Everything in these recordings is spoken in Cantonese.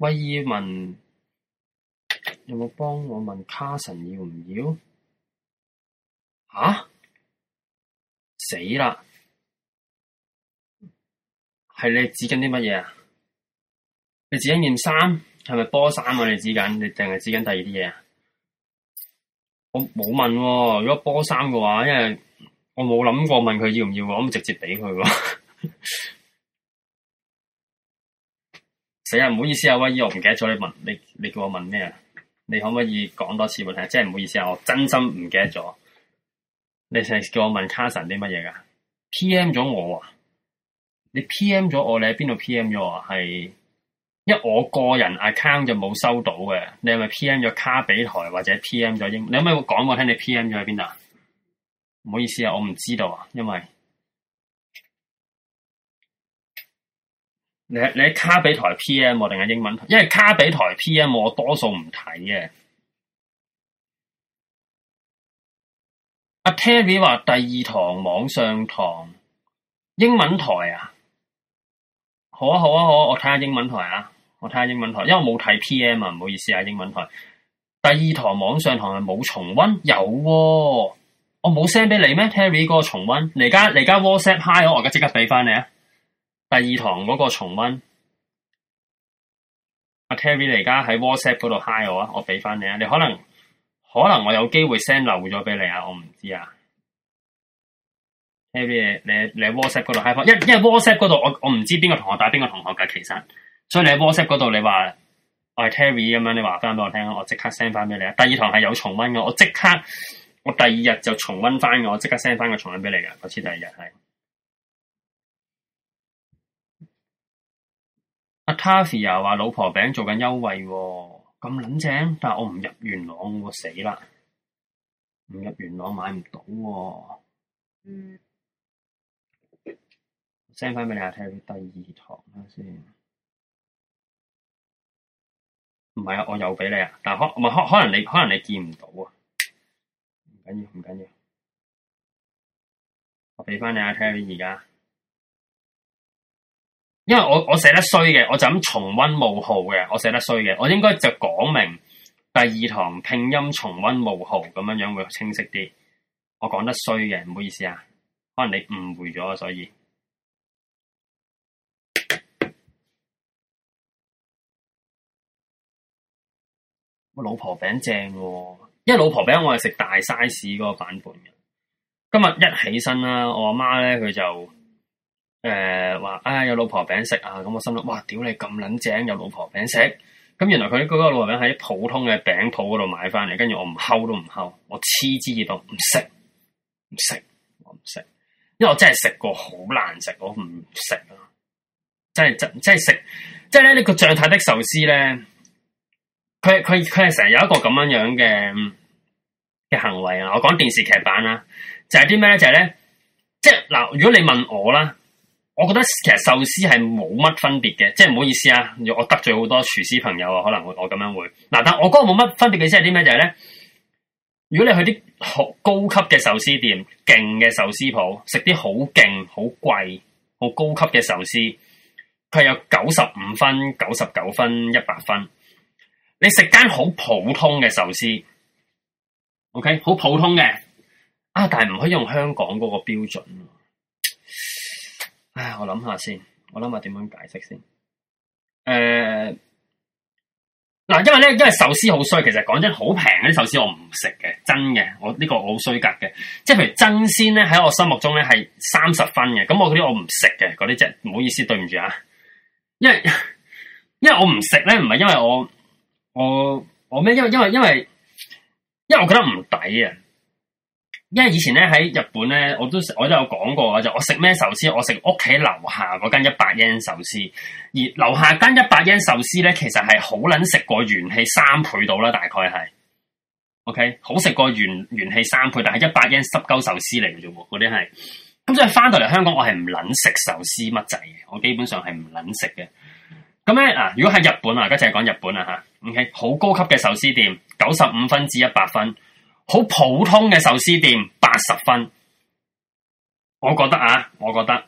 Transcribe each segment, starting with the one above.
威爾問有冇幫我問卡神要唔要？吓、啊、死啦！係你指緊啲乜嘢啊？你指緊件衫，係咪波衫啊？你指緊，你定係指緊第二啲嘢啊？我冇問，如果波衫嘅話，因為我冇諗過問佢要唔要的，我咁直接畀佢。死啊，唔好意思啊，威爾，我唔記得咗你問你你叫我問咩啊？你可唔可以講多次畀我聽？即係唔好意思啊，我真心唔記得咗。你成日叫我問卡神啲乜嘢噶？P.M. 咗我啊？你 P.M. 咗我？你喺邊度 P.M. 咗啊？係，因為我個人 account 就冇收到嘅。你係咪 P.M. 咗卡比台或者 P.M. 咗英？你可唔可以講我聽？你 P.M. 咗喺邊度啊？唔好意思啊，我唔知道啊，因為。你你喺卡比台 PM 定係英文台？因為卡比台 PM 我多數唔睇嘅。阿 Terry 話第二堂網上堂英文台啊，好啊好啊好，啊，我睇下英文台啊，我睇下英文台，因為冇睇 PM 啊，唔好意思啊，英文台。第二堂網上堂係冇重溫，有啊，我冇 send 俾你咩？Terry 嗰個重溫，你而家而家 WhatsApp hi 我，我而家即刻俾翻你啊！第二堂嗰個重温，阿、啊、Terry 你而家喺 WhatsApp 嗰度 Hi 我啊，我俾翻你啊，你可能可能我有機會 send 漏咗俾你啊，我唔知啊。Terry 你你喺 WhatsApp 嗰度 Hi 我，因為 WhatsApp 嗰度我我唔知邊個同學打邊個同學噶，其實，所以你喺 WhatsApp 嗰度你話我係 Terry 咁樣，你話翻俾我聽，我即刻 send 翻俾你啊。第二堂係有重温嘅，我即刻我第二日就重温翻嘅，我即刻 send 翻個重温俾你噶，好似第二日係。阿 Taser 又話老婆餅做緊優惠，咁撚正，但係我唔入元朗喎，死啦！唔入元朗買唔到喎、啊。嗯。send 翻俾你阿 Taser 第二堂，先。唔係啊，我又俾你啊，但可唔係可可能你可能你見唔到啊，唔緊要唔緊要，我俾翻你阿 Taser 而家。因為我我寫得衰嘅，我就咁重温冒號嘅，我寫得衰嘅，我應該就講明第二堂拼音重温冒號咁樣樣會清晰啲。我講得衰嘅，唔好意思啊，可能你誤會咗，所以。我老婆餅正喎，因為老婆餅我係食大 size 個版本嘅。今日一起身啦，我阿媽咧佢就。誒、呃，話啊、哎、有老婆餅食啊，咁我心諗，哇，屌你咁撚正，有老婆餅食，咁原來佢嗰個老婆餅喺普通嘅餅鋪嗰度買翻嚟，跟住我唔摳都唔摳，我黐之嘢到唔食，唔食，我唔食，因為我真係食過好難食，我唔食啊，真係真真係食，這個，即係咧呢個將太的壽司咧，佢佢佢係成日有一個咁樣樣嘅嘅行為啊，我講電視劇版啦，就係啲咩咧，就係、是、咧，即係嗱，如果你問我啦。我覺得其實壽司係冇乜分別嘅，即係唔好意思啊，我得罪好多廚師朋友啊，可能會我咁樣會嗱，但我嗰個冇乜分別嘅意思係啲咩？就係咧，如果你去啲好高級嘅壽司店，勁嘅壽司鋪，食啲好勁、好貴、好高級嘅壽司，佢有九十五分、九十九分、一百分。你食間好普通嘅壽司，OK，好普通嘅啊，但係唔可以用香港嗰個標準。唉，我諗下，我諗下先，我諗下點樣解釋先。誒，嗱，因為咧，因為壽司好衰，其實講真好平嗰啲壽司我唔食嘅，真嘅，我呢、呢個我好衰格嘅。即係譬如真鮮咧，喺我心目中咧係三十分嘅，咁我嗰啲我唔食嘅嗰啲，即係唔好意思，對唔住啊。因為因為我唔食咧，唔係因為我我我咩？因為因為因為因為我覺得唔抵啊。因為以前咧喺日本咧，我都我都有講過就我食咩壽司，我食屋企樓下嗰間一百円壽司，而樓下間一百円壽司咧，其實係好捻食過元氣三倍到啦，大概係，OK 好食過元元氣三倍，但係一百円濕鳩壽司嚟嘅啫喎，嗰啲係，咁所以翻到嚟香港，我係唔捻食壽司乜仔嘅，我基本上係唔捻食嘅，咁咧嗱，如果喺日本啊，家陣講日本啊吓，OK 好高級嘅壽司店，九十五分至一百分。好普通嘅壽司店八十分，我覺得啊，我覺得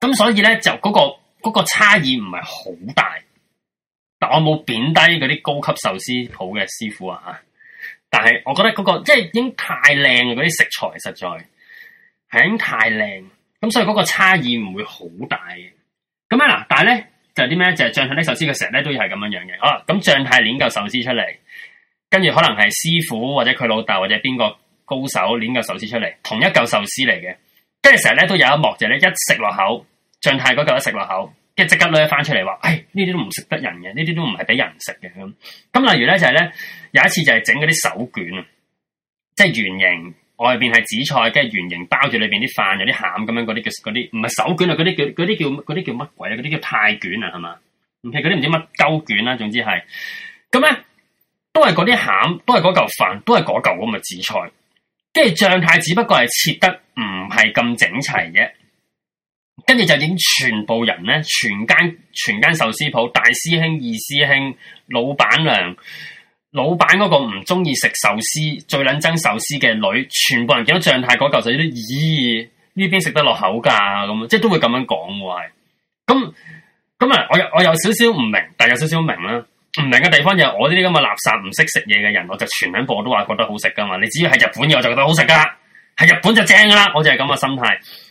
咁所以咧就嗰、嗰個嗰、嗰個差異唔係好大，但我冇貶低嗰啲高級壽司鋪嘅師傅啊，但係我覺得嗰、嗰個即係已經太靚嘅嗰啲食材實在係已經太靚，咁所以嗰個差異唔會好大嘅。咁啊嗱，但係咧就啲、是、咩就係將太嘅壽司嘅時候咧都要係咁樣樣嘅。好、啊，咁將太捻嚿壽司出嚟。跟住可能係師傅或者佢老豆或者邊個高手練個壽司出嚟，同一嚿壽司嚟嘅。跟住成日咧都有一幕就咧一食落口，將太嗰嚿一食落口，跟住即刻攞翻出嚟話，哎，呢啲都唔食得人嘅，呢啲都唔係俾人食嘅咁。咁例如咧就係咧，有一次就係整嗰啲手卷啊，即係圓形，外邊係紫菜，跟住圓形包住裏邊啲飯有啲餡咁樣嗰啲叫啲，唔係手卷啊，嗰啲叫嗰啲叫嗰啲叫乜鬼啊？嗰啲叫太卷啊係嘛？唔係嗰啲唔知乜鳩卷啦，總之係咁咧。都係嗰啲餡，都係嗰嚿飯，都係嗰嚿咁嘅紫菜，跟住將太只不過係切得唔係咁整齊啫，跟住就已經全部人咧，全間全間壽司鋪，大師兄、二師兄、老闆娘、老闆嗰個唔中意食壽司、最捻憎壽司嘅女，全部人見到將太嗰嚿就咦呢邊食得落口噶咁，即係都會咁樣講喎係，咁咁啊，我有我有少少唔明，但有少少明啦。唔明嘅地方就係我呢啲咁嘅垃圾，唔識食嘢嘅人，我就全品播都話覺得好食噶嘛。你只要係日本嘅，我就覺得好食噶啦，係日本就正啦。我就係咁嘅心態。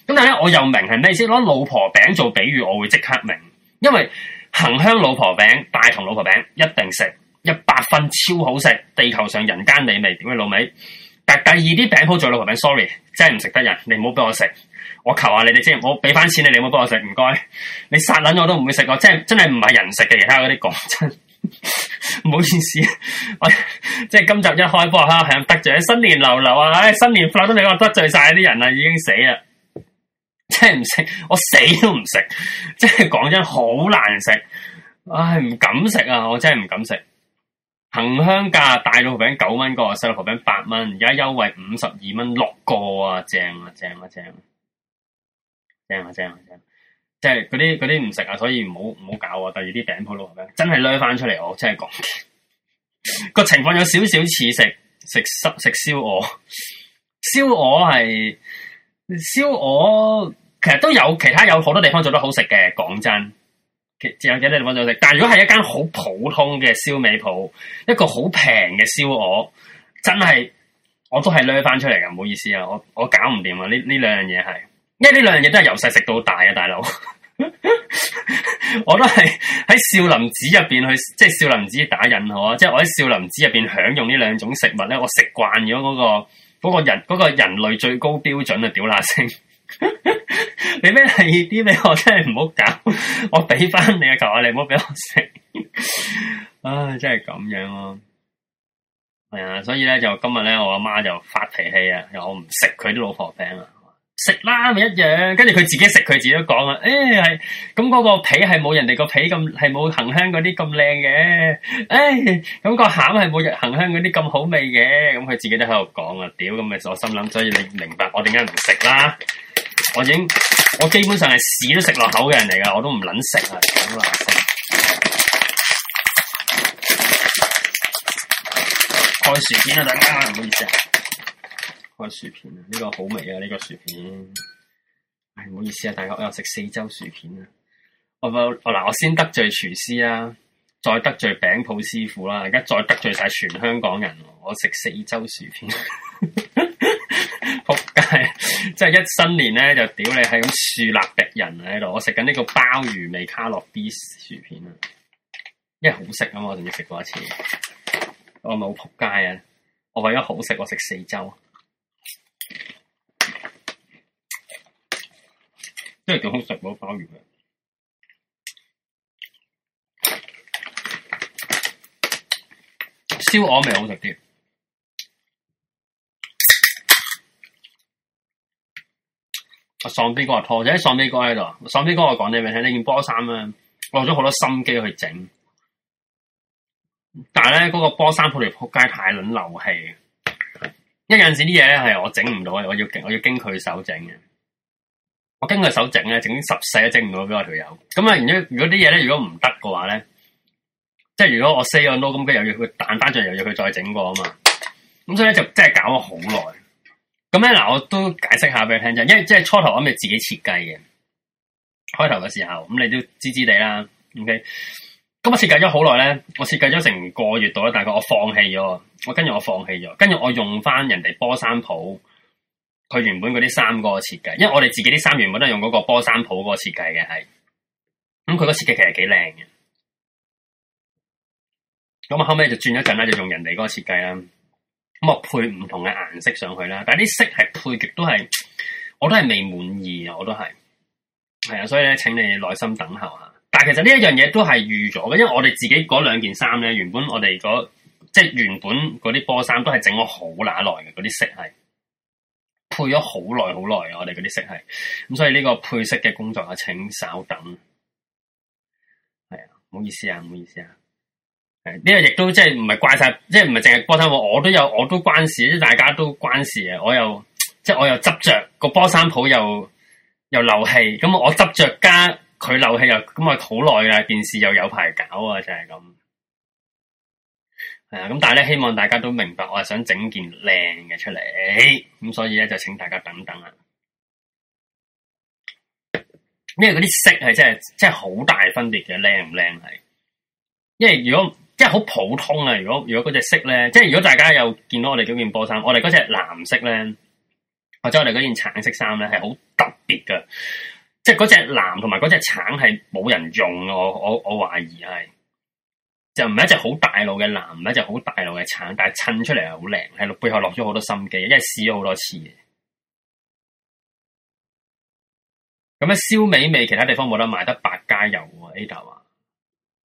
咁但係咧，我又明係咩意思？攞老婆餅做比喻，我會即刻明，因為恆香老婆餅、大同老婆餅一定食，一百分超好食，地球上人間美味點解老味。但第二啲餅鋪做老婆餅，sorry，真係唔食得人，你唔好俾我食。我求下你哋先，我俾翻錢你，你唔好俾我食，唔該。你殺撚我都唔會食，是是我即係真係唔係人食嘅，其他嗰啲講真。唔 好意思，我即係今集一開播係係得罪新年流流啊！唉、哎，新年流流都俾我得罪晒啲人啊？已經死啦！真係唔食，我死都唔食。即係講真，真，好難食，唉，唔敢食啊！我真係唔敢食。恒香價大老婆餅九蚊個，細老婆餅八蚊，而家優惠五十二蚊六個啊！正啊，正啊，正啊，正啊，正啊！正啊。即係嗰啲嗰啲唔食啊，所以唔好唔好搞啊。第二啲餅鋪佬真係掠翻出嚟，我真係講，個情況有少少似食食濕食燒鵝，燒鵝係燒鵝，其實都有其他有好多地方做得好食嘅，講真，有幾多少地方做得食。但係如果係一間好普通嘅燒味鋪，一個好平嘅燒鵝，真係我都係掠翻出嚟噶，唔好意思啊，我我搞唔掂啊，呢呢兩樣嘢係。因為呢兩樣嘢都係由細食到大啊，大佬， 我都係喺少林寺入邊去，即係少林寺打印，好啊，即係我喺少林寺入邊享用呢兩種食物咧，我食慣咗嗰、嗰個、嗰個人嗰、嗰個人類最高標準嘅屌乸聲， 你咩第啲咩，我真係唔好搞，我俾翻你啊，求下你唔好俾我食， 唉，真係咁樣咯，啊，係啊，所以咧就今日咧，我阿媽就發脾氣啊，又我唔食佢啲老婆餅啊。食啦，咪一樣。跟住佢自己食，佢自己都講啊。誒，係咁嗰個皮係冇人哋個皮咁，係冇恒香嗰啲咁靚嘅。誒，咁個餡係冇日恒香嗰啲咁好味嘅。咁佢自己都喺度講啊。屌，咁咪我心諗，所以你明白我點解唔食啦？我已經我基本上係屎都食落口嘅人嚟噶，我都唔撚食啊。開薯片啊，大家唔好意思。開薯片，這個，啊！呢個好味啊！呢個薯片，唉、哎、唔好意思啊，大家我又食四周薯片啊！我我嗱，我先得罪廚師啊，再得罪餅鋪師傅啦、啊，而家再得罪晒全香港人，我食四周薯片，仆 街！即，嗯、係一新年咧，就屌你係咁樹立敵人喺度。我食緊呢個鮑魚味卡樂 B 薯片啊，因為好食啊嘛，我仲要食過一次，我咪好仆街啊！我為咗好食，我食四周。即係幾好食冇鮑魚嘅，燒鵝味好食啲。阿雙飛哥阿濤，即係雙飛哥喺度。雙飛哥我講你聽咧？你件波衫啊，落咗好多心機去整，但係咧嗰個波衫鋪條仆街太撚漏氣。一有陣時啲嘢咧係我整唔到，我要我要經佢手整嘅。我跟佢手整咧，整十四都整唔到俾我條友。咁啊，如果如果啲嘢咧，如果唔得嘅話咧，即係如果我 say 個 no，咁佢又要佢彈單轉，又要佢再整過啊嘛。咁所以咧就即係搞咗好耐。咁咧嗱，我都解釋下俾你聽啫。因為即係初頭我咪自己設計嘅，開頭嘅時候，咁你都知知哋啦。OK，咁我設計咗好耐咧，我設計咗成個月度啦，大概我放棄咗。我跟住我放棄咗，跟住我用翻人哋波衫譜。佢原本嗰啲衫嗰個設計，因為我哋自己啲衫原本都係用嗰個波衫鋪嗰個設計嘅，係。咁佢個設計其實幾靚嘅。咁啊後尾就轉一陣啦，就用人哋嗰個設計啦，咁啊配唔同嘅顏色上去啦，但係啲色係配極都係，我都係未滿意，啊。我都係係啊，所以咧請你耐心等候嚇。但係其實呢一樣嘢都係預咗嘅，因為我哋自己嗰兩件衫咧原本我哋嗰即係原本嗰啲波衫都係整咗好乸耐嘅嗰啲色係。配咗好耐好耐，啊，我哋嗰啲色係，咁所以呢個配色嘅工作啊，請稍等，係、哎、啊，唔好意思啊，唔好意思啊，誒、這個，呢個亦都即係唔係怪晒，即係唔係淨係波衫鋪。我，我都有，我都關事，即大家都關事啊，我又即係、就是、我又執着個波衫鋪又又漏氣，咁我執着加佢漏氣又咁啊，好耐啊，件事又有排搞啊，就係、是、咁。咁但係咧，希望大家都明白我，我係想整件靚嘅出嚟，咁所以咧就請大家等等啦。因為嗰啲色系真係真係好大分別嘅，靚唔靚係？因為如果即係好普通啊，如果如果嗰隻色咧，即係如果大家又見到我哋嗰件波衫，我哋嗰隻藍色咧，或者我哋嗰件橙色衫咧，係好特別㗎。即係嗰隻藍同埋嗰隻橙係冇人用，我我我懷疑係。就唔係一隻好大路嘅藍，唔係一隻好大路嘅橙，但係襯出嚟係好靚，喺背後落咗好多心機，因為試咗好多次嘅。咁咧燒味味，其他地方冇得賣得百佳有喎。Ada 話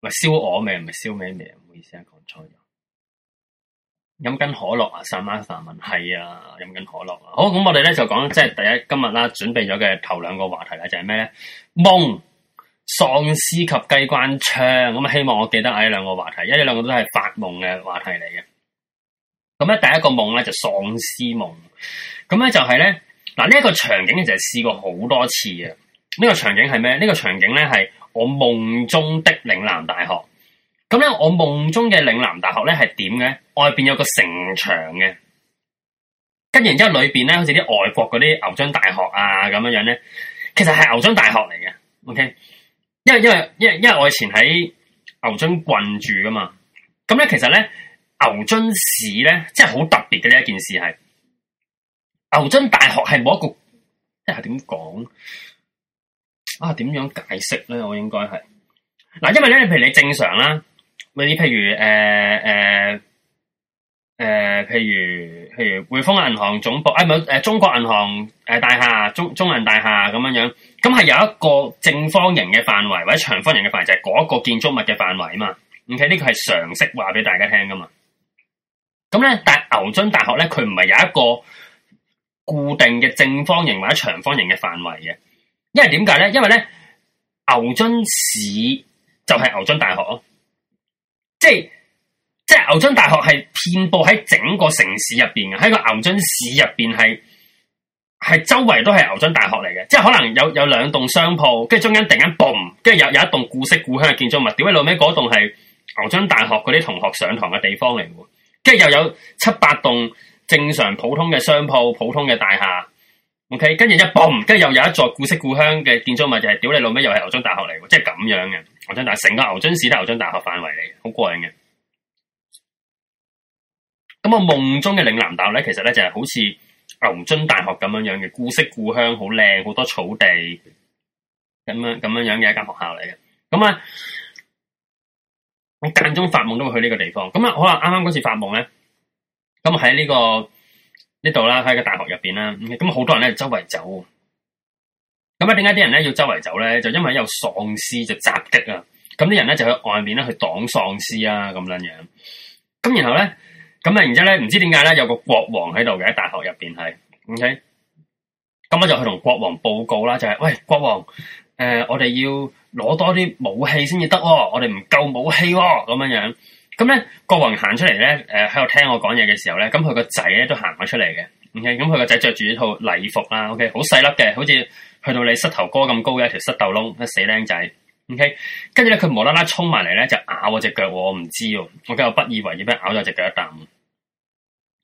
唔係燒鵝味，唔係燒味味，唔好意思啊，講錯咗。飲緊可樂啊，Samasa 問係啊，飲緊可樂。好，咁我哋咧就講即係第一今日啦，準備咗嘅頭兩個話題啦就係咩咧夢喪屍及雞關槍，咁啊希望我記得啊呢兩個話題，因為呢兩個都係發夢嘅話題嚟嘅。咁咧，第一個夢咧就喪屍夢，咁咧就係咧嗱呢一個場景，其實試過好多次啊。呢個場景係咩？呢個場景咧係我夢中的嶺南大學。咁咧，我夢中嘅嶺南大學咧係點咧？外邊有個城牆嘅，跟然之後裏邊咧好似啲外國嗰啲牛津大學啊咁樣樣咧，其實係牛津大學嚟嘅。OK。因為因為因為因為我以前喺牛津郡住噶嘛，咁咧其實咧牛津市咧即係好特別嘅呢一件事係牛津大學係冇一個即係點講啊？點樣解釋咧？我應該係嗱，因為咧，譬如你正常啦，你譬如誒誒誒，譬如、呃呃呃、譬如譬如匯豐銀行總部，誒唔係誒，中國銀行誒大廈、中中銀大廈咁樣樣。咁係有一個正方形嘅範圍或者長方形嘅範圍，就係嗰一個建築物嘅範圍啊嘛。OK，呢個係常識，話俾大家聽噶嘛。咁咧，但係牛津大學咧，佢唔係有一個固定嘅正方形或者長方形嘅範圍嘅，因為點解咧？因為咧，牛津市就係牛津大學咯，即係即係牛津大學係遍佈喺整個城市入邊嘅，喺個牛津市入邊係。係周圍都係牛津大學嚟嘅，即係可能有有兩棟商鋪，跟住中間突然間 boom，跟住又有一棟古色古香嘅建築物，屌你老味嗰棟係牛津大學嗰啲同學上堂嘅地方嚟嘅，跟住又有七八棟正常普通嘅商鋪、普通嘅大廈，ok，跟住一 boom，跟住又有一座古色古香嘅建築物，就係屌你老味又係牛津大學嚟，即係咁樣嘅牛津大學，成個牛津市都係牛津大學範圍嚟，好過癮嘅。咁我夢中嘅嶺南大學咧，其實咧就係、是、好似。牛津大學咁樣樣嘅，古色古香，好靚，好多草地，咁樣咁樣樣嘅一間學校嚟嘅。咁啊，我間中發夢都會去呢個地方。咁啊，好啦，啱啱嗰次發夢咧，咁喺呢個呢度啦，喺個大學入邊啦。咁好多人都周圍走。咁啊，點解啲人咧要周圍走咧？就因為有喪屍就襲擊啊！咁啲人咧就去外面咧去擋喪屍啊！咁樣樣。咁然後咧。咁啊，然之後咧，唔知點解咧，有個國王喺度嘅喺大學入邊係，OK，咁我就去同國王報告啦，就係、是、喂國王，誒、呃、我哋要攞多啲武器先至得喎。我哋唔夠武器喎、哦，咁樣樣，咁、嗯、咧國王行出嚟咧，誒喺度聽我講嘢嘅時候咧，咁佢個仔咧都行咗出嚟嘅，OK，咁佢個仔着住一套禮服啦，OK，好細粒嘅，好似去到你膝頭哥咁高嘅一條膝斗窿，死僆仔，OK，跟住咧佢無啦啦衝埋嚟咧就咬我隻腳，我唔知我咁又不以為意咩，咬咗我隻腳一啖。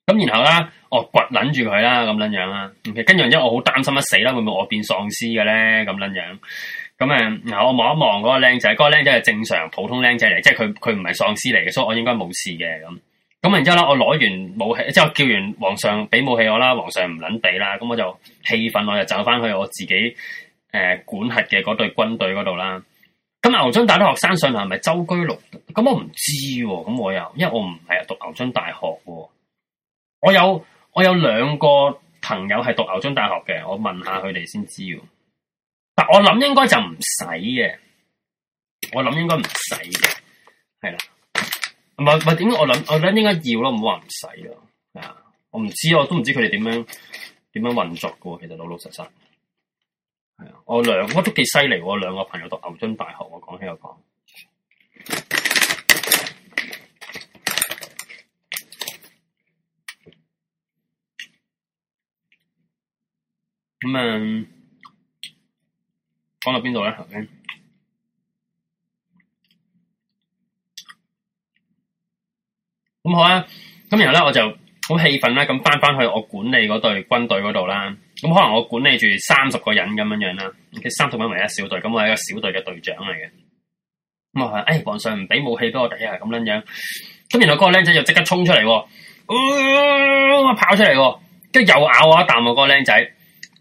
咁然後咧，我掘捻住佢啦，咁樣樣啦。跟住然之後，我好擔心一死啦，會唔會我變喪屍嘅咧？咁樣樣。咁誒，嗱，我望一望嗰個靚仔，嗰個靚仔係正常普通靚仔嚟，即係佢佢唔係喪屍嚟嘅，所以，我應該冇事嘅咁。咁然之後咧，我攞完武器，之後叫完皇上俾武器我啦，皇上唔捻地啦，咁我就氣憤我，我就走翻去我自己誒、呃、管轄嘅嗰隊軍隊嗰度啦。咁牛津大學生上堂係咪周居六？咁我唔知，咁我又因為我唔係讀牛津大學嘅。我有我有兩個朋友係讀牛津大學嘅，我問下佢哋先知道。但我諗應該就唔使嘅，我諗應該唔使嘅，係啦。唔係唔係，點解我諗我諗應該要咯，唔好話唔使咯。啊，我唔知，我都唔知佢哋點樣點樣運作嘅。其實老老實實係啊，我兩個我都幾犀利。兩個朋友讀牛津大學，我講起又講。咁、嗯、啊，講到邊度咧？頭先咁好啦，咁然後咧，我就好氣憤啦。咁翻翻去我管理嗰隊軍隊嗰度啦。咁可能我管理住三十個人咁樣樣啦。啲三十人為一小隊，咁我係一個小隊嘅隊長嚟嘅。咁、哎、啊，誒皇上唔俾武器俾我，第一啊，咁樣樣。咁然後個僆仔就即刻衝出嚟喎，我、啊、跑出嚟喎，跟住又咬我一啖喎，嗰個僆仔。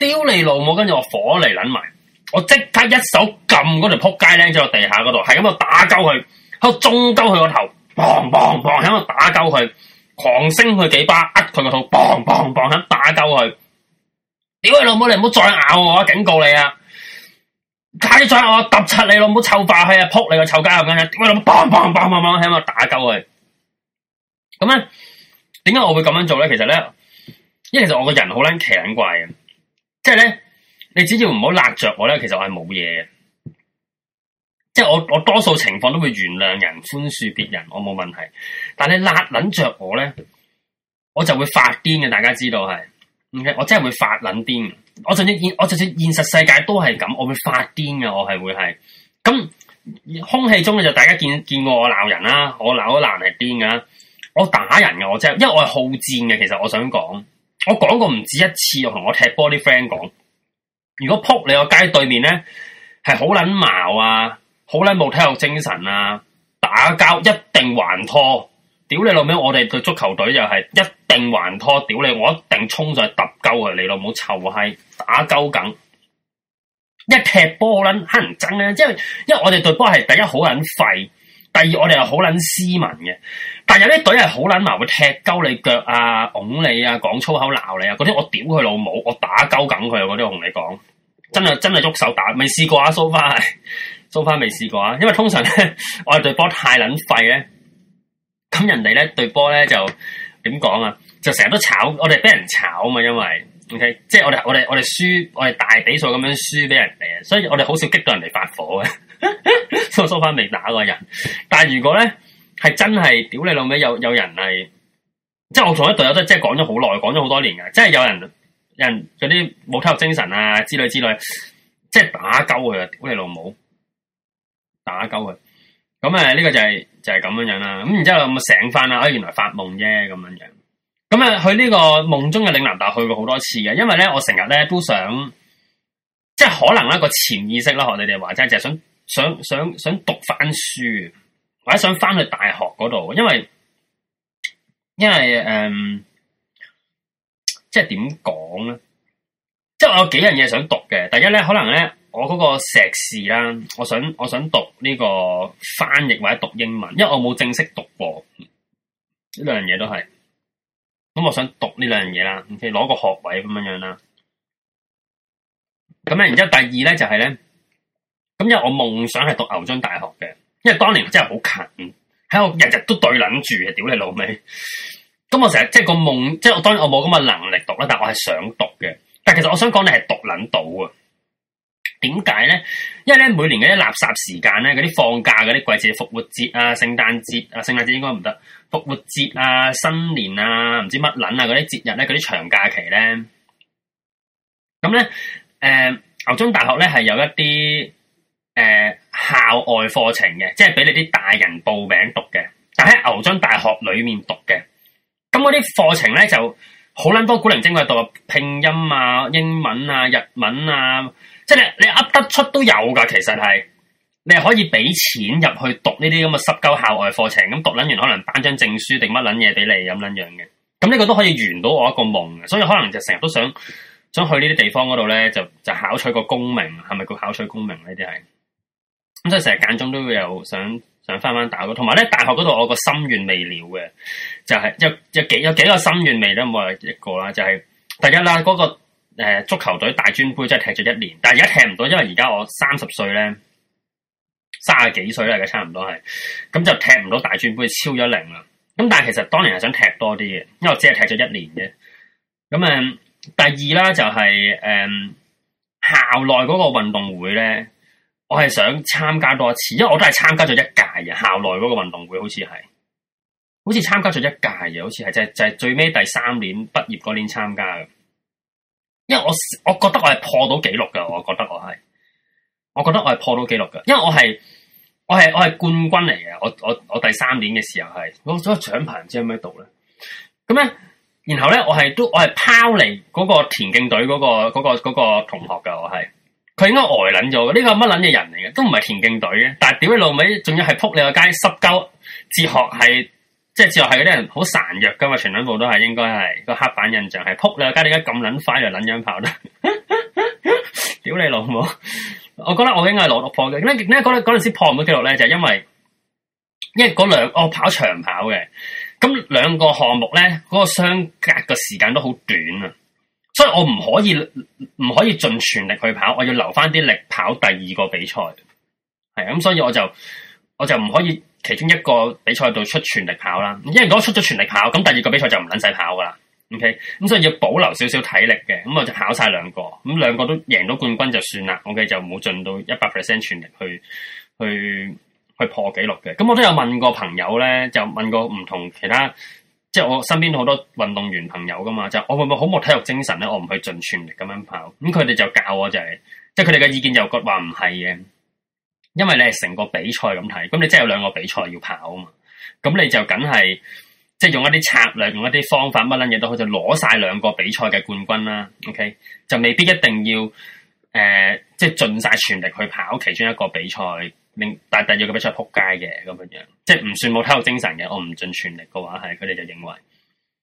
屌你老母！跟住我火嚟捻埋，我即刻一手撳嗰條扑街靚仔落地下嗰度，係咁喺度打鳩佢，喺度中鳩佢個頭，砰砰砰喺度打鳩佢，狂升佢幾巴，呃佢個肚，砰砰砰喺度打鳩佢。屌你老母，你唔好再咬我，警告你啊！睇準我揼柒你老母，臭化佢啊！扑你個臭街咁樣，屌你老母，砰砰砰喺度打鳩佢。咁咧，點解我會咁樣做咧？其實咧，因為其實我個人好捻奇捻怪嘅。即係咧，你只要唔好辣着我咧，其實我係冇嘢嘅。即係我我多數情況都會原諒人、寬恕別人，我冇問題。但係你辣捻着我咧，我就會發癲嘅。大家知道係，OK？我真係會發捻癲。我就算現，我就算現實世界都係咁，我會發癲嘅。我係會係。咁空氣中就大家見見過我鬧人啦，我鬧都鬧係癲噶我打人嘅我真係，因為我係好戰嘅。其實我想講。我講過唔止一次，我同我踢波啲 friend 講，如果撲你個街對面咧，係好撚矛啊，好撚冇體育精神啊，打交一定還拖，屌你老尾！我哋對足球隊又係一定還拖，屌你！我一定衝上去揼鳩佢你老母臭閪打鳩梗，一踢波撚乞人憎咧，因為因為我哋對波係第一好撚廢。第二，我哋又好捻斯文嘅，但係有啲隊係好捻牛，會踢鳩你腳啊、拱你啊、講粗口鬧你啊，嗰啲我屌佢老母，我打鳩梗佢啊！嗰啲我同你講，真係真係喐手打，未試過啊！蘇花係蘇花未試過啊！因為通常咧，我哋隊波太捻廢咧，咁人哋咧隊波咧就點講啊？就成日都炒，我哋俾人炒嘛，因為 OK，即係我哋我哋我哋輸，我哋大比數咁樣輸俾人哋，所以我哋好少激到人哋發火嘅。收收翻未打過人，人，人，但係如果咧係真係屌你老尾有有人係，即係我同一隊友都即係講咗好耐，講咗好多年嘅，即係有人有人嗰啲冇體育精神啊之類之類，即係打鳩佢，屌你老母，打鳩佢，咁誒呢個就係、是、就係、是、咁樣樣啦。咁然之後咁醒翻啦，原來發夢啫咁樣樣，咁啊去呢個夢中嘅嶺南大去過好多次嘅，因為咧我成日咧都想，即係可能咧個潛意識啦，學你哋話齋就係、是、想。想想想讀翻書，或者想翻去大學嗰度，因為因為誒，即係點講咧？即係我有幾樣嘢想讀嘅。第一咧，可能咧，我嗰個碩士啦，我想我想讀呢個翻譯或者讀英文，因為我冇正式讀過呢兩樣嘢都係。咁我想讀呢兩樣嘢啦，ok，攞個學位咁樣樣啦。咁咧，然之後第二咧就係咧。咁因為我夢想係讀牛津大學嘅，因為當年真係好近，喺我日日都對撚住嘅，屌你老味。咁我成日即係個夢，即係我當然我冇咁嘅能力讀啦，但我係想讀嘅。但係其實我想講你係讀撚到啊？點解咧？因為咧每年嗰啲垃圾時間咧，嗰啲放假嗰啲季節，復活節啊、聖誕節啊、聖誕節應該唔得，復活節啊、新年啊、唔知乜捻啊嗰啲節日咧，嗰啲長假期咧，咁咧誒牛津大學咧係有一啲。誒、呃，校外課程嘅，即係俾你啲大人報名讀嘅，但喺牛津大學裏面讀嘅，咁嗰啲課程咧就好捻多古靈精怪讀，讀拼音啊、英文啊、日文啊，即係你你噏得出都有噶。其實係你係可以俾錢入去讀呢啲咁嘅濕鳩校外課程，咁讀捻完可能頒張證書定乜捻嘢俾你咁捻樣嘅。咁呢個都可以圓到我一個夢嘅，所以可能就成日都想想去呢啲地方嗰度咧，就就考取個功名，係咪叫考取功名呢啲係？咁即係成日間中都會有想想返返大學，同埋咧大學嗰度我個心願未了嘅，就係、是、有有幾有幾個心願未咧，冇話一個啦，就係、是、第一啦，嗰、那個誒、呃、足球隊大專杯真係踢咗一年，但係而家踢唔到，因為而家我三十歲咧，卅幾歲啦，而家差唔多係，咁就踢唔到大專杯超咗齡啦。咁但係其實當年係想踢多啲嘅，因為我只係踢咗一年嘅。咁誒、嗯，第二啦就係、是、誒、嗯、校內嗰個運動會咧。我係想參加多一次，因為我都係參加咗一屆嘅校內嗰個運動會，好似係，好似係，好似參加咗一屆嘅，好似係，就係、就係、最尾第三年畢業嗰年參加嘅。因為我我覺得我係破到紀錄嘅，我覺得我係，我覺得我係破到紀錄嘅，因為我係，我係我係冠軍嚟嘅，我我我第三年嘅時候係，攞咗個獎牌唔知喺咩度咧。咁咧，然後咧，我係都我係拋離嗰個田徑隊嗰個、嗰個、嗰個、嗰個同學嘅，我係。佢應該呆捻咗嘅，呢、這個乜捻嘅人嚟嘅，都唔係田徑隊嘅。但係屌你老味仲要係扑你個街濕鳩。哲學系即係哲學系嗰啲人好孱弱噶嘛，全兩部都係應該係個黑板印象，係扑你個街點解咁捻快就捻樣跑得？ 屌你老母！我覺得我應該係攞落破嘅、就是，因為嗰嗰陣時破唔到紀錄咧，就因為因為嗰兩我跑長跑嘅，咁兩個項目咧嗰、那個相隔嘅時間都好短啊。所以我唔可以唔可以盡全力去跑，我要留翻啲力跑第二個比賽，係咁，所以我就我就唔可以其中一個比賽度出全力跑啦。因為如果出咗全力跑，咁第二個比賽就唔撚使跑噶啦。OK，咁所以要保留少少體力嘅，咁我就跑晒兩個，咁兩個都贏到冠軍就算啦。OK，就冇盡到一百 percent 全力去去去破紀錄嘅。咁我都有問過朋友咧，就問過唔同其他。即係我身邊好多運動員朋友噶嘛，就是、我會唔會好冇體育精神咧？我唔去盡全力咁樣跑，咁佢哋就教我就係、是，即係佢哋嘅意見又覺話唔係嘅，因為你係成個比賽咁睇，咁你真係有兩個比賽要跑啊嘛，咁你就梗係即係用一啲策略，用一啲方法，乜撚嘢都好，佢就攞晒兩個比賽嘅冠軍啦。OK，就未必一定要誒、呃，即係盡晒全力去跑其中一個比賽。明大係第二個比賽扑街嘅咁樣樣，即係唔算冇體育精神嘅，我唔盡全力嘅話係佢哋就認為。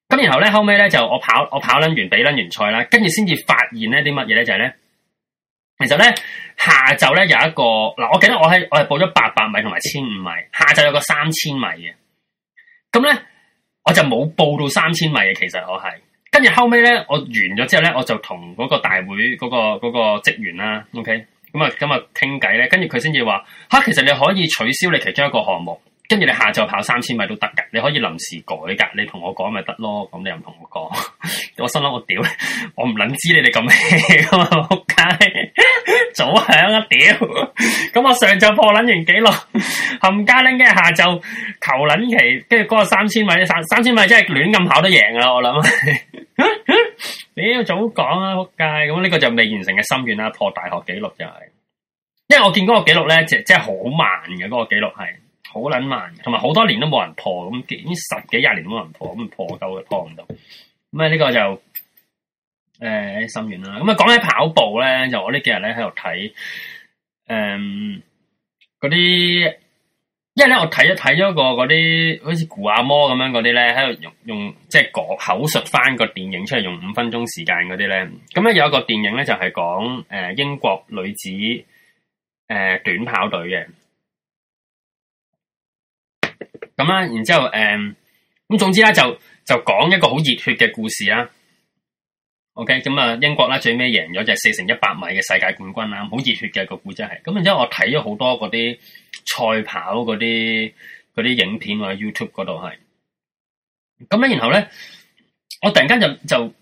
咁然後咧後尾咧就我跑我跑捻完比捻完賽啦，跟住先至發現呢啲乜嘢咧就係咧，其實咧下晝咧有一個嗱，我記得我喺我係報咗八百米同埋千五米，下晝有個三千米嘅。咁咧我就冇報到三千米嘅，其實我係。跟住後尾咧我完咗之後咧，我就同嗰個大會嗰個嗰個職員啦，OK。咁啊，咁啊，傾偈咧，跟住佢先至話，吓，其實你可以取消你其中一個項目，跟住你下晝跑三千米都得噶，你可以臨時改噶，你同我講咪得咯。咁你又唔同我講，我心諗我屌，我唔撚知你哋咁咩，早響一屌！咁我上晝破撚完記錄，冚家拎嘅下晝求撚其。跟住嗰個三千米，三三千米真係亂咁跑都贏啦，我諗。你要早講啊扑街！咁呢個就未完成嘅心願啦，破大學記錄就係，因為我見嗰個記錄咧，即係即係好慢嘅，嗰個記錄係好撚慢，同埋好多年都冇人破，咁幾十幾廿年都冇人破，咁破都破唔到。咁啊呢個就誒心願啦。咁啊講起跑步咧，就我呢幾日咧喺度睇誒嗰啲。嗯因為咧，我睇咗睇咗個嗰啲好似古阿摩咁樣嗰啲咧，喺度用用即係講口述翻個電影出嚟，用五分鐘時間嗰啲咧。咁咧有一個電影咧就係講誒英國女子誒、呃、短跑隊嘅。咁啦、啊，然之後誒，咁、呃、總之咧就就講一個好熱血嘅故事啦、啊。OK，咁啊，英國啦，最尾贏咗就四乘一百米嘅世界冠軍啦，好、這個、熱血嘅個古仔真係。咁然之後，我睇咗好多嗰啲賽跑嗰啲嗰啲影片喺 YouTube 嗰度係。咁然後咧，我突然間就就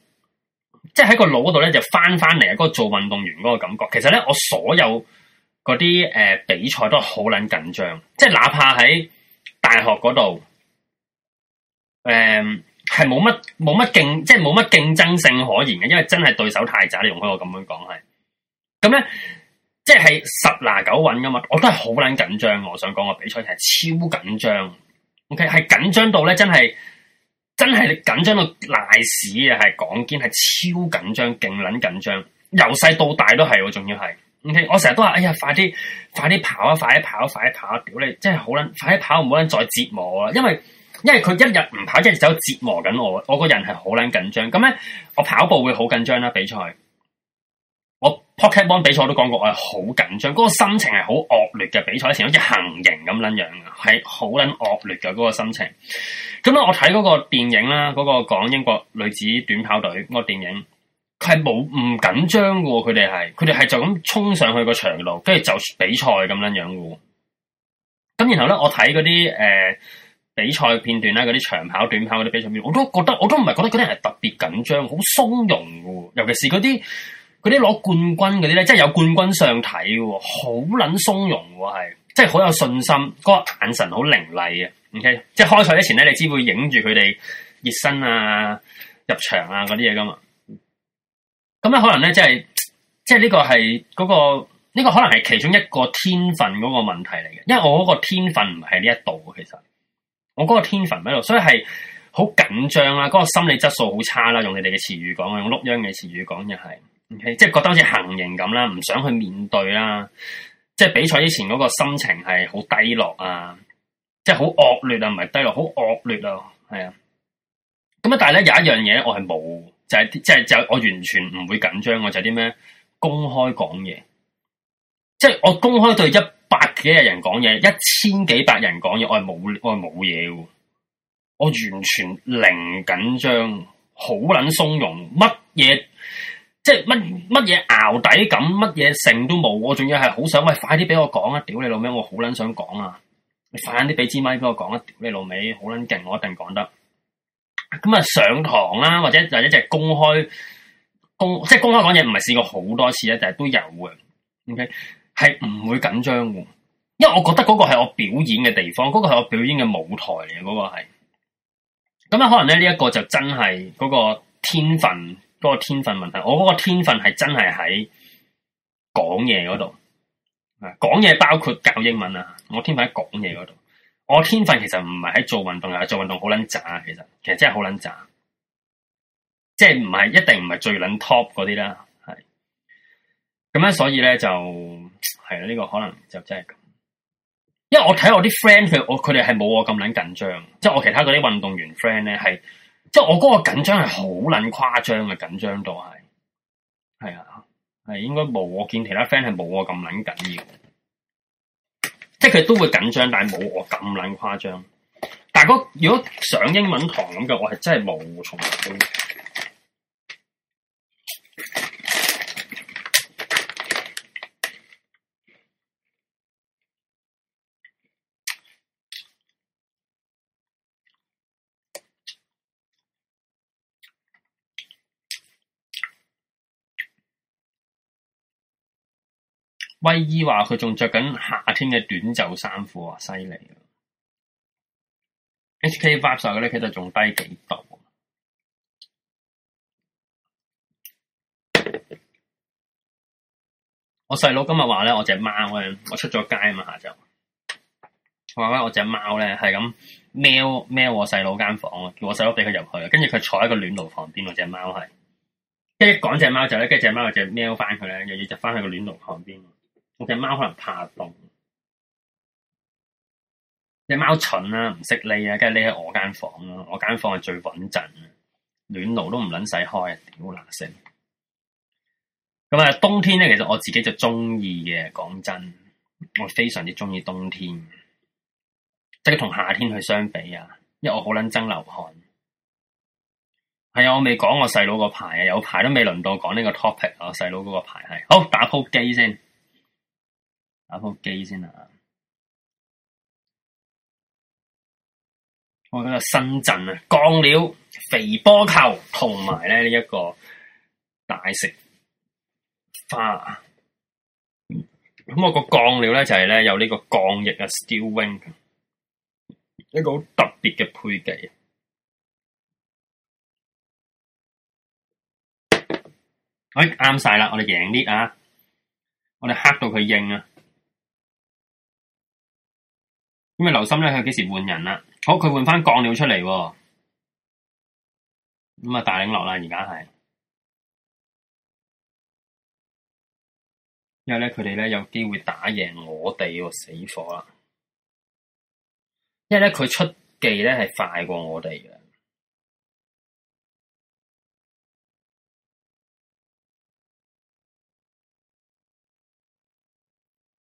即係喺個腦嗰度咧，就翻翻嚟嗰個做運動員嗰個感覺。其實咧，我所有嗰啲誒比賽都好撚緊張，即係哪怕喺大學嗰度誒。呃係冇乜冇乜競，即係冇乜競爭性可言嘅，因為真係對手太渣，你容許我咁樣講係。咁咧，即係十拿九穩噶嘛，我都係好撚緊張。我想講個比賽係超緊張，O K 係緊張到咧，真係真係緊張到瀨屎啊！係講堅係超緊張，勁撚緊張，由細到大都係，要 okay? 我仲要係。O K，我成日都話，哎呀，快啲快啲跑啊，快啲跑啊，快啲跑啊，屌你，真係好撚，快啲跑，唔好撚再折磨我啦，因為。因為佢一日唔跑，一日就折磨緊我，我個人係好捻緊張。咁咧，我跑步會好緊張啦，比賽。我 Pocket One 比賽都講過，我係好緊張，嗰個心情係好惡劣嘅比賽，似好似行刑咁捻樣係係好捻惡劣嘅嗰個心情。咁咧，我睇嗰個電影啦，嗰個講英國女子短跑隊嗰個電影，佢係冇唔緊張喎。佢哋係，佢哋係就咁衝上去個長路，跟住就比賽咁捻樣嘅。咁然後咧，我睇嗰啲誒。呃比賽片段啦，嗰啲長跑、短跑嗰啲比賽片段我都覺得，我都唔係覺得嗰啲人係特別緊張，好松容喎。尤其是嗰啲嗰啲攞冠軍嗰啲咧，即係有冠軍相睇喎，好捻松容。係即係好有信心，嗰、嗰個眼神好凌厲嘅。OK，即係開賽之前咧，你只會影住佢哋熱身啊、入場啊嗰啲嘢噶嘛。咁咧，可能咧，即係即係呢個係嗰個呢個，呢個、可能係其中一個天分嗰個問題嚟嘅。因為我嗰個天分唔係呢一度其實。我嗰個天分喺度，所以係好緊張啦、啊，嗰、嗰個心理質素好差啦、啊，用你哋嘅詞語講，用碌秧嘅詞語講就係即係覺得好似行刑咁啦，唔想去面對啦、啊，即係比賽之前嗰個心情係好低落啊，即係好惡劣啊，唔係低落，好惡劣啊，係啊。咁啊，但係咧有一樣嘢，我係冇，就係即係就係就係、我完全唔會緊張我就係啲咩公開講嘢，即係我公開對一。百幾日人講嘢，一千幾百人講嘢，我係冇，我係冇嘢嘅，我完全零緊張，好捻鬆容，乜嘢即係乜乜嘢淆底咁乜嘢性都冇，我仲要係好想，喂，快啲俾我講啊！屌你老味，我好捻想講啊！你快啲俾支咪俾我講啊！屌你老味！好捻勁，我一定講得。咁啊，上堂啦，或者就一直公開公，即係公開講嘢，唔係試過好多次但係係都有嘅。O K。係唔會緊張喎，因為我覺得嗰個係我表演嘅地方，嗰個係我表演嘅舞台嚟嘅，嗰個係。咁樣可能咧呢一個就真係嗰個天分，嗰個天分問題。我嗰個天分係真係喺講嘢嗰度，講嘢包括教英文啊，我天分喺講嘢嗰度。我天分其實唔係喺做運動啊，做運動好撚渣，其實其實真係好撚渣，即係唔係一定唔係最撚 top 嗰啲啦，係。咁樣所以咧就。係啦，呢個可能就真係咁，因為我睇我啲 friend 佢，我佢哋係冇我咁捻緊張，即係我其他嗰啲運動員 friend 咧，係，即係我嗰個緊張係好捻誇張嘅緊張到係，係啊係應該冇，我見其他 friend 係冇我咁捻緊要，即係佢都會緊張，但係冇我咁捻誇張。但係如果上英文堂咁嘅，我係真係冇從來都。威姨話：佢仲着緊夏天嘅短袖衫褲啊，犀利啊！HK 巴士嘅咧，其實仲低幾度。我細佬今日話咧，我隻貓咧，我出咗街啊嘛。下晝我話咧，我隻貓咧係咁喵喵我細佬間房啊，叫我細佬俾佢入去啊。跟住佢坐喺個暖爐旁邊喎。隻貓係跟住講隻貓就咧，跟住隻貓就喵翻佢咧，又要就翻去個暖爐旁邊。我隻貓可能怕凍，隻貓蠢啊，唔識匿啊，梗係匿喺我間房咯。我間房係最穩陣，暖爐都唔捻使開，屌嗱聲。咁啊，冬天咧，其實我自己就鍾意嘅。講真，我非常之鍾意冬天。即係同夏天去相比啊，因為我好捻憎流汗。係啊，我未講我細佬個牌啊，有排都未輪到講呢個 topic 啊。細佬嗰個牌係好打鋪機先。打部機先啦。我呢個深圳啊，降料，肥波球同埋咧呢一個大食花，咁我個降料咧就係咧有呢個降液嘅 Still Wing 一個好特別嘅配技。喂，啱晒啦！我哋贏啲啊，我哋黑到佢應啊！咁啊留心咧，佢幾時換人啦？好，佢換翻降鳥出嚟喎。咁啊，大領落啦，而家係。因為咧，佢哋咧有機會打贏我哋喎，死火啦！因為咧，佢出技咧係快過我哋嘅。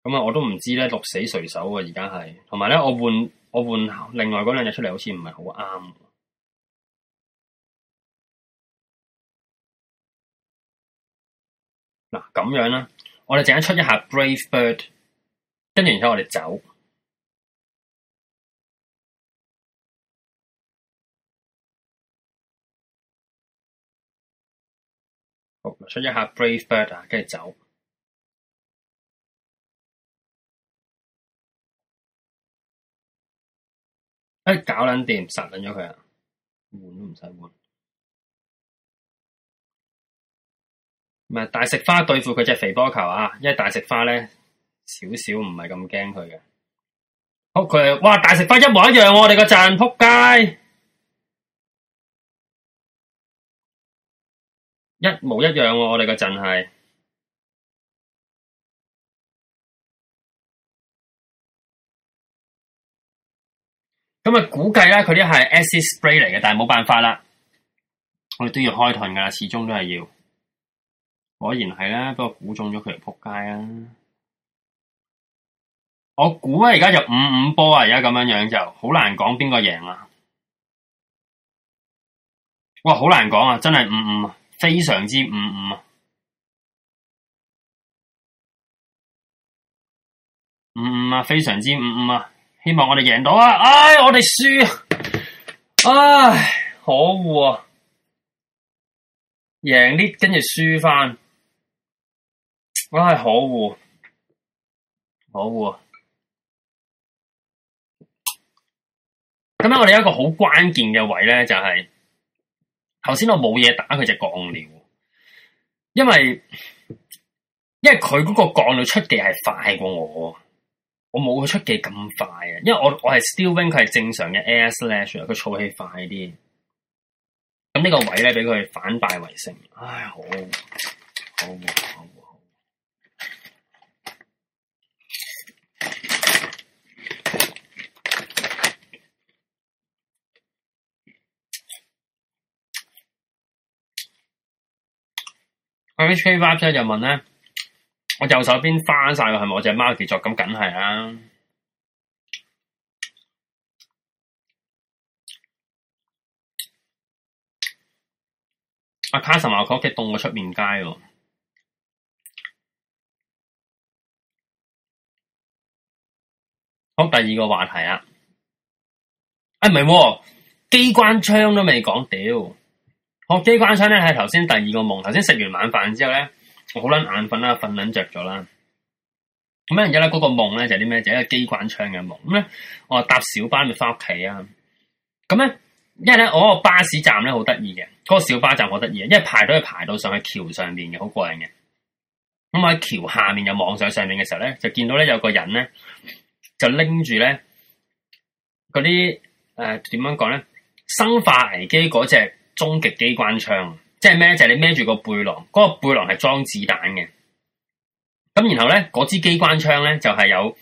咁啊，我都唔知咧，是六死誰手啊？而家係，同埋咧，我換我換另外嗰兩隻出嚟，好似唔係好啱。嗱，咁樣啦，我哋陣間出一下 Brave Bird，跟住然之後我哋走。好，出一下 Brave Bird 啊，跟住走。誒，搞撚掂，實撚咗佢啊！換都唔使換，唔係大食花對付佢隻肥波球啊！因為大食花咧少少唔係咁驚佢嘅，好佢，哇！大食花一模一樣、啊，我哋個陣扑街，一模一樣、啊，我哋個陣係。咁啊，估計咧佢啲係 acid spray 嚟嘅，但係冇辦法啦，我哋都要開盾噶啦，始終都係要。果然係啦，不過估中咗佢就撲街啊！我估啊，而家就五五波啊，而家咁樣樣就好難講邊個贏啊！哇，好難講啊，真係五五啊，非常之五五啊，五五啊，非常之五五啊！希望我哋贏到啊！唉、哎，我哋輸，唉、哎，可惡啊！贏啲，跟住輸翻，真係可惡，可惡啊！咁樣我哋一個好關鍵嘅位咧、就是，就係頭先我冇嘢打佢隻降了，因為因為佢嗰個降了出技係快過我。我冇佢出技咁快啊，因為我我係 Steel Wing 佢係正常嘅 Air Slash 啊，佢燥氣快啲。咁呢個位咧，俾佢反敗為勝。唉，好，好，好，好。佢 HK Vibe 又問咧。我右手邊返曬啦，係咪？我隻貓傑作咁，梗係啦。阿卡神話佢屋企凍過出面街喎。好，第二個話題，哎、啊。誒，唔係機關槍都未講屌。學機關槍呢係頭先第二個夢。頭先食完晚飯之後呢。我好撚眼瞓啦，瞓撚着咗啦。咁樣，一咧嗰個夢咧就啲咩？就係就係、一個機關槍嘅夢。咁咧，我搭小巴咪返屋企啊。咁咧，因為咧我個巴士站咧好得意嘅，嗰、嗰個小巴站好得意啊。因為排到係排到上去橋上面嘅，好過癮嘅。咁我喺橋下面又望上上面嘅時候咧，就見到咧有個人咧就拎住咧嗰啲誒點樣講咧生化危機嗰隻終極機關槍。即係咩？就係你孭住個背囊，嗰個背囊係裝子彈嘅。咁然後咧，嗰支機關槍咧就係、是、有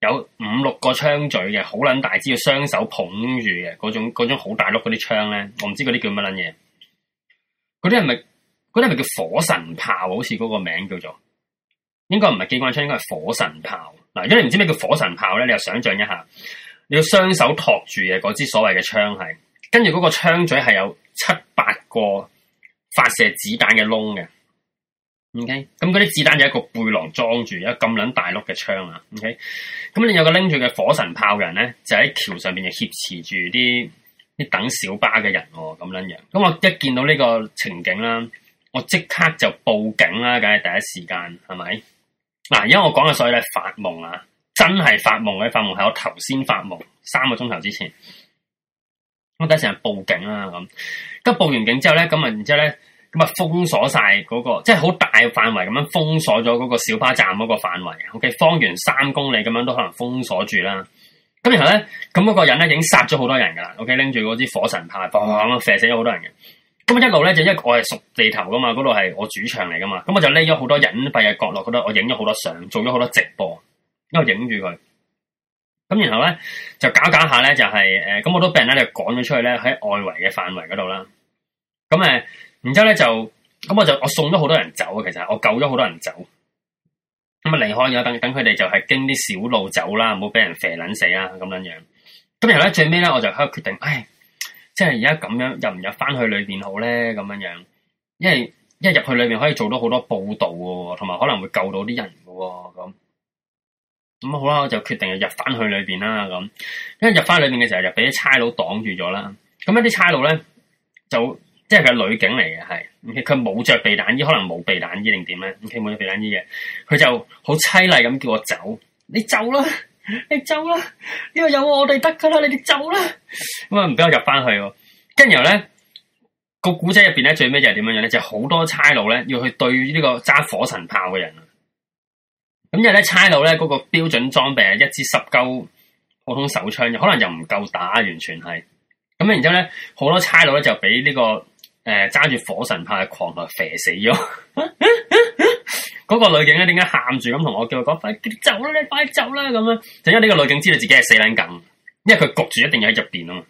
有五六個槍嘴嘅，好卵大，支嘅雙手捧住嘅嗰種嗰種好大碌嗰啲槍咧。我唔知嗰啲叫乜卵嘢。嗰啲係咪嗰啲係咪叫火神炮？好似嗰個名叫做應該唔係機關槍，應該係火神炮嗱。因為你唔知咩叫火神炮咧，你又想象一下，你要雙手托住嘅嗰支所謂嘅槍係，跟住嗰個槍嘴係有七八個。發射子彈嘅窿嘅，OK，咁嗰啲子彈就一個背囊裝住，有咁捻大碌嘅槍啊，OK，咁你有一個拎住嘅火神炮人咧，就喺橋上邊就挾持住啲啲等小巴嘅人，咁樣樣，咁我一見到呢個情景啦，我即刻就報警啦，梗係第一時間，係咪？嗱，而家我講嘅所以咧發夢啊，真係發夢嘅，發夢係我頭先發夢三個鐘頭之前。我第一時間報警啦，咁，咁報完警之後咧，咁啊，然之後咧，咁啊封鎖晒嗰個，即係好大範圍咁樣封鎖咗嗰個小巴站嗰個範圍，OK，方圓三公里咁樣都可能封鎖住啦。咁然後咧，咁嗰個人咧已經殺咗好多人噶啦，OK，拎住嗰支火神炮，放嘩咁射死咗好多人嘅。咁一路咧，就因為我係熟地頭噶嘛，嗰度係我主場嚟噶嘛，咁我就匿咗好多隱蔽嘅角落，覺得我影咗好多相，做咗好多直播，因為影住佢。咁然後咧就搞搞下咧，就係誒咁我都病咧，就趕咗出去咧，喺外圍嘅範圍嗰度啦。咁誒、呃，然之後咧就咁我就我送咗好多人走啊，其實我救咗好多人走。咁啊離開咗，等等佢哋就係經啲小路走啦，唔好俾人射撚死啊，咁樣樣。咁然後咧最尾咧，我就喺度決定，唉、哎，即係而家咁樣入唔入翻去裏邊好咧？咁樣樣，因為一入去裏邊可以做到好多報道喎、哦，同埋可能會救到啲人噶、哦、咁。咁好啦，我就決定入翻去裏面啦。咁，因為入翻裏面嘅時候就俾啲差佬擋住咗啦。咁一啲差佬咧，就即係佢女警嚟嘅，係佢冇著避彈衣，可能冇避彈衣定點咧，冇咗避彈衣嘅，佢就好淒厲咁叫我走，你走啦，你走啦，呢個有我哋得噶啦，你哋走啦，咁啊唔俾我入翻去。跟住後咧，個古仔入面咧最尾就係點樣樣咧？就係好多差佬咧要去對呢個揸火神炮嘅人。咁因為咧，差佬咧嗰個標準裝備係一支十勾普通手槍，可能就唔夠打，完全係。咁然之後咧，好多差佬咧就俾呢、這個誒揸住火神炮嘅狂徒，射死咗。嗰 個女警咧，點解喊住咁同我叫佢講 快，走啦，你快走啦咁樣，就因為呢個女警知道自己係死撚梗，因為佢焗住一定要喺入邊啊嘛。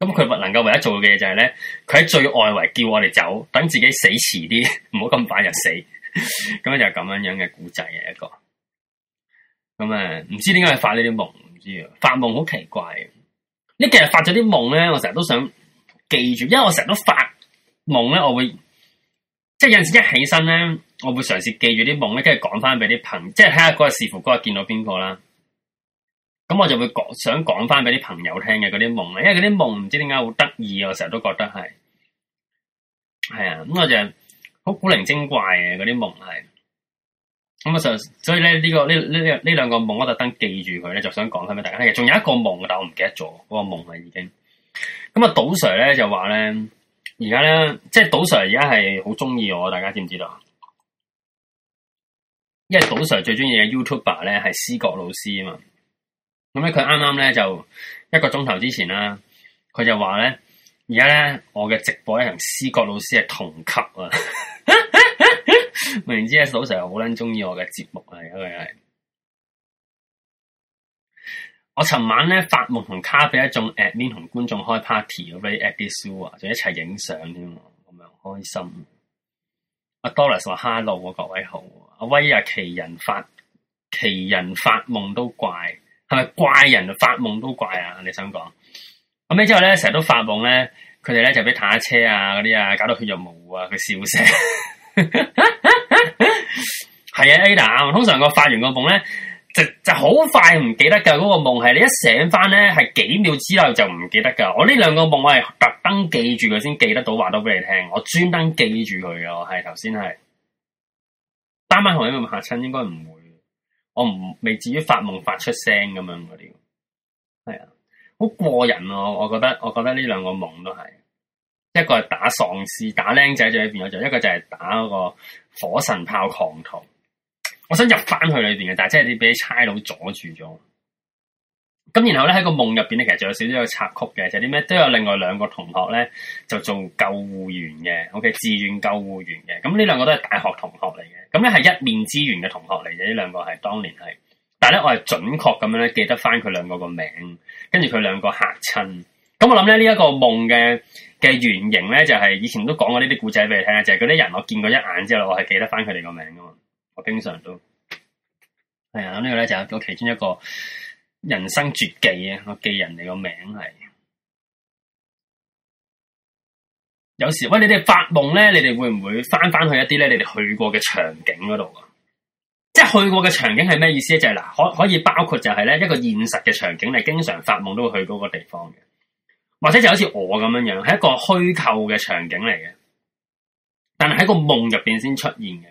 咁佢能夠唯一做嘅嘢就係、是、咧，佢喺最外圍叫我哋走，等自己死遲啲，唔好咁快就死。咁 就咁樣樣嘅古仔嘅一個，咁啊唔知點解會發呢啲夢，唔知啊，發夢好奇怪。你其實發咗啲夢咧，我成日都想記住，因為我成日都發夢咧，我會即係有陣時一起身咧，我會嘗試記住啲夢咧，跟住講翻俾啲朋友，即係睇下嗰日視乎嗰日見到邊個啦。咁我就會講，想講翻俾啲朋友聽嘅嗰啲夢啊，因為嗰啲夢唔知點解好得意，我成日都覺得係，係啊，咁我就。好古靈精怪嘅嗰啲夢係，咁啊，所以咧、這、呢個呢呢呢兩個夢，我特登記住佢咧，就想講俾大家聽。仲有一個夢，但我唔記得咗嗰個夢係已經。咁啊，賭、就是、Sir 咧就話咧，而家咧即係賭 Sir 而家係好中意我，大家知唔知道啊？因為賭 Sir 最中意嘅 YouTuber 咧係思覺老師啊嘛。咁咧佢啱啱咧就一個鐘頭之前啦，佢就話咧。而家咧，我嘅直播咧同思覺老師係同級啊！ 明知阿 Sir 好撚中意我嘅節目啊，因為係我尋晚咧發夢同咖啡一眾 admin 同觀眾開 party，我、right、俾 at 啲 show 啊，就一齊影相添，咁、啊、樣開心。阿 Doris 話：Hello 各位好。阿、啊、威啊，奇人發奇人發夢都怪，係咪怪人發夢都怪啊？你想講？咁之後咧，成日都發夢咧，佢哋咧就俾打車啊嗰啲啊，搞到血又冇啊，佢笑聲。係啊 Ada，通常個發完個夢呢、那個夢咧，就就好快唔記得噶。嗰個夢係你一醒翻咧，係幾秒之內就唔記得噶。我呢兩個夢，我係特登記住佢先記得到，話到俾你聽。我專登記住佢噶，我係頭先係。單晚同你咁吓親，應該唔會。我唔未至於發夢發出聲咁樣嗰啲。好過人咯、啊，我覺得，我覺得呢兩個夢都係一個係打喪屍、打僆仔喺裏邊咗，就一個就係打嗰個火神炮狂徒。我想入翻去裏邊嘅，但係即係你俾啲差佬阻住咗。咁然後咧喺個夢入邊咧，其實仲有少少個插曲嘅，就啲、是、咩都有另外兩個同學咧就做救護員嘅，OK 自願救護員嘅。咁呢兩個都係大學同學嚟嘅，咁咧係一面之緣嘅同學嚟嘅，呢兩個係當年係。但係咧，我係準確咁樣咧記得翻佢兩個個名，跟住佢兩個吓親。咁我諗咧呢一個夢嘅嘅原型咧，就係以前都講過呢啲故仔俾你聽，就係嗰啲人我見過一眼之後，我係記得翻佢哋個名噶嘛。我經常都係啊，呢、哎這個咧就係我其中一個人生絕技啊。我記人哋個名係，有時喂你哋發夢咧，你哋會唔會翻翻去一啲咧你哋去過嘅場景嗰度啊？即係去過嘅場景係咩意思咧？就係、是、嗱，可可以包括就係咧一個現實嘅場景，你經常發夢都會去嗰個地方嘅，或者就好似我咁樣樣，係一個虛構嘅場景嚟嘅，但係喺個夢入邊先出現嘅。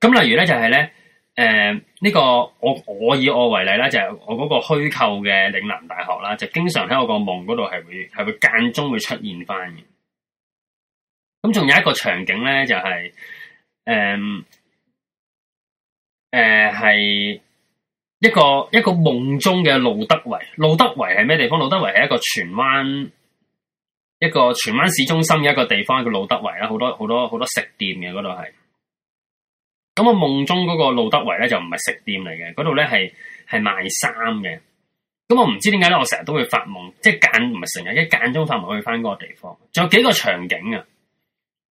咁例如咧就係、是、咧，誒、呃、呢、這個我我以我為例啦，就係、是、我嗰個虛構嘅嶺南大學啦，就經常喺我個夢嗰度係會係會間中會出現翻嘅。咁仲有一個場景咧就係、是，誒、呃。誒、呃，係一個一個夢中嘅路德圍，路德圍係咩地方？路德圍係一個荃灣一個荃灣市中心嘅一個地方，叫路德圍啦，好多好多好多食店嘅嗰度係。咁我夢中嗰個路德圍咧就唔係食店嚟嘅，嗰度咧係係賣衫嘅。咁我唔知點解咧，我成日都會發夢，即係間唔係成日，一間中發夢去翻嗰個地方，仲有幾個場景啊！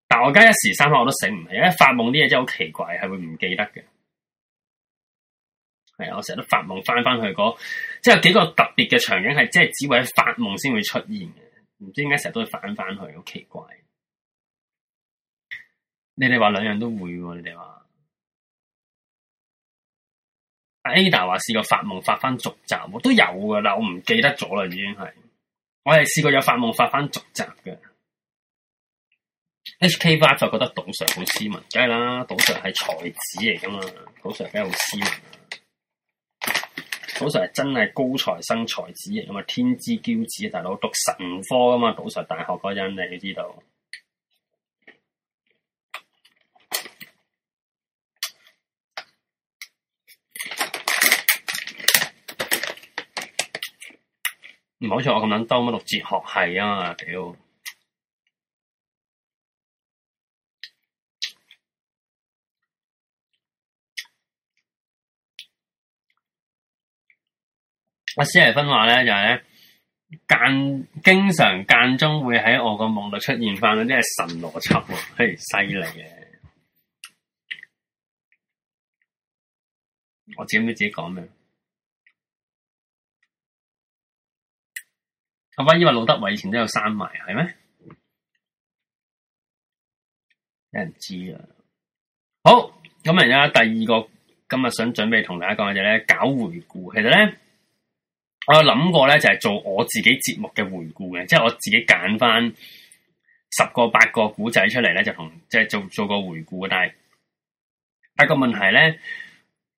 但我而家一時三刻我都醒唔起，因為發夢啲嘢真係好奇怪，係會唔記得嘅。係我成日都發夢翻翻去嗰，即係有幾個特別嘅場景，係即係只會喺發夢先會出現嘅，唔知點解成日都會翻翻去，好奇怪。你哋話兩樣都會，你哋話 Ada 話試過發夢發翻續集，我都有噶，啦我唔記得咗啦，已經係我係試過有發夢發翻續集嘅。HK8 就覺得賭 Sir 好斯文，梗係啦，賭 Sir 係才子嚟噶嘛，賭 Sir 比較好斯文。賭 Sir 係真係高材生才子，同埋天之驕子。大佬讀神科噶嘛？賭 Sir 大學嗰陣，你要知道。唔好似我咁撚兜，咪讀哲學系啊嘛！屌。 我私係分話咧，就係咧間經常間中會喺我個夢度出現翻嗰啲係神邏輯喎，嘿，犀利嘅。我知唔知自己講咩。阿威話，以為老德偉以前都有刪埋，係咩？有人知啊？好，咁啊，而家第二個今日想準備同大家講嘅嘢咧，搞回顧，其實咧。我有諗過咧，就係做我自己節目嘅回顧嘅，即係我自己揀翻十個八個古仔出嚟咧，就同即係做做個回顧。但係，但個問題咧，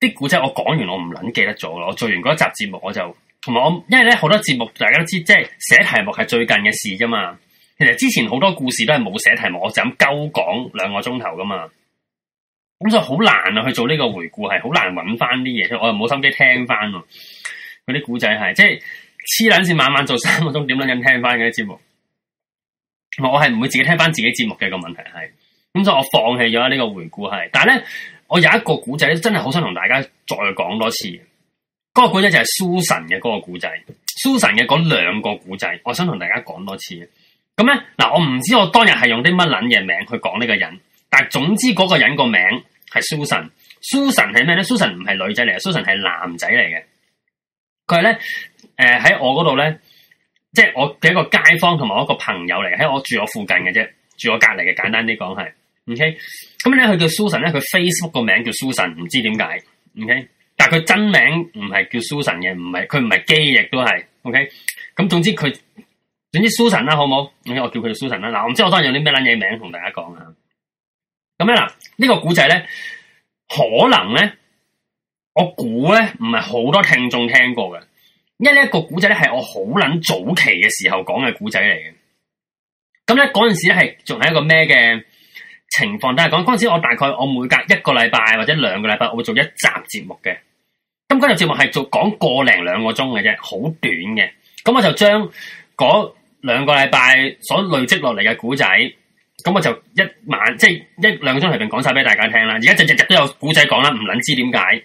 啲古仔我講完我唔捻記得咗咯。我做完嗰一集節目，我就同埋我，因為咧好多節目，大家都知，即係寫題目係最近嘅事啫嘛。其實之前好多故事都係冇寫題目，我就咁鳩講兩個鐘頭噶嘛。咁就好難啊去做呢個回顧，係好難揾翻啲嘢，所以我又冇心機聽翻。佢啲古仔係，即係黐捻線晚晚做三個鐘點捻人聽翻嘅啲節目，我係唔會自己聽翻自己節目嘅個問題係，咁所以我放棄咗呢個回顧係。但係咧，我有一個古仔真係好想同大家再講多次。嗰個古仔就係 Susan 嘅嗰個古仔，Susan 嘅嗰兩個古仔，我想同大家講多次。咁咧，嗱我唔知我當日係用啲乜捻嘢名去講呢個人，但係總之嗰個人個名係 Susan，Susan 係咩咧？Susan 唔係女仔嚟，Susan 係男仔嚟嘅。佢係咧，誒、呃、喺我嗰度咧，即、就、係、是、我嘅一個街坊同埋我一個朋友嚟，喺我住我附近嘅啫，住我隔籬嘅。簡單啲講係，OK。咁咧佢叫 Susan 咧，佢 Facebook 個名叫 Susan，唔知點解，OK。但係佢真名唔係叫 Susan 嘅，唔係佢唔係基亦都係，OK。咁總之佢總之 Susan 啦、啊，好唔好？Okay, 我叫佢 Susan 啦、啊。嗱，我唔知我當日用啲咩撚嘢名同大家講啊。咁呢，嗱、這個，呢個古仔咧，可能咧。我估咧唔係好多聽眾聽過嘅，因為呢一個古仔咧係我好捻早期嘅時候講嘅古仔嚟嘅。咁咧嗰陣時咧係仲係一個咩嘅情況？但係講嗰陣時我大概我每隔一個禮拜或者兩個禮拜我會做一集節目嘅。咁嗰集節目係做講個零兩個鐘嘅啫，好短嘅。咁我就將嗰兩個禮拜所累積落嚟嘅古仔，咁我就一晚即係、就是、一兩個鐘頭便講晒俾大家聽啦。而家就日日都有古仔講啦，唔捻知點解。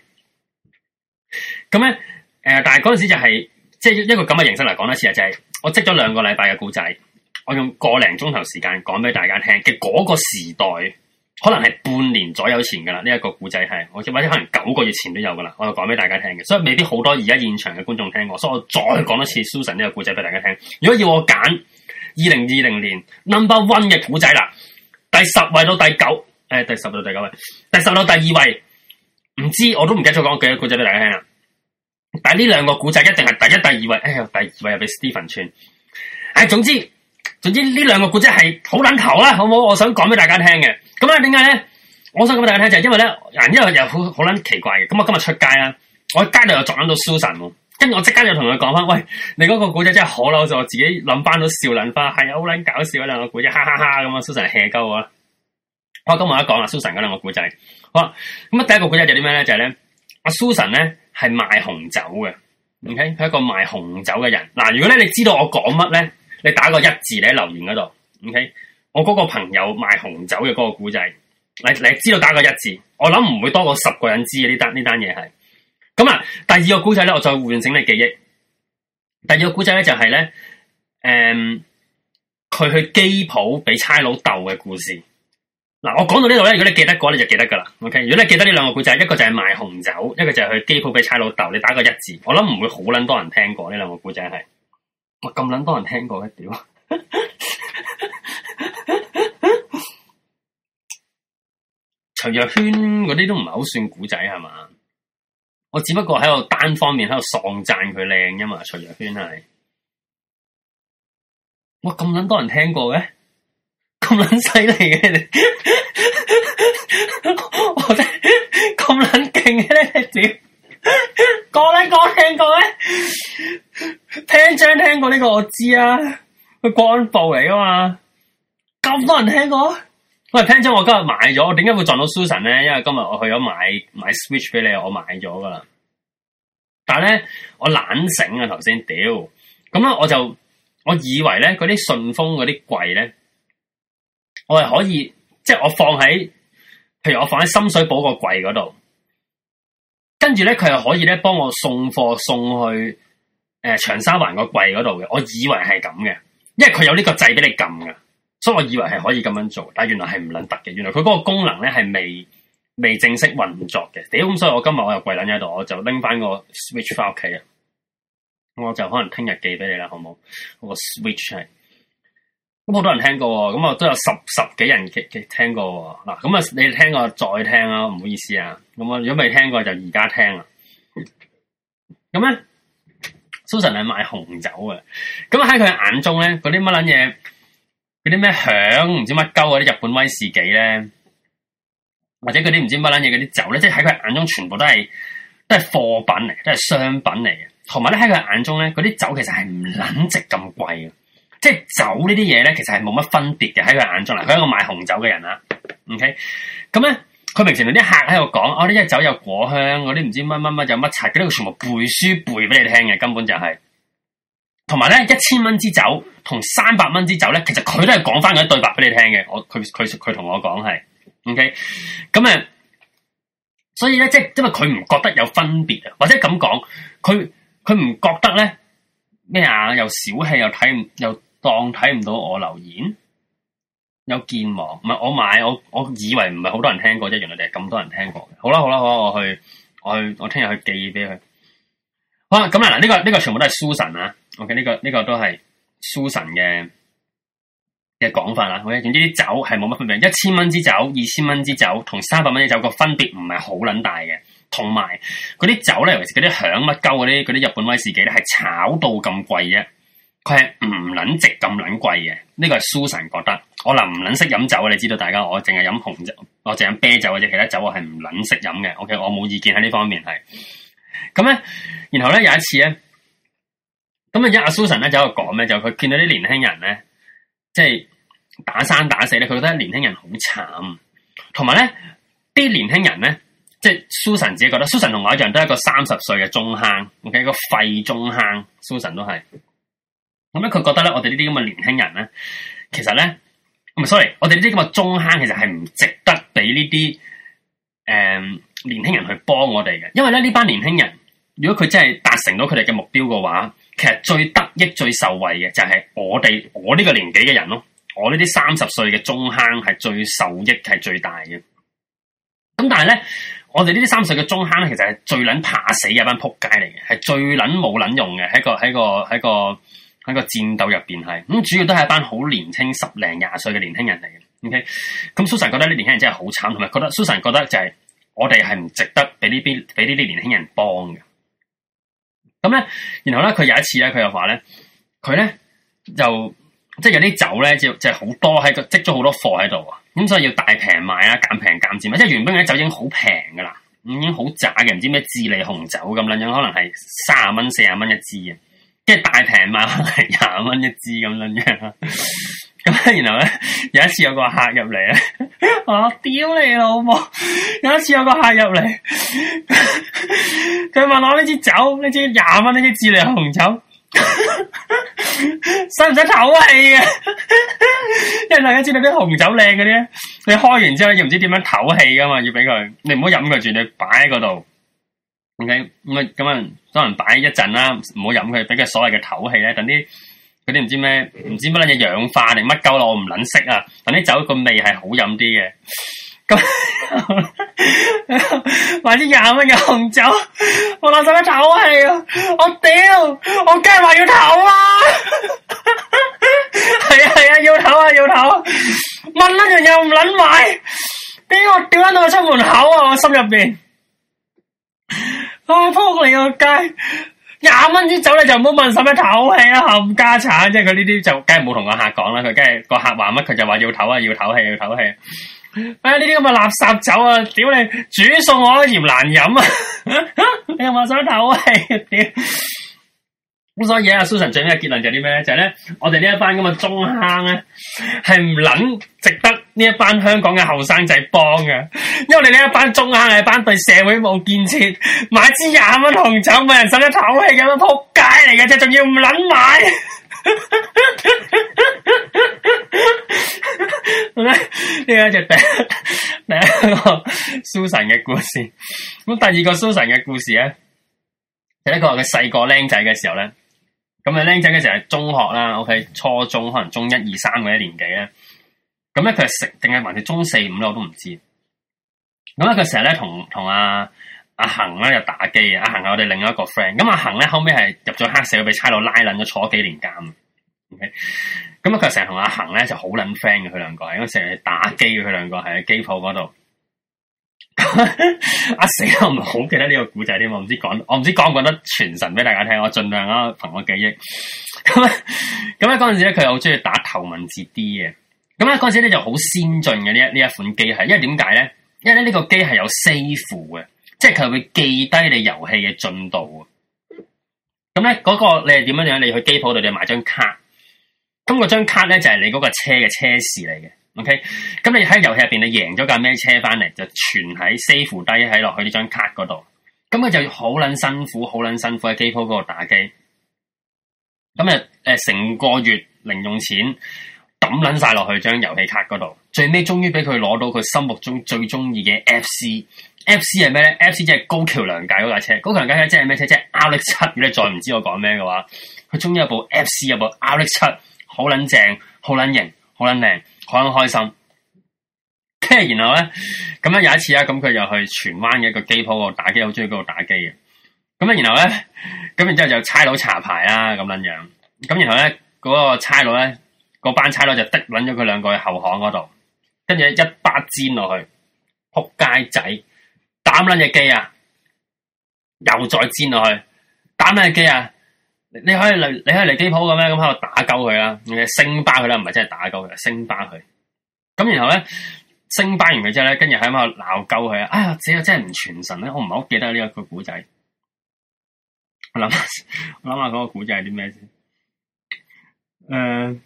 咁咧，誒，但係嗰陣時就係即係一個咁嘅形式嚟講一次啊，就係、是、我積咗兩個禮拜嘅故仔，我用個零鐘頭時間講俾大家聽。嘅嗰個時代可能係半年左右前㗎啦，呢、這、一個故仔係或者或者可能九個月前都有㗎啦，我就講俾大家聽嘅，所以未必好多而家現場嘅觀眾聽過，所以我再講多次 Susan 呢個故仔俾大家聽。如果要我揀二零二零年 Number One 嘅故仔啦，第十位到第九位、哎，第十到第九位，第十到第二位，唔知我都唔記得再講幾多故仔俾大家聽啦。但呢兩個古仔一定係第一、第二位，哎，第二位又俾 Steven 串。唉、哎，總之，總之呢兩個古仔係好捻頭啦，好唔好？我想講俾大家聽嘅。咁啊，點解咧？我想講俾大家聽就係、是、因為咧，人因為又好好捻奇怪嘅。咁我今日出街啦，我喺街度又撞到 Susan，跟住我即刻就同佢講翻：，喂，你嗰個古仔真係好就我自己諗翻到少捻花，係、哎、啊，好捻搞笑啊！兩個古仔，哈哈哈咁啊，Susan 吃鳩啊！我今日一講啦，Susan 嗰兩個古仔。好啦，咁啊，第一個古仔就係啲咩咧？就係、是、咧，阿、啊、Susan 咧。係賣紅酒嘅，OK，佢係一個賣紅酒嘅人。嗱，如果咧你知道我講乜咧，你打個一字你喺留言嗰度，OK。我嗰個朋友賣紅酒嘅嗰個古仔，你你知道打個一字，我諗唔會多過十個人知呢單呢單嘢係。咁啊，第二個古仔咧，我再喚醒你記憶。第二個古仔咧就係、是、咧，誒、嗯，佢去機舖俾差佬鬥嘅故事。嗱，我講到呢度咧，如果你記得過你就記得噶啦。OK，如果你記得呢兩個故仔，一個就係賣紅酒，一個就係去機鋪俾差老豆，你打個一字，我諗唔會好撚多人聽過呢兩個故仔係。哇，咁撚多人聽過嘅，屌！ 徐若瑄嗰啲都唔係好算故仔係嘛？我只不過喺度單方面喺度喪讚佢靚啫嘛。徐若瑄係，哇，咁撚多人聽過嘅？咁撚犀利嘅你，我真咁撚勁嘅咧！屌，講咧講聽過咩？聽張聽過呢個我知啊，佢幹部嚟噶嘛？咁多人聽過？喂，聽張我今日買咗，我點解會撞到 Susan 咧？因為今日我去咗買買 Switch 俾你，我買咗噶啦。但係咧，我懶醒啊！頭先屌，咁咧我就我以為咧嗰啲順豐嗰啲櫃咧。我係可以，即係我放喺，譬如我放喺深水埗個櫃嗰度，跟住咧佢係可以咧幫我送貨送去誒、呃、長沙灣個櫃嗰度嘅。我以為係咁嘅，因為佢有呢個掣俾你撳㗎，所以我以為係可以咁樣做，但係原來係唔能得嘅。原來佢嗰個功能咧係未未正式運作嘅。屌咁，所以我今日我又跪捻喺度，我就拎翻個 switch 翻屋企啊。我就可能聽日寄俾你啦，好冇？我、嗰個 switch 係。咁好多人聽過喎，咁我都有十十幾人嘅嘅聽過喎嗱，咁啊你聽過再聽咯，唔好意思啊，咁啊如果未聽過就而家聽啊，咁咧 Susan 係賣紅酒嘅，咁喺佢眼中咧嗰啲乜撚嘢，嗰啲咩響唔知乜鳩嗰啲日本威士忌咧，或者嗰啲唔知乜撚嘢嗰啲酒咧，即係喺佢眼中全部都係都係貨品嚟，都係商品嚟嘅，同埋咧喺佢眼中咧嗰啲酒其實係唔撚值咁貴嘅。即係酒呢啲嘢咧，其實係冇乜分別嘅喺佢眼中啦。佢係一個賣紅酒嘅人啊，OK？咁咧，佢平常同啲客喺度講，哦，呢隻酒有果香，嗰啲唔知乜乜乜有乜茶。」嗰啲佢全部背書背俾你聽嘅，根本就係。同埋咧，一千蚊支酒同三百蚊支酒咧，其實佢都係講翻嗰對白俾你聽嘅。我佢佢佢同我講係 OK？咁啊，所以咧，即係因為佢唔覺得有分別啊，或者咁講，佢佢唔覺得咧咩啊，又小氣又睇唔又。當睇唔到我留言有健忘，唔係我買我我以為唔係好多人聽過啫，原來你係咁多人聽過嘅。好啦好啦好啦，我去我去我聽日去寄俾佢好啦。咁啊嗱，呢個呢個全部都係蘇神啊。OK，呢個呢個都係蘇神嘅嘅講法啦。好，總之啲酒係冇乜分別，一千蚊支酒、二千蚊支酒同三百蚊支酒個分別唔係好撚大嘅。同埋嗰啲酒咧，尤其嗰啲響乜鳩嗰啲嗰啲日本威士忌咧，係炒到咁貴啫。佢係唔捻值咁捻貴嘅，呢、呢個係 Susan 覺得。我臨唔捻識飲酒啊，你知道大家，我淨係飲紅酒，我淨飲啤酒或者其他酒我，OK? 我係唔捻識飲嘅。O K，我冇意見喺呢方面係。咁咧，然後咧有一次咧，咁啊，阿 Susan 咧就喺度講咩，就佢、是、見到啲年輕人咧，即係打生打死咧，佢覺得年輕人好慘。同埋咧，啲年輕人咧，即係 Susan 自己覺得，Susan 同我一樣都係一個三十歲嘅中坑，OK，一個廢中坑，Susan 都係。咁咧，佢覺得咧，我哋呢啲咁嘅年輕人咧，其實咧，咁 sorry，我哋呢啲咁嘅中坑，其實係唔值得俾呢啲誒年輕人去幫我哋嘅。因為咧，呢班年輕人，如果佢真係達成到佢哋嘅目標嘅話，其實最得益、最受惠嘅就係我哋，我呢個年紀嘅人咯，我呢啲三十歲嘅中坑係最受益、係最大嘅。咁但係咧，我哋呢啲三十歲嘅中坑咧，其實係最撚怕死一班撲街嚟嘅，係最撚冇撚用嘅，喺個喺個喺個。喺個戰鬥入邊係咁，主要都係一班好年輕十零廿歲嘅年輕人嚟嘅。O K，咁 Susan 覺得呢年輕人真係好慘，同埋覺得 Susan 覺得就係我哋係唔值得俾呢啲俾呢啲年輕人幫嘅。咁咧，然後咧佢有一次咧，佢又話咧，佢咧就即係有啲酒咧，就就即係好多喺度積咗好多貨喺度啊。咁所以要大平賣啊，減平減字賣。即係原本啲酒已經好平噶啦，已經好渣嘅，唔知咩智利紅酒咁樣樣，可能係三十蚊四十蚊一支啊。即係大平嘛，係廿蚊一支咁樣樣，咁 然後咧有一次有個客入嚟啊，我屌你老母！有一次有個客入嚟，佢 問我呢支酒，呢支廿蚊呢支智利紅酒，使唔使透氣嘅？因為大家知你啲紅酒靚嘅啲，你開完之後又唔知點樣透氣噶嘛，要俾佢，你唔好飲佢住，你擺喺嗰度，OK 咁啊咁啊。當然擺一陣啦，唔好飲佢，俾佢所謂嘅唞氣咧。等啲嗰啲唔知咩唔知乜嘢氧化定乜鳩咯，我唔捻識啊。等啲酒個味係好飲啲嘅。咁，買支廿蚊嘅紅酒，我攞手一唞氣啊！我屌！我梗係話要唞啊！係啊係啊，要唞啊要唞！問一樣又唔捻買？俾我屌到我出門口啊！我心入邊。阿仆你個街，廿蚊支酒你就唔好問使乜唞氣啊，冚家鏟！即係佢呢啲就，梗係冇同個客講啦。佢梗係個客話乜，佢就話要唞啊，要唞氣、啊，要唞氣、啊。哎呀，呢啲咁嘅垃圾酒啊，屌你，煮餸我都嫌難飲啊！啊 你又話想唞氣、啊，咁所以啊 Susan 最尾嘅結論就係啲咩咧？就係、是、咧，我哋呢一班咁嘅中坑咧、啊，係唔撚值得。呢一班香港嘅後生仔幫㗎！因為呢一班中下嘅班對社會冇建設，買支廿蚊紅酒冇人使得透氣，咁都仆街嚟嘅啫，仲要唔撚買。嚟啦，呢一隻第第一個 Susan 嘅故事。咁第二個 Susan 嘅故事咧，第一個佢細個僆仔嘅時候咧，咁啊僆仔嘅時候係中學啦，OK，初中可能中一二三嗰一年紀咁咧佢係食定係還是中四五咧，我都唔知。咁咧佢成日咧同同阿阿恒咧又打機阿恒係我哋另外一個 friend。咁阿恒咧後尾係入咗黑社，俾差佬拉捻咗坐幾年監。OK，咁啊佢成日同阿恒咧就好捻 friend 嘅佢兩個，因為成日打機嘅佢兩個喺機鋪嗰度。阿死 啊！唔係好記得呢個古仔添，我唔知講，我唔知講唔講得全神俾大家聽。我盡量啦憑我,我,我記憶。咁啊咁啊嗰陣時咧佢好中意打頭文字 D 嘅。咁咧嗰陣時咧就好先進嘅呢一呢一款機械，因為點解咧？因為咧呢個機械有 save 嘅，即係佢會記低你遊戲嘅進度啊。咁咧嗰個你係點樣樣？你去機鋪度你買張卡，咁嗰張卡咧就係你嗰個車嘅車匙嚟嘅。OK，咁你喺遊戲入邊你贏咗架咩車翻嚟，就存喺 save 低喺落去呢張卡嗰度。咁佢就好捻辛苦，好捻辛苦喺機鋪嗰度打機。咁啊誒，成個月零用錢。抌捻晒落去張遊戲卡嗰度，最尾終於俾佢攞到佢心目中最中意嘅 F C。F C 係咩咧？F C 即係高橋良介嗰架車，高橋良介即係咩車？即係 R X 七。 如果你再唔知我講咩嘅話，佢終於有部 F C，有部 R X 七，好捻正，好捻型，好捻靚，好捻開心。跟 住然後咧，咁咧有一次啊，咁佢又去荃灣嘅一個機鋪度打機，好中意嗰度打機嘅。咁咧然後咧，咁然之後就差佬查牌啦，咁捻樣。咁然後咧，嗰、嗰個差佬咧。個班差佬就滴搵咗佢兩個去後巷嗰度，跟住一巴尖落去，撲街仔打乜卵隻機啊！又再尖落去，打乜卵隻機啊！你可以嚟，你可以嚟機鋪嘅咩？咁喺度打鳩佢啦，你升巴佢啦，唔係真係打鳩佢，升巴佢。咁然後咧，升巴，巴，巴完佢之後咧，跟住喺度鬧鳩佢啊！哎呀，死啊，真係唔全神咧，我唔係好記得呢一個古仔。我諗下，我諗下嗰個古仔係啲咩先？誒、呃。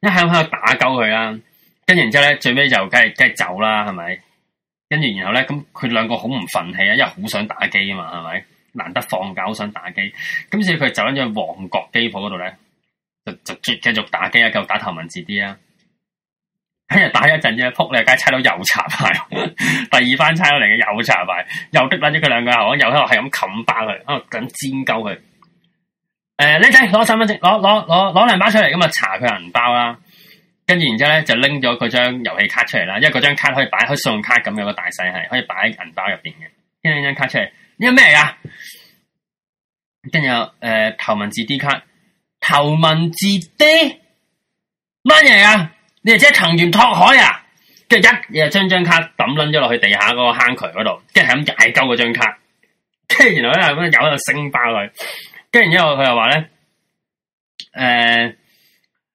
一向度喺度打鳩佢啦，跟住然之後咧最尾就梗係梗係走啦，係咪？跟住然後咧咁佢兩個好唔忿氣啊，因為好想打機啊嘛，係咪？難得放假好想打機，咁所以佢走返咗去旺角機鋪嗰度咧，就就，就繼續打機啊，夠打頭文字 D 呀。跟住打一陣啫，撲你個街，差佬又查牌， 第二番差佬嚟嘅又查牌，又逼撚咗佢兩個行，又喺度係咁冚巴佢，啊咁煎鳩佢。誒、呃，你仔呢仔攞身份證，攞攞攞攞銀包出嚟，咁啊查佢銀包啦。跟住然之後咧就拎咗佢張遊戲卡出嚟啦，因為嗰張卡可以擺，好似信用卡咁樣個大細係可以擺喺銀包入邊嘅。拎咗張卡出嚟，呢個咩嚟噶？跟住誒，頭、呃、文字 D 卡，頭文字 D 乜嘢嚟啊？你係即係藤原拓海啊？跟住一又將張卡抌撚咗落去地下嗰個坑渠嗰度，跟住係咁解鳩嗰張卡，跟住然後咧又喺度升爆佢。跟住然之後佢又話咧，誒、呃，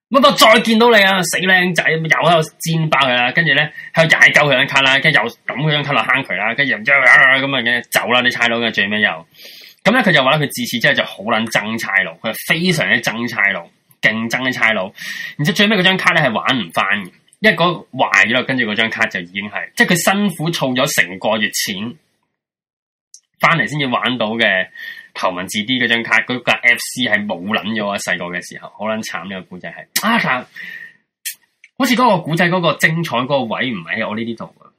乜我再見到你啊，死靚仔，又喺度煎霸佢啦。跟住咧喺度踩鳩佢張卡啦，跟住又抌佢張卡落坑渠啦，跟住咁啊，走、啊、啦、啊啊、你差佬嘅最尾又。咁咧佢就話佢自此之後就好捻憎差佬，佢係非常之憎差佬，勁憎啲差佬。然之後最尾嗰張卡咧係玩唔翻嘅，因為嗰壞咗啦。跟住嗰張卡就已經係，即係佢辛苦儲咗成個月錢，翻嚟先至玩到嘅。頭文字 D 嗰張卡，佢個 FC 係冇撚咗啊！細個嘅時候好撚慘，呢個古仔，係啊，但好似嗰個古仔嗰個精彩嗰個位唔喺我呢啲度啊！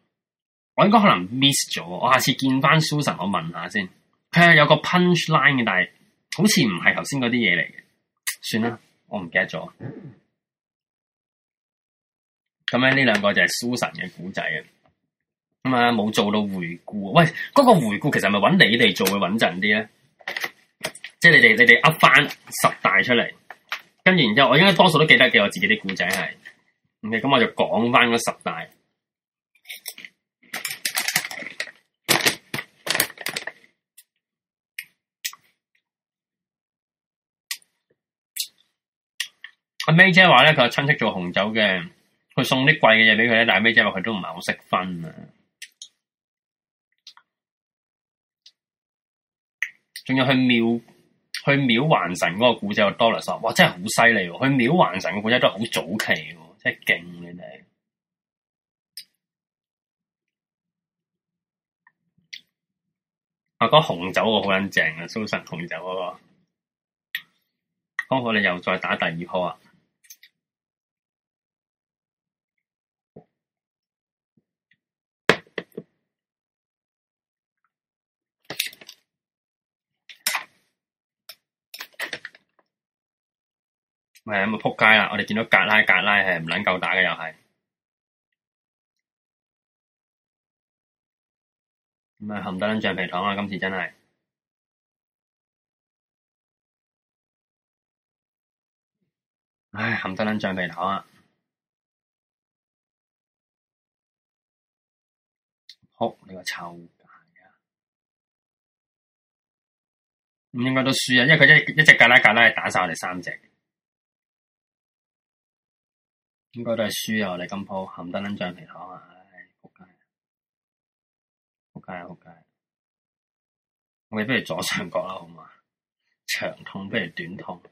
我應該可能 miss 咗，我下次見翻 Susan，我問下先。佢係有個 punchline 嘅，但係好似唔係頭先嗰啲嘢嚟嘅。算啦，我唔記得咗。咁樣呢兩個就係 Susan 嘅古仔啊。咁啊冇做到回顧，喂，嗰個回顧其實係咪揾你哋做會穩陣啲咧？即係你哋，你哋噏翻十大出嚟，跟住然之後，我應該多數都記得嘅，我自己啲古仔係，咁我就講翻嗰十大。阿 May 姐話咧，佢有親戚做紅酒嘅，佢送啲貴嘅嘢俾佢，但係 May 姐話佢都唔係好識分啊。仲有去廟去廟還神嗰個古仔，個多 o l 嘩，哇，真係好犀利喎！去廟還神個古仔都係好早期喎，真係勁你哋。啊，那個紅酒個好撚正啊蘇神紅酒嗰、那個，剛好你又再打第二鋪啊？咪係咁啊！仆街啦！我哋見到格拉格拉係唔撚夠打嘅，又係，咁啊冚得撚橡皮糖啊！今次真係，唉，冚得撚橡皮糖啊！仆你個臭閪啊！唔應該都輸啊，因為佢一一隻格拉格拉係打晒我哋三隻。應該都係輸啊！你咁今鋪冚得撚橡皮糖啊！唉，仆街，仆街，仆街！我哋不如左上角啦，好嘛？長痛不如短痛。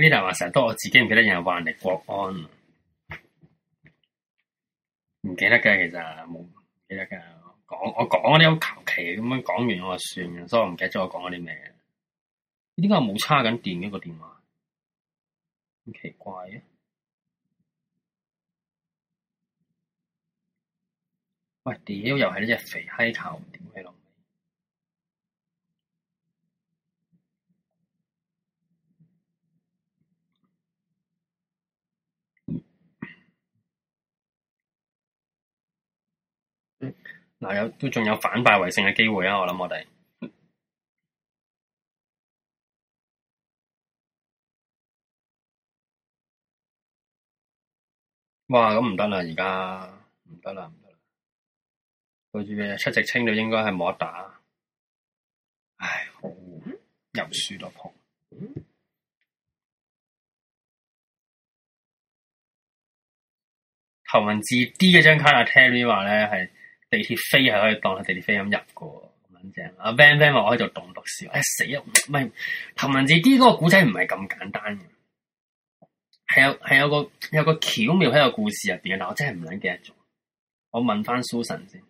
呢度話成日都我自己唔記得話人哋國安，唔記得嘅，其實冇記得嘅。講我講嗰啲好求其咁樣講完我就算了，所以我唔記得咗我講嗰啲咩。點解冇叉緊電呢個電話？咁奇怪嘅，啊。喂，屌！又係呢隻肥閪求點氣咯～嗱，有都仲有反敗為勝嘅機會啊！我諗我哋，哇咁唔得啦，而家唔得啦，唔得啦！嗰支咩七隻青隊應該係冇得打，唉，又輸落鋪，嗯。頭文字 D 嘅張卡阿 Terry 話咧係。地鐵飛係可以當係地鐵飛咁入嘅，咁正。阿 Van Van 話我可以做棟篤笑，哎死啊，唔係，頭文字 D 嗰個古仔唔係咁簡單嘅，係有係有個有個巧妙喺個故事入邊嘅，但我真係唔捻記得咗。我問翻 Susan 先，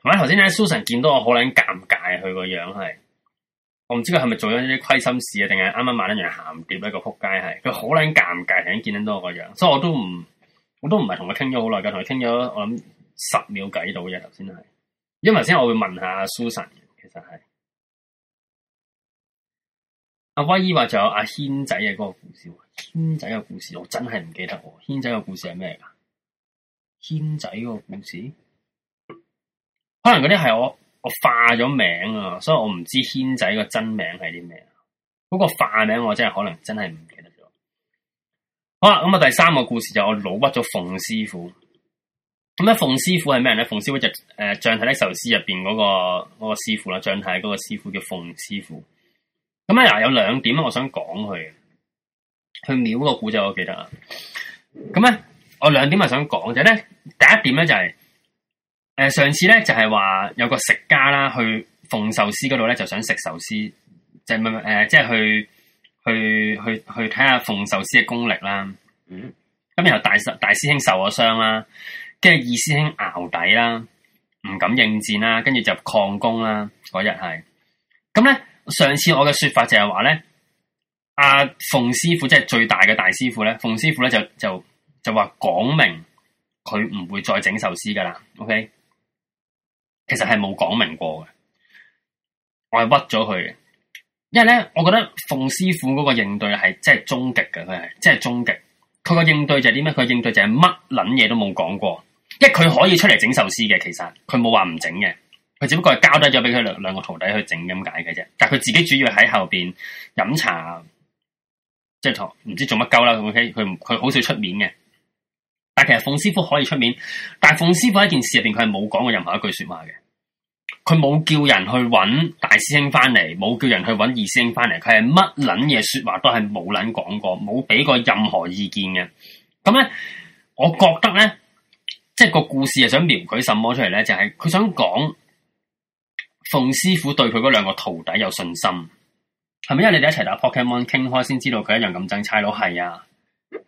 同埋頭先咧，Susan 見到我好捻尷尬，佢個樣係，我唔知佢係咪做咗啲虧心事啊，定係啱啱買咗樣鹹碟一個仆街係，佢好捻尷尬，成日見到我個樣，所以我都唔，我都唔係同佢傾咗好耐噶，同佢傾咗我。十秒計到嘅，頭先係，因為頭先我會問下阿 Susan 其實係阿威姨話，仲有阿軒仔嘅嗰個故事。軒仔嘅故事我真係唔記得喎。軒仔嘅故事係咩噶？軒仔嗰個故事，可能嗰啲係我我化咗名啊，所以我唔知軒仔個真名係啲咩啊。嗰個化名我真係可能真係唔記得咗。好啦，咁啊，第三個故事就我老屈咗鳳師傅。咁咧，鳳師傅係咩人咧？鳳師傅就誒，將太的壽司入邊嗰個、那個師傅啦，將太嗰個師傅叫鳳師傅。咁啊，嗱有兩點咧，我想講佢，去秒個古仔我記得啊。咁咧，我兩點啊想講就咧，第一點咧就係、是、誒、呃，上次咧就係話有個食家啦去鳳壽司嗰度咧，就想食壽司，就唔咪誒，即、呃、係、就是、去去去去睇下鳳壽司嘅功力啦。嗯。咁然後大師大師兄受咗傷啦。跟住二師兄淆底啦，唔敢應戰啦，跟住就曠工啦。嗰日係咁咧，上次我嘅說法就係話咧，阿馮師傅即係最大嘅大師傅咧，馮師傅咧就就就話講明佢唔會再整壽司噶啦。OK，其實係冇講明過嘅，我係屈咗佢嘅，因為咧，我覺得馮師傅嗰個應對係即係終極嘅，佢係即係終極。佢個應對就係點咩？佢應對就係乜捻嘢都冇講過。一佢可以出嚟整壽司嘅，其實佢冇話唔整嘅，佢只不過係交低咗俾佢兩兩個徒弟去整咁解嘅啫。但佢自己主要喺後面飲茶，即係唔知做乜鳩啦。O K，佢佢好少出面嘅。但其實鳳師傅可以出面，但係鳳師傅喺件事入面，佢係冇講過任何一句說話嘅。佢冇叫人去揾大師兄翻嚟，冇叫人去揾二師兄翻嚟。佢係乜撚嘢説話都係冇撚講過，冇俾過任何意見嘅。咁咧，我覺得咧。即係個故事係想描繪什麼出嚟咧？就係、是、佢想講，鳳師傅對佢嗰兩個徒弟有信心，係咪？因為你哋一齊打 Pokemon 傾開，先知道佢一樣咁憎差佬係啊，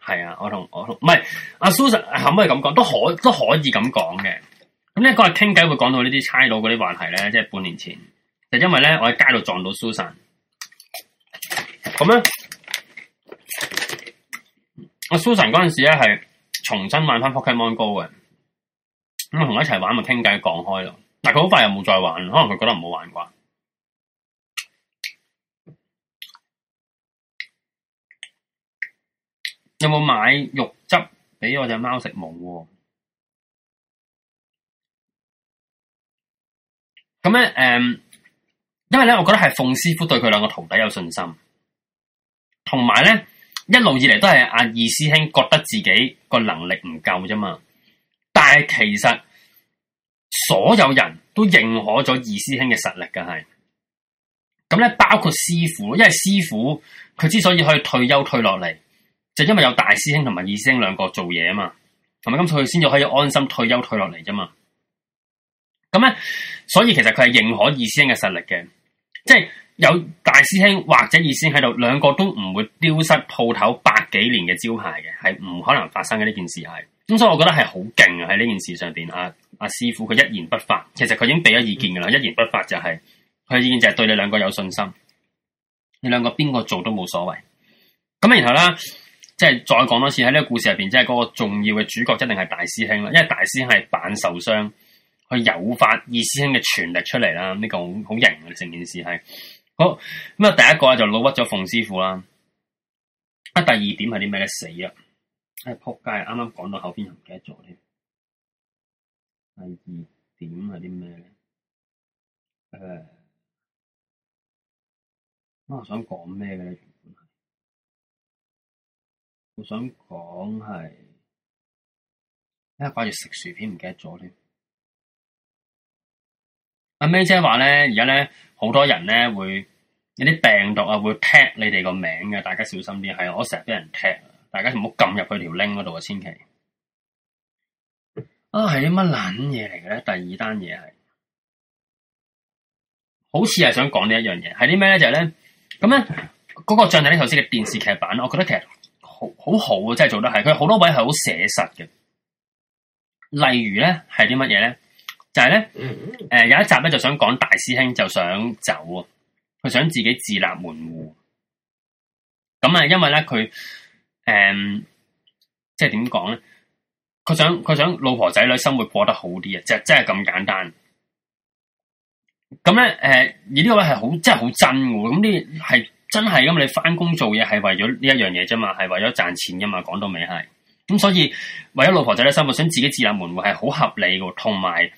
係啊。我同我唔係阿 Susan，可唔可以咁講，都可都可以咁講嘅。咁、那、嗰日傾偈會講到呢啲差佬嗰啲話題咧，即係半年前，就是、因為咧我喺街度撞到 Susan，咁咧，阿、啊、Susan 嗰陣時咧係重新買翻 Pokemon Go 嘅。咁同一齊玩咪傾偈講開咯，但佢好快又冇再玩，可能佢覺得唔好玩啩？有冇買肉汁俾我隻貓食冇？咁咧、啊，誒、嗯，因為咧，我覺得係鳳師傅對佢兩個徒弟有信心，同埋咧，一路以嚟都係阿二師兄覺得自己個能力唔夠啫嘛。但係其實所有人都認可咗二師兄嘅實力嘅係，咁咧，包括師傅，因為師傅佢之所以可以退休退落嚟，就因為有大師兄同埋二師兄兩個做嘢啊嘛，同埋咁佢先至可以安心退休退落嚟啫嘛。咁咧，所以其實佢係認可二師兄嘅實力嘅，即係有大師兄或者二師兄喺度，兩個都唔會丟失鋪頭百幾年嘅招牌嘅，係唔可能發生嘅呢件事係。咁所以，我覺得係好勁啊！喺呢件事上邊，阿、啊、阿、啊、師傅佢一言不發，其實佢已經俾咗意見噶啦、嗯，一言不發就係、是、佢嘅意見就係對你兩個有信心。你兩個邊個做都冇所謂。咁然後咧，即、就、係、是、再講多次喺呢個故事入邊，即係嗰個重要嘅主角一定係大師兄啦，因為大師兄係扮受傷去誘發二師兄嘅全力出嚟啦。呢、這個好型嘅成件事係好。咁啊，第一個就老屈咗鳳師傅啦。啊，第二點係啲咩咧？死啊！喺扑街，啱啱講到後邊又唔記得咗添，第二點係啲咩咧？我想講咩嘅咧？原本係我想講係，因為掛住食薯片唔記得咗添。阿、啊、May 姐話咧，而家咧好多人咧會有啲病毒啊，會踢你哋個名嘅，大家小心啲。係我成日俾人踢。大家唔好撳入去條 link 嗰度啊！千祈啊，係啲乜撚嘢嚟嘅咧？第二單嘢係，好似係想講呢一樣嘢，係啲咩咧？就係咧，咁咧嗰個將太呢頭先嘅電視劇版，我覺得其實好好好啊，真係做得係佢好多位係好寫實嘅。例如咧，係啲乜嘢咧？就係咧，誒，呃，有一集咧，就想講大師兄就想走啊，佢想自己自立門戶。咁啊，因為咧佢。誒、嗯，即係點講咧？佢想佢想老婆仔女生活過得好啲啊！即係真係咁簡單。咁咧，誒、呃，而呢位係好真係好真喎。咁呢係真係咁。你翻工做嘢係為咗呢一樣嘢啫嘛，係為咗賺錢噶嘛。講到尾係？咁所以為咗老婆仔女生活，我想自己自立門戶係好合理嘅，同埋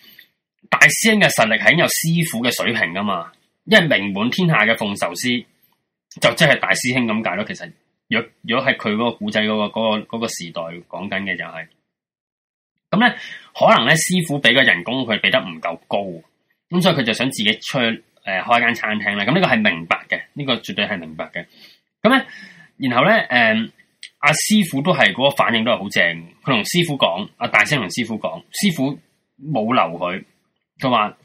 大師兄嘅實力係有師傅嘅水平噶嘛。因為名滿天下嘅鳳壽司，就即係大師兄咁解咯。其實。如果係佢嗰個古仔嗰個嗰、那個嗰個那個時代講緊嘅，就係咁咧，可能咧師傅俾嘅人工佢俾得唔夠高，咁所以佢就想自己出去誒、呃、開間餐廳啦。咁呢個係明白嘅，呢、呢個絕對係明白嘅。咁咧，然後咧誒，阿、呃啊、師傅都係嗰、嗰個反應都係好正。佢同師傅講，阿大聲同師傅講，師傅冇留佢，佢話。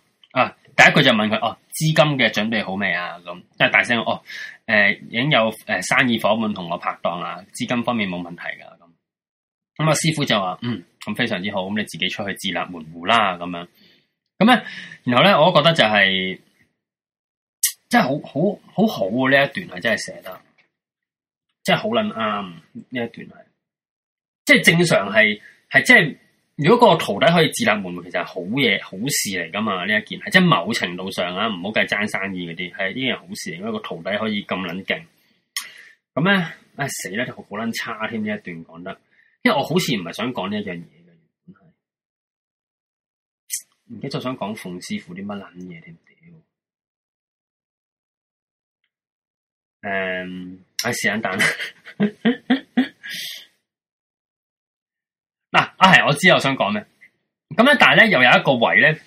第一句就問佢，哦，資金嘅準備好未啊？咁，即係大聲哦，誒、呃，已經有誒生意夥伴同我拍檔啦，資金方面冇問題噶。咁，咁啊師傅就話，嗯，咁非常之好，咁你自己出去自立門戶啦，咁樣。咁咧，然後咧，我覺得就係、是，即係好好，好好好好。呢一段係真係寫得，即係好撚啱。呢一段係，即係正常係，係即係。如果個徒弟可以自立門戶，其實係好嘢、好事嚟噶嘛？呢一件係，即係某程度上啊，唔好計爭生意嗰啲，係呢樣好事嚟。因為個徒弟可以咁捻勁，咁咧唉死啦，就好捻差添。呢一段講得，因為我好似唔係想講呢一樣嘢嘅，原本係唔記得，就想講鳳師傅啲乜捻嘢添屌，誒，係屎蛋。 啊，係我知，我想講咩咁咧？但係咧，又有一個位咧，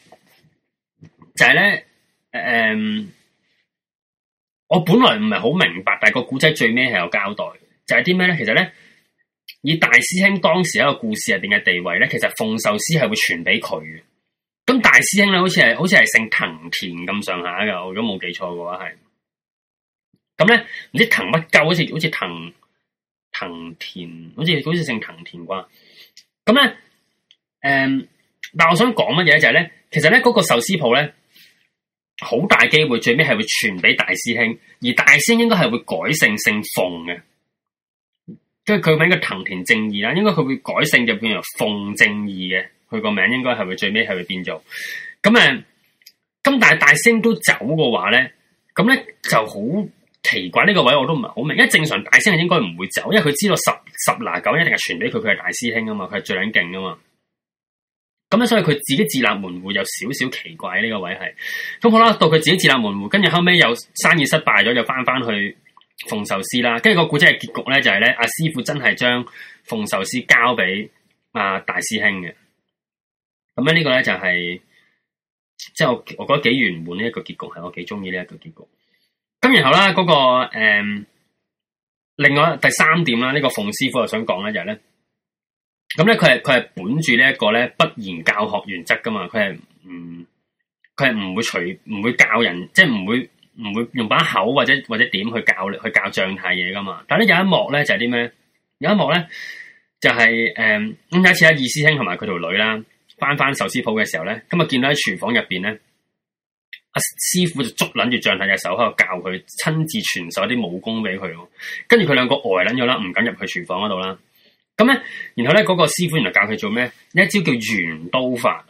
就係咧，誒，我本來唔係好明白，但係個古仔最尾係有交代，就係啲咩咧？其實咧，以大師兄當時一個故事入邊嘅地位咧，其實鳳壽司係會傳俾佢嘅。咁大師兄咧，好似係好似係姓藤田咁上下嘅。我如果冇記錯嘅話，係咁咧，唔知藤乜鳩，好似好似藤藤田，好似好似姓藤田啩。咁咧，誒，但係我想講乜嘢咧？就係咧，其實咧，嗰個壽司鋪咧，好大機會最尾係會傳俾大師兄，而大師兄應該係會改姓姓鳳嘅，跟住佢名叫藤田正義啦，應該佢會改姓就變成鳳正義嘅，佢個名應該係會最尾係會變做咁，誒，咁但係大師兄都走嘅話咧，咁咧就好。奇怪呢個位我都唔係好明，因為正常大師兄應該唔會走，因為佢知道十十拿九一定係傳俾佢，佢係大師兄啊嘛，佢係最捻勁噶嘛。咁樣所以佢自己自立門戶有少少奇怪呢個位係。咁好啦，到佢自己自立門戶，跟住後尾又生意失敗咗，又翻翻去鳳壽司啦。跟住個古仔嘅結局咧，就係咧阿師傅真係將鳳壽司交俾阿大師兄嘅。咁樣呢個咧就係即係我我覺得幾圓滿呢一個結局，係我幾中意呢一個結局。咁然後咧，嗰、那個誒、嗯，另外第三點啦，呢、這個鳳師傅又想講咧，就係咧，咁咧佢係佢係本住呢一個咧不言教學原則噶嘛，佢係唔佢係唔會隨唔會教人，即係唔會唔會用把口或者或者點去教去教將太嘢噶嘛。但係咧有一幕咧就係啲咩，有一幕咧就係誒咁有一次啊，二師兄同埋佢條女啦返返壽司鋪嘅時候咧，咁啊見到喺廚房入邊咧。阿師傅就捉捻住象太隻手喺度教佢，親自傳授啲武功俾佢。跟住佢兩個呆捻咗啦，唔敢入去廚房嗰度啦。咁咧，然後咧，嗰個師傅原來教佢做咩？一招叫圓刀法。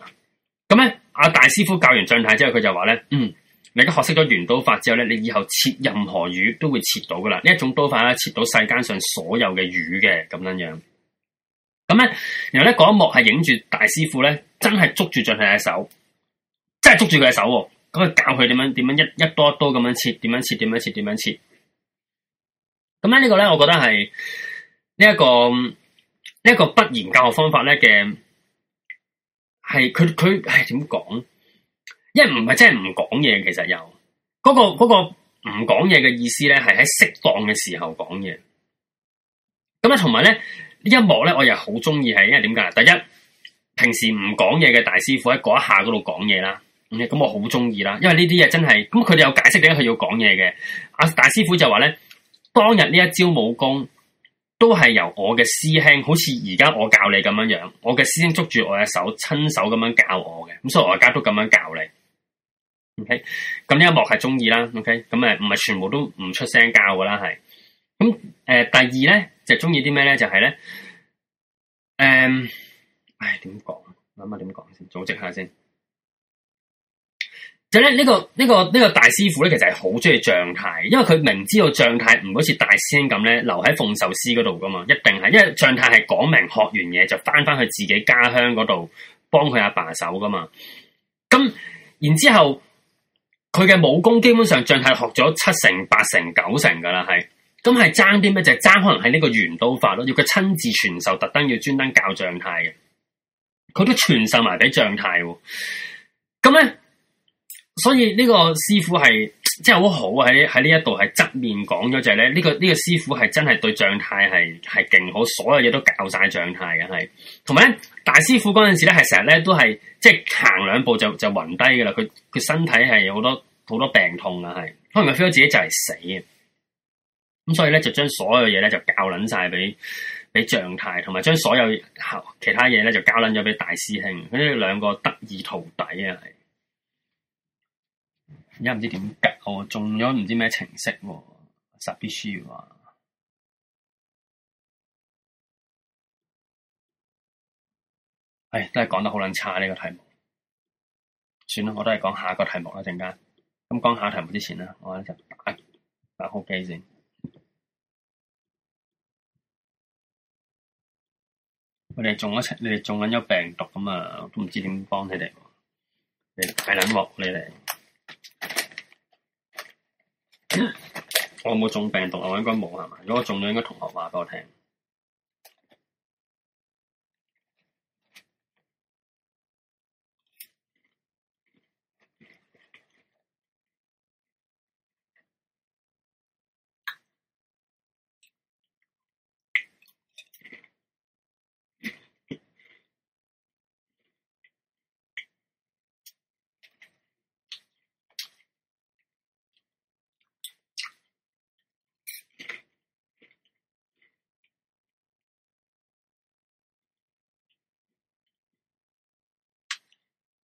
咁咧，阿大師傅教完象太之後，佢就話咧：嗯，你都學識咗圓刀法之後咧，你以後切任何魚都會切到噶啦。呢一種刀法咧，切到世間上所有嘅魚嘅咁樣樣。咁咧，然後咧，嗰一幕係影住大師傅咧，真係捉住象太隻手，真係捉住佢隻手。咁佢教佢點樣，點樣一一刀一刀咁樣切，點樣切，點樣切，點樣切。咁咧呢個咧，我覺得係呢一個呢一個不言教學方法咧嘅，係佢佢係點講？因為唔係真係唔講嘢，其實又嗰個嗰個唔講嘢嘅意思咧，係喺適當嘅時候講嘢。咁咧同埋咧呢一幕咧，我又好中意係，因為點解？第一，平時唔講嘢嘅大師傅喺嗰一下嗰度講嘢啦。咁、嗯、我好中意啦，因為呢啲嘢真係，咁佢哋有解釋點解佢要講嘢嘅。阿大師傅就話咧，當日呢一招武功都係由我嘅師兄，好似而家我教你咁樣樣，我嘅師兄捉住我嘅手，親手咁樣教我嘅。咁所以我而家都咁樣教你。OK，咁呢一幕係中意啦。OK，咁誒唔係全部都唔出聲教噶啦，係。咁誒、呃、第二咧就中意啲咩咧？就係、是、咧，誒、就是嗯，唉點講？諗下點講先，組織下先。就咧，呢個呢個呢個大師傅咧，其實係好中意象太，因為佢明知道象太唔好似大師兄咁咧，留喺鳳壽司嗰度噶嘛，一定係，因為象太係講明學完嘢就翻翻去自己家鄉嗰度幫佢阿爸手噶嘛。咁然之後，佢嘅武功基本上象太學咗七成、八成、九成噶啦，係咁係爭啲咩？就係爭可能係呢個元刀法咯，要佢親自傳授，特登要專登教象太嘅，佢都傳授埋俾象太。咁咧。所以呢個師傅係真係好好喺喺呢一度係側面講咗就係咧呢個呢、呢個師傅係真係對將太係係勁好，所有嘢都教晒將太嘅係。同埋呢，大師傅嗰陣時咧係成日咧都係即係行兩步就就暈低噶啦，佢佢身體係好多好多病痛啊係，可能佢 feel 到自己就係死啊。咁所以咧就將所有嘢咧就教捻晒俾俾將太，同埋將所有其他嘢咧就教捻咗俾大師兄，佢呢兩個得意徒弟啊。而家唔知點解我中咗唔知咩程式喎？十 B 書話，唉，都係講得好撚差呢個題目。算啦，我都係講下一個題目啦。陣間，咁講下一題目之前啊，我咧就打打酷雞先。我哋中咗你哋中緊咗病毒咁嘛，都唔知點幫你哋，你哋大撚鑊你哋。你們我有冇中病毒啊？我應該冇係咪？如果我中咗，應該同學話俾我聽。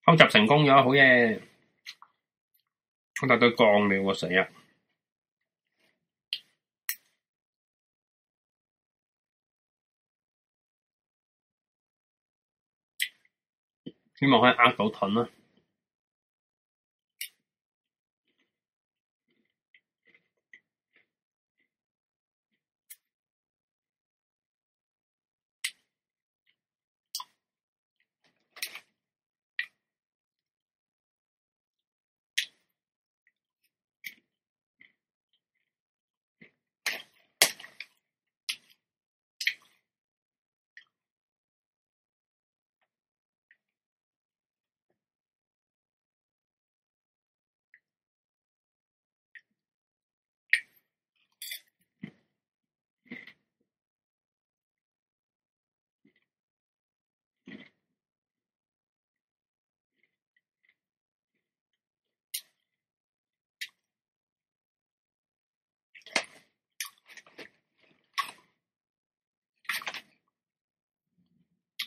偷襲成功咗，好嘢！我大概降了喎，成日希望可以呃到盾啦。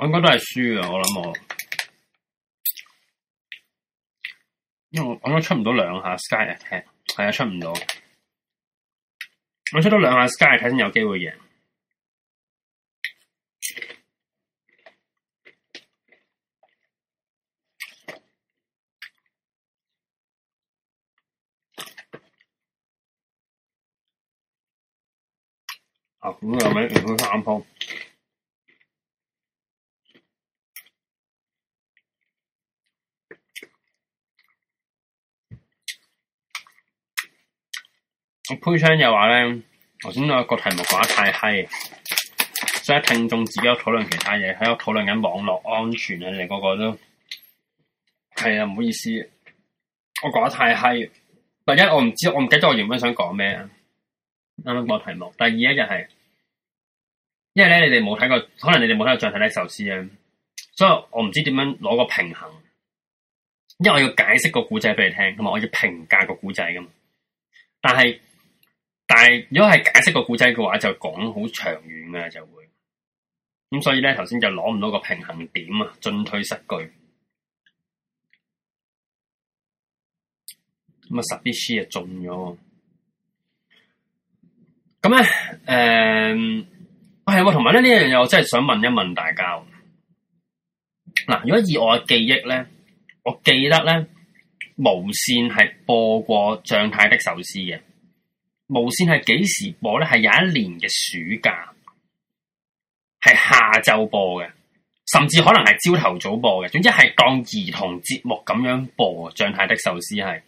我應該都係輸嘅。我諗我，因為我我出唔到 Sky，出唔到我出唔到兩下 Sky Attack 係啊出唔到。我出到兩下 Sky Attack 先有機會贏。阿古有我配音又話咧，頭先有一個題目講得太嗨，所以聽眾自己都討論其他嘢，喺度討論緊網絡安全啊，你哋個個都係啊，唔好意思，我講得太嗨。第一，我唔知，我唔記得我原本想講咩，啱啱個題目。第二，一就係、是，因為咧你哋冇睇過，可能你哋冇睇過《將太の壽司》啊，所以我唔知點樣攞個平衡，因為我要解釋個古仔俾你聽，同埋我要評價個古仔㗎嘛，但係。但係，如果係解釋個古仔嘅話，就講好長遠嘅就會。咁所以咧，頭先就攞唔到個平衡點啊，進退失據。咁啊，十啲書啊，中、嗯、咗。咁、哎、咧，誒，係喎，同埋咧呢一樣嘢，我真係想問一問大家。嗱，如果以我嘅記憶咧，我記得咧無線係播過《將太的壽司》嘅。無綫係幾時播咧？係有一年嘅暑假，係下晝播嘅，甚至可能係朝頭早播嘅。總之係當兒童節目咁樣播《象太的壽司》係，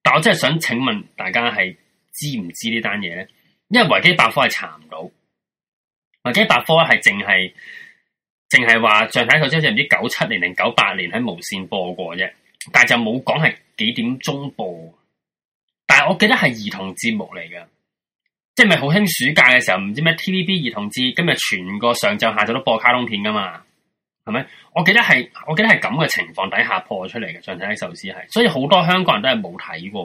但我真係想請問大家係知唔知呢單嘢咧？因為維基百科係查唔到，維基百科係淨係淨係話《象太的壽司》好似唔知九七年定九八年喺無綫播過啫，但係就冇講係幾點鐘播。但係我記得係兒童節目嚟嘅，即係咪好興暑假嘅時候唔知咩 TVB 兒童節，今日全個上晝下晝都播卡通片噶嘛，係咪？我記得係我記得係咁嘅情況底下播出嚟嘅，上次一壽司係，所以好多香港人都係冇睇過，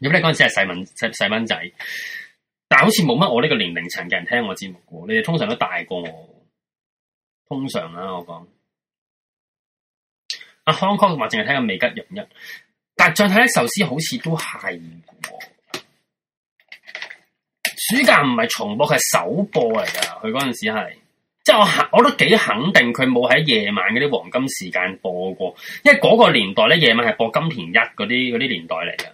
如果你陣時係細蚊細細蚊仔，但係好似冇乜我呢個年齡層嘅人聽我節目，你哋通常都大過我，通常啦我講，阿康康話淨係聽緊美吉揚一。但再睇啲壽司，好似都係喎。暑假唔係重播，係首播嚟噶。佢嗰陣時係，即係我我都幾肯定佢冇喺夜晚嗰啲黃金時間播過，因為嗰個年代咧，夜晚係播金田一嗰啲啲年代嚟嘅。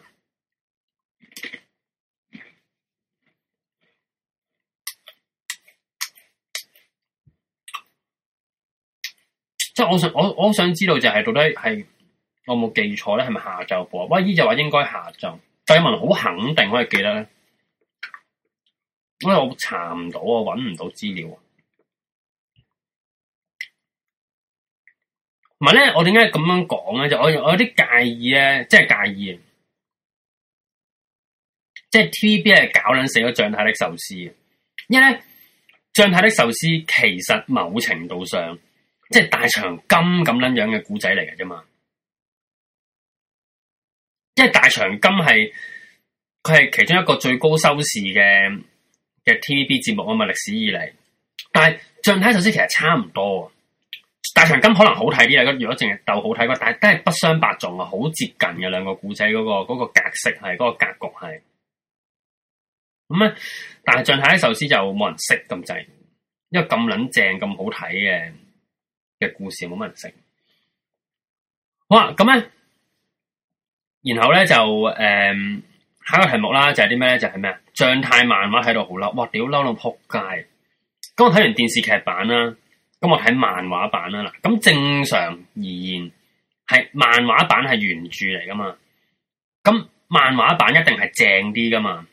即係我想，我我好想知道就係、是、到底係。我冇記錯咧？係咪下晝播？喂，依就話應該下晝。細文好肯定，可以記得咧，因為我查唔到，我揾唔到資料。唔係咧，我點解咁樣講咧？就我我有啲介意咧，即係介意，即係 TVB 係搞撚死咗將太的壽司，因為咧將太的壽司其實某程度上即係、就是、大長金咁撚樣嘅古仔嚟嘅啫嘛。即係大長今係佢係其中一個最高收視嘅嘅 TVB 節目啊嘛，歷史以嚟，但係將太壽司其實差唔多，大長今可能好睇啲啊！如果淨係鬥好睇啩，但係都係不相伯仲啊，好接近嘅兩個古仔嗰個、嗰個格式係嗰、嗰個格局係咁咧。但係將太壽司就冇人識咁滯，因為咁卵正咁好睇嘅嘅故事冇乜人識。好！咁咧。然後咧就誒、嗯、下一個題目啦，就係啲咩咧？就係咩啊？《將太漫畫》喺度好嬲，哇！屌嬲到扑街！咁我睇完電視劇版啦，咁我睇漫畫版啦嗱。咁正常而言，係漫畫版係原著嚟噶嘛？咁漫畫版一定係正啲噶嘛？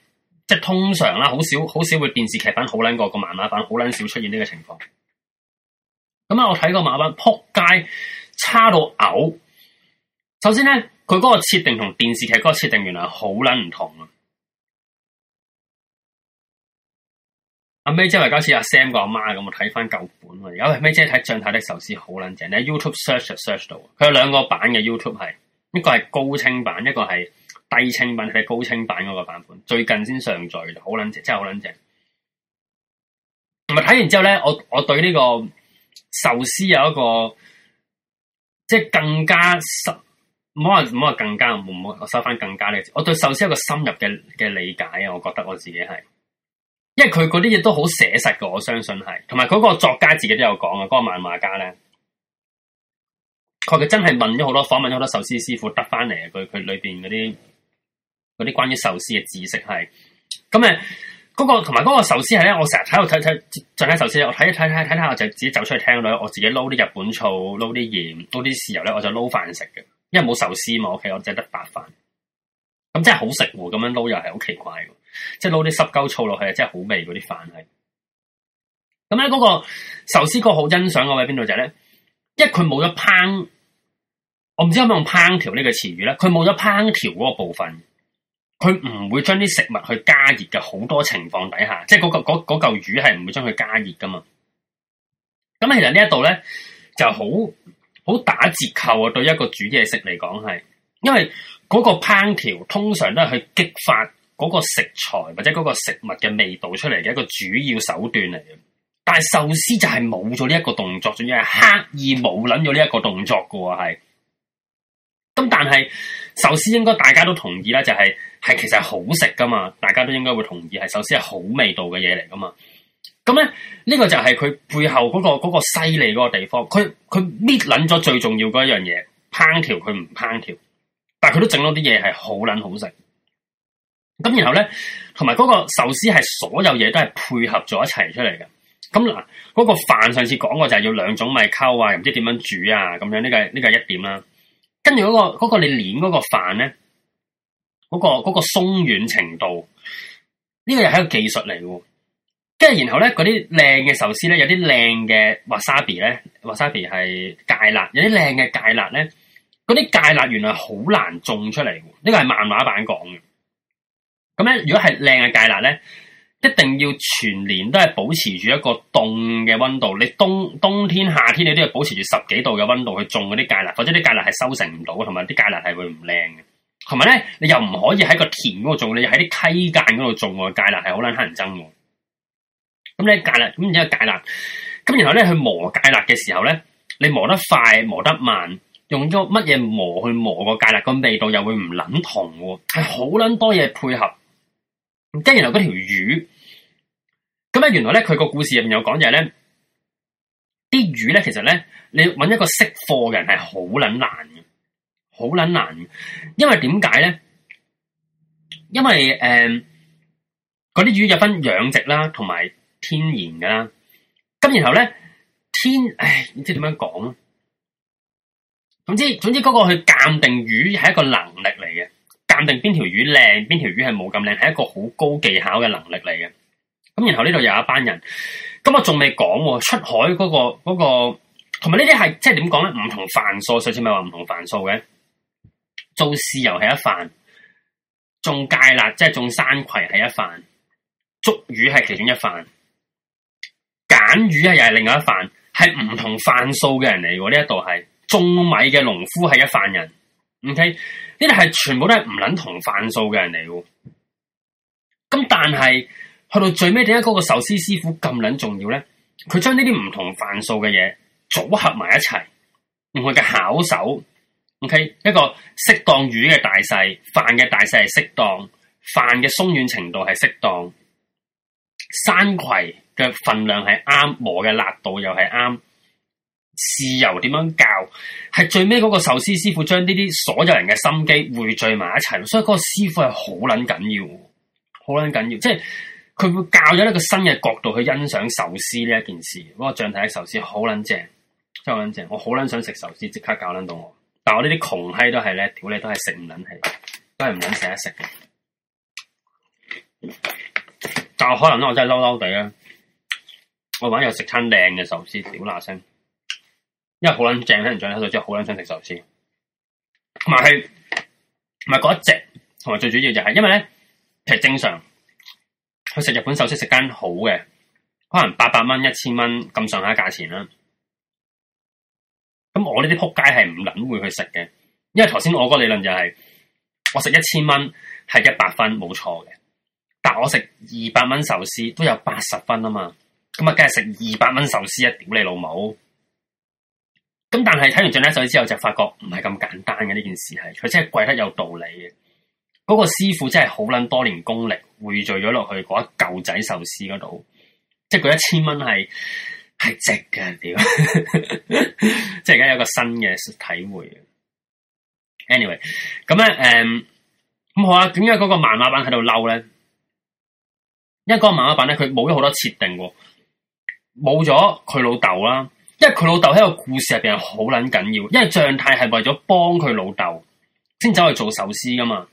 即係通常啦，好少好少會電視劇版好撚過個漫畫版好，好撚少出現呢個情況。咁啊，我睇個漫畫扑街，差到嘔。首先咧。佢嗰個設定同電視劇嗰個設定原來好撚唔同啊！阿 May 姐咪好似阿 Sam 個阿媽咁，我睇翻舊本喎。有阿 May 姐睇《將太的壽司》好撚正，你喺 YouTube search 就 search 到。佢有兩個版嘅 YouTube，係一個係高清版，一個係低清版，係高清版嗰個版本。最近先上載，好撚正，真係好撚正。同埋睇完之後咧，我我對呢個壽司有一個即係更加唔好話好話，更加唔好我收翻更加呢個字。我對壽司有個深入嘅嘅理解啊，我覺得我自己係，因為佢嗰啲嘢都好寫實噶，我相信係。同埋嗰個作家自己都有講啊，嗰、嗰個漫畫家咧，佢真係問咗好多，訪問咗好多壽司師傅得翻嚟佢佢裏邊嗰啲嗰啲關於壽司嘅知識係咁啊。嗯嗰個同埋嗰個壽司係咧，我成日喺度睇睇，進睇壽司，我睇睇睇睇下，我就自己走出去聽到。我自己撈啲日本醋，撈啲鹽，撈啲豉油咧，我就撈飯食嘅。因為冇壽司嘛，我屋企我淨得白飯，咁真係好食喎，咁樣撈又係好奇怪喎，即係撈啲濕鳩醋落去，真係好味嗰啲飯係。咁咧嗰個壽司哥好欣賞嗰位邊度仔咧？一佢冇咗烹，我唔知可唔可以用烹調呢個詞語呢。佢冇咗烹調嗰個部分，佢唔會將啲食物去加熱嘅。好多情況底下，即係嗰、嗰個嗰嚿、嗰個嗰個、魚係唔會將佢加熱噶嘛。咁其實呢度呢一度咧就好，好打折扣啊！對一個煮嘢食嚟講係，因為嗰個烹調通常都係去激發嗰個食材或者嗰個食物嘅味道出嚟嘅一個主要手段嚟嘅。但係壽司就係冇咗呢一個動作，仲要係刻意冇諗咗呢一個動作嘅喎，係。咁但係壽司應該大家都同意啦、就係，就係係其實係好食噶嘛，大家都應該會同意係壽司係好味道嘅嘢嚟噶嘛。咁咧，呢、這個就係佢背後嗰、那個嗰、那個犀利嗰個地方，佢佢搣捻咗最重要嗰一樣嘢烹調，佢唔烹調，但係佢都整到啲嘢係好捻好食。咁然後咧，同埋嗰個壽司係所有嘢都係配合咗一齊出嚟嘅。咁嗱，嗰個飯上次講過就係要兩種米溝啊，又唔知點樣煮啊，咁樣呢、這個呢、這個係一點啦。跟住嗰個嗰、那個那個你捻嗰個飯咧，嗰、那個嗰、那個鬆軟程度，呢個又係一個技術嚟嘅。即係然後咧，嗰啲靚嘅壽司咧，有啲靚嘅 wasabi 咧，wasabi 係芥辣，有啲靚嘅芥辣咧，嗰啲芥辣原來好難種出嚟嘅，呢個係漫畫版講嘅。咁咧，如果係靚嘅芥辣咧，一定要全年都係保持住一個凍嘅溫度，你冬冬天、夏天你都要保持住十幾度嘅溫度去種嗰啲芥辣，或者啲芥辣係收成唔到，同埋啲芥辣係會唔靚嘅。同埋咧，你又唔可以喺個田嗰度種，你喺啲溪澗嗰度種嘅芥辣係好撚乞人憎嘅。咁咧芥辣，咁然之後芥辣，咁然後咧去磨芥辣嘅時候咧，你磨得快，磨得慢，用咗乜嘢磨去磨個芥辣，個味道又會唔撚同喎，係好撚多嘢配合。咁跟住然後嗰條魚，咁咧原來咧佢個故事入邊有講就係咧，啲魚咧其實咧，你揾一個識貨嘅人係好撚難嘅，好撚難，因為點解咧？因為誒，嗰啲魚有分養殖啦，同埋。天然噶啦，咁然後咧天，唉，唔知點樣講，總之總之嗰個去鑑定魚係一個能力嚟嘅，鑑定邊條魚靚，邊條魚係冇咁靚，係一個好高技巧嘅能力嚟嘅。咁然後呢度有一班人，咁我仲未講出海嗰個嗰個，嗰個、同埋呢啲係即係點講咧？唔同範數，上次咪話唔同範數嘅，做豉油係一範，種芥辣即係種山葵係一範，捉魚係其中一範。捻魚啊，又係另外一飯，係唔同飯數嘅人嚟嘅。呢一度係種米嘅農夫係一飯人，OK 呢度係全部都係唔捻同飯數嘅人嚟嘅。咁但係去到最尾，點解嗰個壽司師傅咁捻重要咧？佢將呢啲唔同飯數嘅嘢組合埋一齊，用佢嘅巧手，OK 一個適當魚嘅大細，飯嘅大細係適當，飯嘅鬆軟程度係適當，山葵。嘅份量係啱，磨嘅辣度又係啱，豉油點樣教，係最尾嗰個壽司師傅將呢啲所有人嘅心機匯聚埋一齊，所以嗰個師傅係好撚緊要，好撚緊要，即係佢會教咗一個新嘅角度去欣賞壽司呢一件事。嗰個醬台嘅壽司好撚正，真係好撚正，我好撚想食壽司，即刻教撚到我。但我呢啲窮閪都係咧，屌你都係食唔撚起，都係唔撚成日食。但係可能我真係嬲嬲地咧。我玩又食餐靚嘅壽司，屌嗱聲，因為好撚正，聽人講喺度之後，好撚想食壽司。同埋係同埋嗰一隻，同埋最主要就係、是，因為咧其實正常去食日本壽司，食間好嘅，可能八百蚊、一千蚊咁上下價錢啦。咁我呢啲撲街係唔撚會去食嘅，因為頭先我個理論就係、是、我食一千蚊係一百分冇錯嘅，但我食二百蚊壽司都有八十分啊嘛。咁啊，梗係食二百蚊壽司啊！屌你老母！咁但係睇完《進擊的手機》之後就發覺唔係咁簡單嘅呢件事係，佢真係貴得有道理嘅。嗰個師傅真係好捻多年功力匯聚咗落去嗰一舊仔壽司嗰度，即係佢一千蚊係係值嘅。屌， 即係而家有一個新嘅體會。Anyway，咁咧誒，咁好啊？點解嗰個漫畫版喺度嬲咧？因為嗰個漫畫版咧，佢冇咗好多設定。冇咗佢老豆啦，因為佢老豆喺個故事入邊好捻緊要，因為將太係為咗幫佢老豆先走去做壽司噶嘛，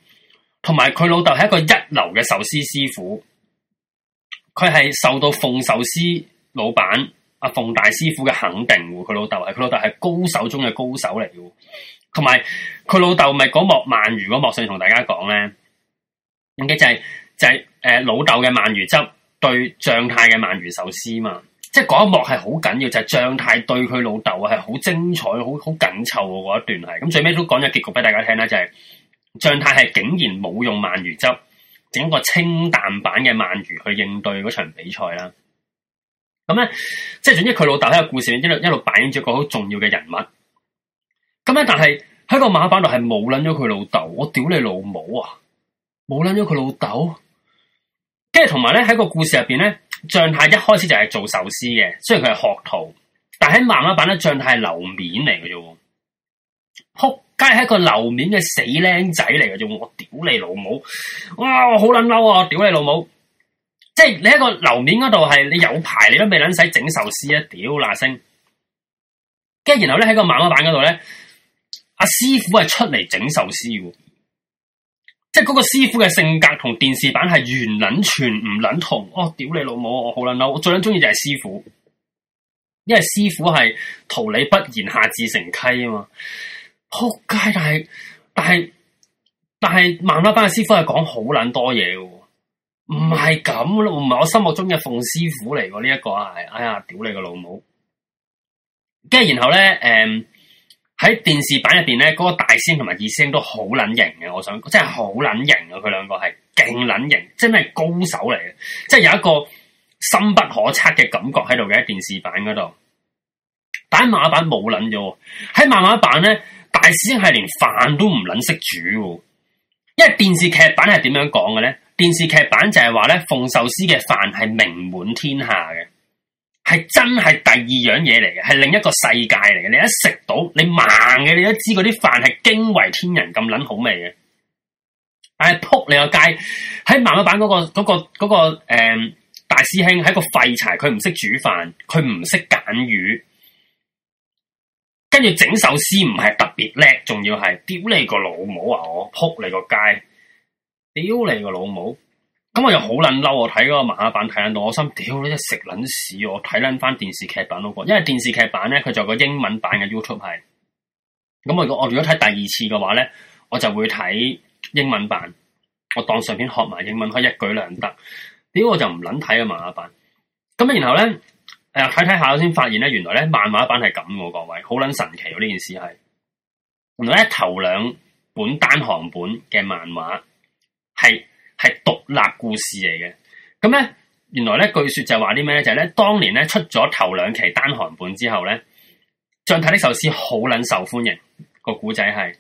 同埋佢老豆係一個一流嘅壽司師傅，佢係受到鳳壽司老闆阿鳳大師傅嘅肯定。佢老豆，佢老豆係高手中嘅高手嚟嘅，同埋佢老豆咪嗰幕鰻魚，嗰幕想同大家講咧，咁嘅就係、是、就係、是、誒、呃、老豆嘅鰻魚汁對將太嘅鰻魚壽司嘛。即係嗰一幕係好緊要，就係將太對佢老豆啊，係好精彩，好好緊湊嗰一段係。咁最尾都講咗結局俾大家聽啦，就係將太係竟然冇用鰻魚汁，整個清淡版嘅鰻魚去應對嗰場比賽啦。咁咧，即係總之佢老豆喺個故事一路一路扮演咗個好重要嘅人物。咁咧，但係喺個馬版度係冇捻咗佢老豆，我屌你老母啊！冇捻咗佢老豆，跟住同埋咧喺個故事入邊咧。將太一開始就係做壽司嘅，雖然佢係學徒，但喺漫畫版咧，將太係樓面嚟嘅啫。撲街係一個樓面嘅死僆仔嚟嘅啫，我屌你老母！哇，好撚嬲啊！我屌你老母！即係你喺個樓面嗰度係你有排，你都未撚使整壽司屌啊！屌嗱聲，跟住然後咧喺個漫畫版嗰度咧，阿、啊、師傅係出嚟整壽司。即係嗰個師傅嘅性格同電視版係完全唔卵同，哦，屌你老母，我好卵嬲，我最捻中意就係師傅，因為師傅係桃李不言，下自成蹊啊嘛，扑街！但係但係但係漫畫版嘅師傅係講好捻多嘢噶，唔係咁咯，唔係我心目中嘅鳳師傅嚟噶，呢一個係，哎呀，屌你個老母！跟住然後咧，誒、嗯。喺電視版入邊咧，嗰個大師兄同埋二師兄都好撚型嘅，我想真係好撚型啊！佢兩個係勁撚型，真係高手嚟嘅，即係有一個深不可測嘅感覺喺度嘅。喺電視版嗰度，但係漫畫版冇撚咗喎。喺漫畫版咧，大師兄係連飯都唔撚識煮，因為電視劇版係點樣講嘅咧？電視劇版就係話咧，鳳壽司嘅飯係名滿天下嘅。係真係第二樣嘢嚟嘅，係另一個世界嚟嘅。你一食到，你盲嘅，你一知嗰啲飯係驚為天人咁捻好味嘅。哎，扑你個街！喺漫畫版嗰個、嗰、嗰個、嗰、嗰個誒、嗰個嗯、大師兄，係個廢柴，佢唔識煮飯，佢唔識揀魚，跟住整壽司唔係特別叻，仲要係屌你個老母啊！我扑你個街，屌你個老母！咁我又好撚嬲，我睇嗰個漫畫版睇到我心屌你一食撚屎！我睇撚翻電視劇版嗰個，因為電視劇版咧佢就有個英文版嘅 YouTube 係。咁我我如果睇第二次嘅話咧，我就會睇英文版。我當順便學埋英文，可以一舉兩得。呢個我就唔撚睇嘅漫畫版。咁然後咧誒睇睇下，我先發現咧，原來咧漫畫版係咁嘅各位，好撚神奇啊！呢件事係原來一頭兩本單行本嘅漫畫係。係獨立故事嚟嘅，咁咧原來咧，據說就話啲咩咧，就係、是、咧當年咧出咗頭兩期單行本之後咧，將太的壽司好撚受歡迎，個古仔係，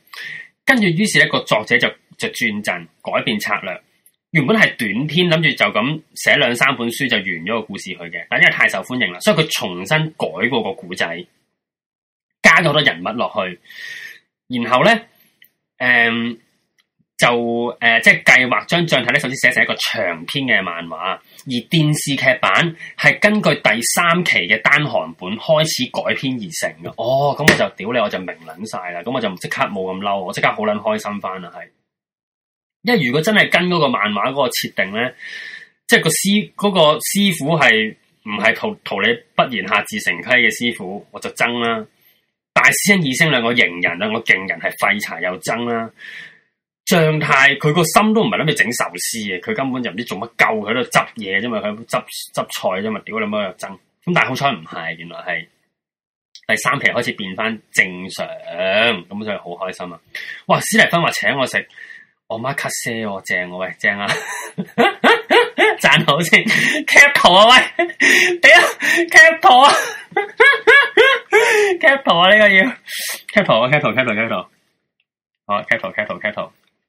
跟住於是咧個作者就就轉陣改變策略，原本係短篇諗住就咁寫兩三本書就完咗個故事去嘅，但因為太受歡迎啦，所以佢重新改過個古仔，加咗好多人物落去，然後咧，誒、嗯。就誒、呃，即係計劃將太咧，首先寫成一個長篇嘅漫畫，而電視劇版係根據第三期嘅單行本開始改編而成嘅。哦，咁我就屌你，我就明捻晒啦，咁我就即刻冇咁嬲，我即刻好捻開心翻啦，係。因為如果真係跟嗰個漫畫嗰個設定咧，即係個師嗰、嗰個師傅係唔係桃、桃李不言下自成蹊嘅師傅，我就憎啦。大師兄二師兄，兩個型人啦，我勁人係廢柴又憎啦。狀態佢個心都唔係諗住整壽司嘅，佢根本就唔知做乜鳩，佢喺度執嘢啫嘛，佢執執菜啫嘛，屌你媽又爭！咁但係好彩唔係，原來係第三期開始變翻正常，咁所以好開心啊！哇，史蒂芬話請我食，我媽 cut 正我喂正啊，讚好先，cap 圖啊喂，屌 cap 圖啊，cap 圖啊呢個要 cap 圖啊 cap 圖 cap 圖 cap 圖，好 cap cap 圖 cap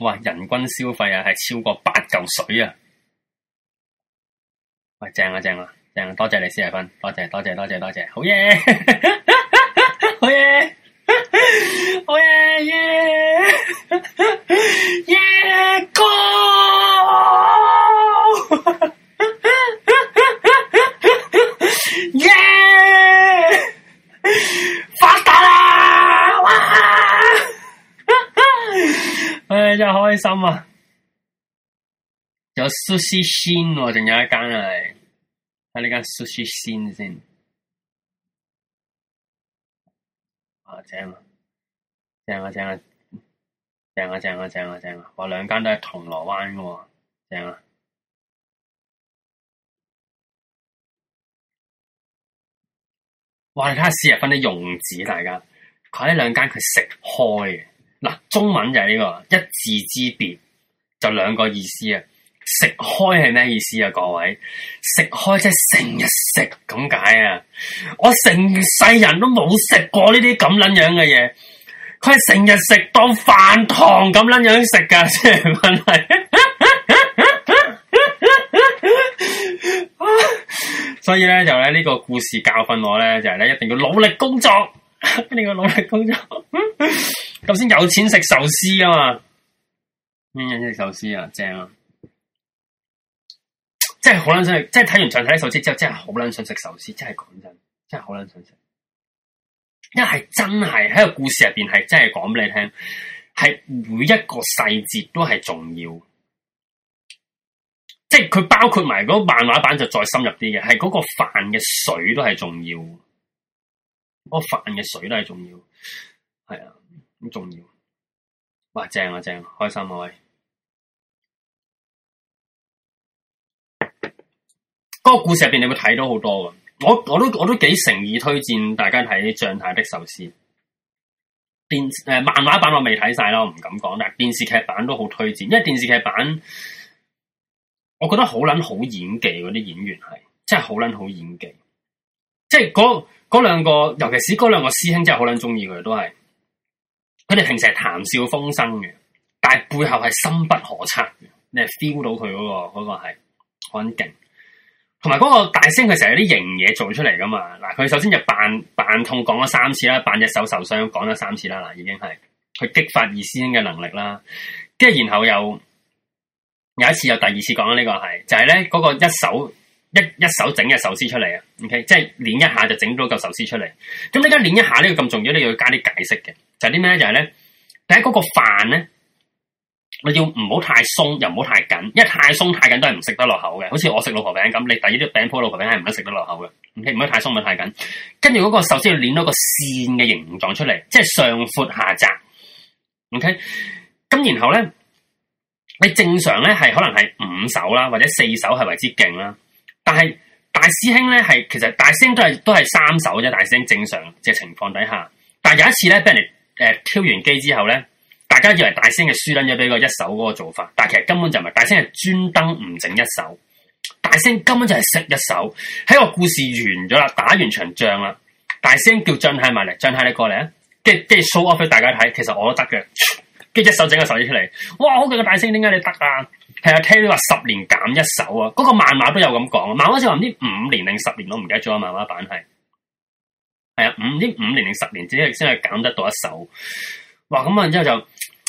哇！人均消費啊，係超過八嚿水啊！喂，正啊，正啊，正啊！多謝你四十分，多謝，多謝，多謝，多謝，好嘢！ 好嘢！好嘢！耶！耶！Go！ 開心啊！有壽司仙喎，仲有一間啊。係、啊，睇呢間壽司仙先。啊，正啊！正啊正啊！正啊正啊正啊！我兩間都係銅鑼灣嘅喎，正啊！哇，睇下四入分啲用字，大家佢呢兩間佢食開嗱，中文就係呢個一字之別，就兩個意思啊！食開係咩意思啊？各位，食開即係成日食咁解啊！我成世人都冇食過呢啲咁捻樣嘅嘢，佢係成日食當飯堂咁捻樣食噶，即係問題。 所以咧就咧呢個故事教訓我咧就係咧一定要努力工作。你 個努力工作，咁 先有錢食壽司啊嘛！嗯，食壽司啊，正啊！真係好捻想，即係睇完將太壽司之後，真係好捻想食壽司。真係講真，真係好捻想食。一係真係喺個故事入邊，係真係講俾你聽，係每一個細節都係重要。即係佢包括埋嗰個漫畫版就再深入啲嘅，係嗰個飯嘅水都係重要。那個飯嘅水都係重要，係啊咁重要。哇，正啊正，開心開、啊、嗰、那個故事入邊你會睇到好多啊。我我都我都幾誠意推薦大家睇《將太的壽司》電誒、呃、漫畫版我未睇晒啦，我唔敢講。但係電視劇版都好推薦，因為電視劇版我覺得好捻好演技，嗰啲演員係真係好捻好演技。即係嗰嗰兩個，尤其是嗰兩個師兄，真係好捻中意佢，都係佢哋平時係談笑風生嘅，但係背後係深不可測嘅，你係 feel 到佢嗰個嗰個係好捻勁，同埋嗰個大聲，佢成日有啲型嘢做出嚟噶嘛。嗱，佢首先就扮扮痛講咗三次啦，扮隻手受傷講咗三次啦，嗱已經係佢激發二師兄嘅能力啦，跟住然後有有一次又第二次講呢個係，就係咧嗰個一手。一一手整嘅壽司出嚟啊，OK，即係捻一下就整到個壽司出嚟。咁點解捻一下呢、呢個咁重要，你要加啲解釋嘅，就係啲咩咧？就係、是、咧，第一、嗰個飯咧，我要唔好太鬆又唔好太緊，因為太鬆太緊都係唔食得落口嘅。好似我食老婆餅咁，你第二啲餅鋪老婆餅係唔得食得落口嘅。OK，唔好太鬆唔好太緊，跟住嗰個壽司要捻到個線嘅形狀出嚟，即係上闊下窄。OK，咁然後咧，你正常咧係可能係五手啦，或者四手係為之勁啦。但係大師兄咧，係其實大師兄都係都係三手啫。大師兄正常嘅情況底下，但係有一次咧，俾人嚟誒、呃、挑完機之後咧，大家以為大師兄係輸捻咗俾個一手嗰個做法，但係其實根本就唔係。大師兄係專登唔整一手，大師兄根本就係識一手。喺個故事完咗啦，打完場仗啦，大師兄叫將太埋嚟，將太你過嚟啊，跟住跟住 show off 俾大家睇，其實我都得嘅，跟住一手整個手機出嚟，哇，好勁嘅大師兄，點解你得啊？係啊 Terry 話十年減一手、那個、啊，嗰個漫畫都有咁講啊，漫畫就話呢，五年定十年都唔記得咗，漫畫版係，係啊，五呢五年定十年先係先係減得到一手。哇，咁啊，之後就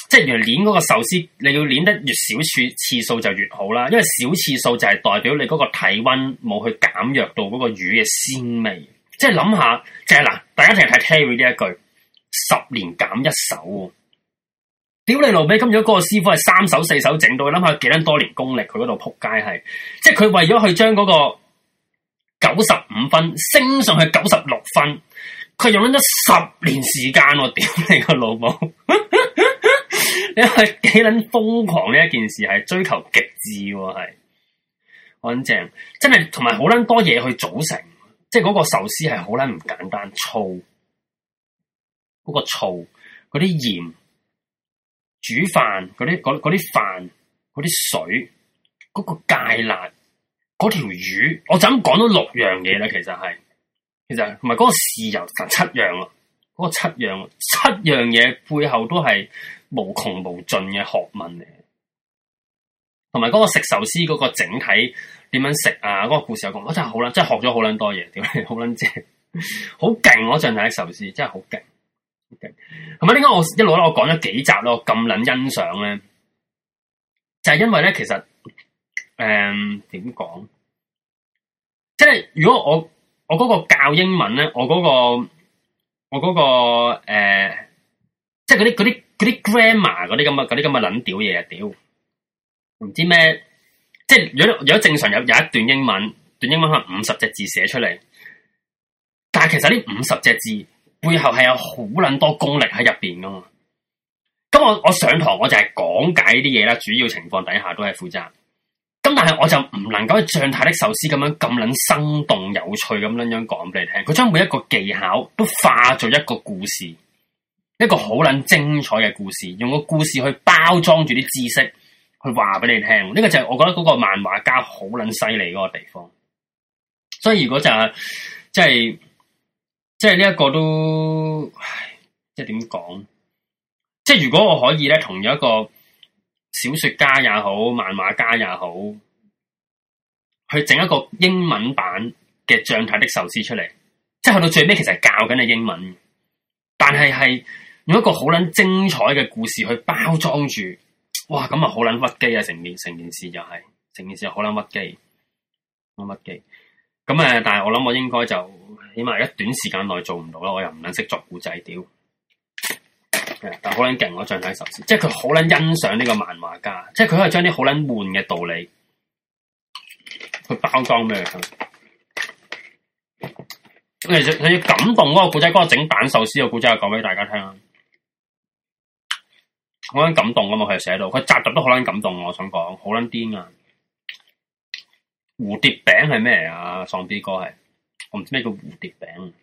即係原來捻嗰個壽司，你要捻得越少次次數就越好啦，因為少次數就係代表你嗰個體溫冇去減弱到嗰個魚嘅鮮味。即係諗下，即係嗱，大家淨係睇 Terry 呢一句，十年減一手。屌你老味！今咗嗰個師傅係三手四手整到，你諗下幾捻多年功力，佢嗰度扑街係，即係佢為咗去將嗰個九十五分升上去九十六分，佢用咗十年時間喎。屌你個老母！呵呵你係幾捻瘋狂呢一件事，係追求極致係安正，真係同埋好捻多嘢去組成，即係嗰個壽司係好捻唔簡單，醋嗰、嗰個醋嗰啲鹽。煮飯嗰啲、那些那些那些飯，嗰啲飯、啲水、嗰、那個芥辣、嗰條魚，我就咁講到六樣嘢啦。其實係，其實係，同埋嗰個豉油就七樣啦。嗰、那個七樣，七樣嘢背後都係無窮無盡嘅學問嚟。同埋嗰個食壽司嗰個整體點樣食啊？嗰、那個故事又講，我真係好撚，真係學咗好撚多嘢。屌你，呵呵好撚正，好勁！我最近睇壽司真係好勁。咁啊！點解我一路咧，我講咗幾集咯？咁捻欣賞咧，就係、是、因為咧，其實誒點講？即、呃、係、就是、如果我我嗰個教英文咧，我嗰、那個我嗰、那個誒，即係嗰啲嗰啲嗰啲 grammar 嗰啲咁嘅，嗰啲咁嘅捻屌嘢啊屌！唔知咩？即係如果如果正常有有一段英文，段英文可能五十隻字寫出嚟，但係其實呢五十隻字。背後係有好捻多功力喺入邊噶嘛，咁我我上堂我就係講解啲嘢啦，主要情況底下都係負責，咁但係我就唔能夠像太的壽司咁樣咁捻生動有趣咁樣樣講俾你聽，佢將每一個技巧都化作一個故事，一個好捻精彩嘅故事，用個故事去包裝住啲知識去，去話俾你聽，呢個就係我覺得嗰個漫畫家好捻犀利嗰個地方，所以如果就係即係。即係即係呢一個都，即係點講？即係如果我可以咧，同咗一個小說家也好，漫畫家也好，去整一個英文版嘅《將太的壽司》出嚟，即係去到最尾其實係教緊嘅英文。但係係用一個好捻精彩嘅故事去包裝住，哇！咁啊，好捻屈機啊，成件成件事就係，成件事好捻屈機，好屈機。咁誒，但係我諗，我應該就。起碼一段時間內做唔到啦，我又唔撚識作故仔，屌！但好撚勁，我將太壽司，即係佢好撚欣賞呢個漫畫家，即係佢可以將啲好撚悶嘅道理，去包裝咩？佢你要你要感動嗰個故仔，嗰、嗰個整蛋壽司嘅故仔，我講俾大家聽啊！好撚感動啊嘛，佢寫到，佢集集都好撚感動啊！我想講，好撚癲呀！蝴蝶餅係咩啊？喪屍哥係。我唔知咩叫蝴蝶餅？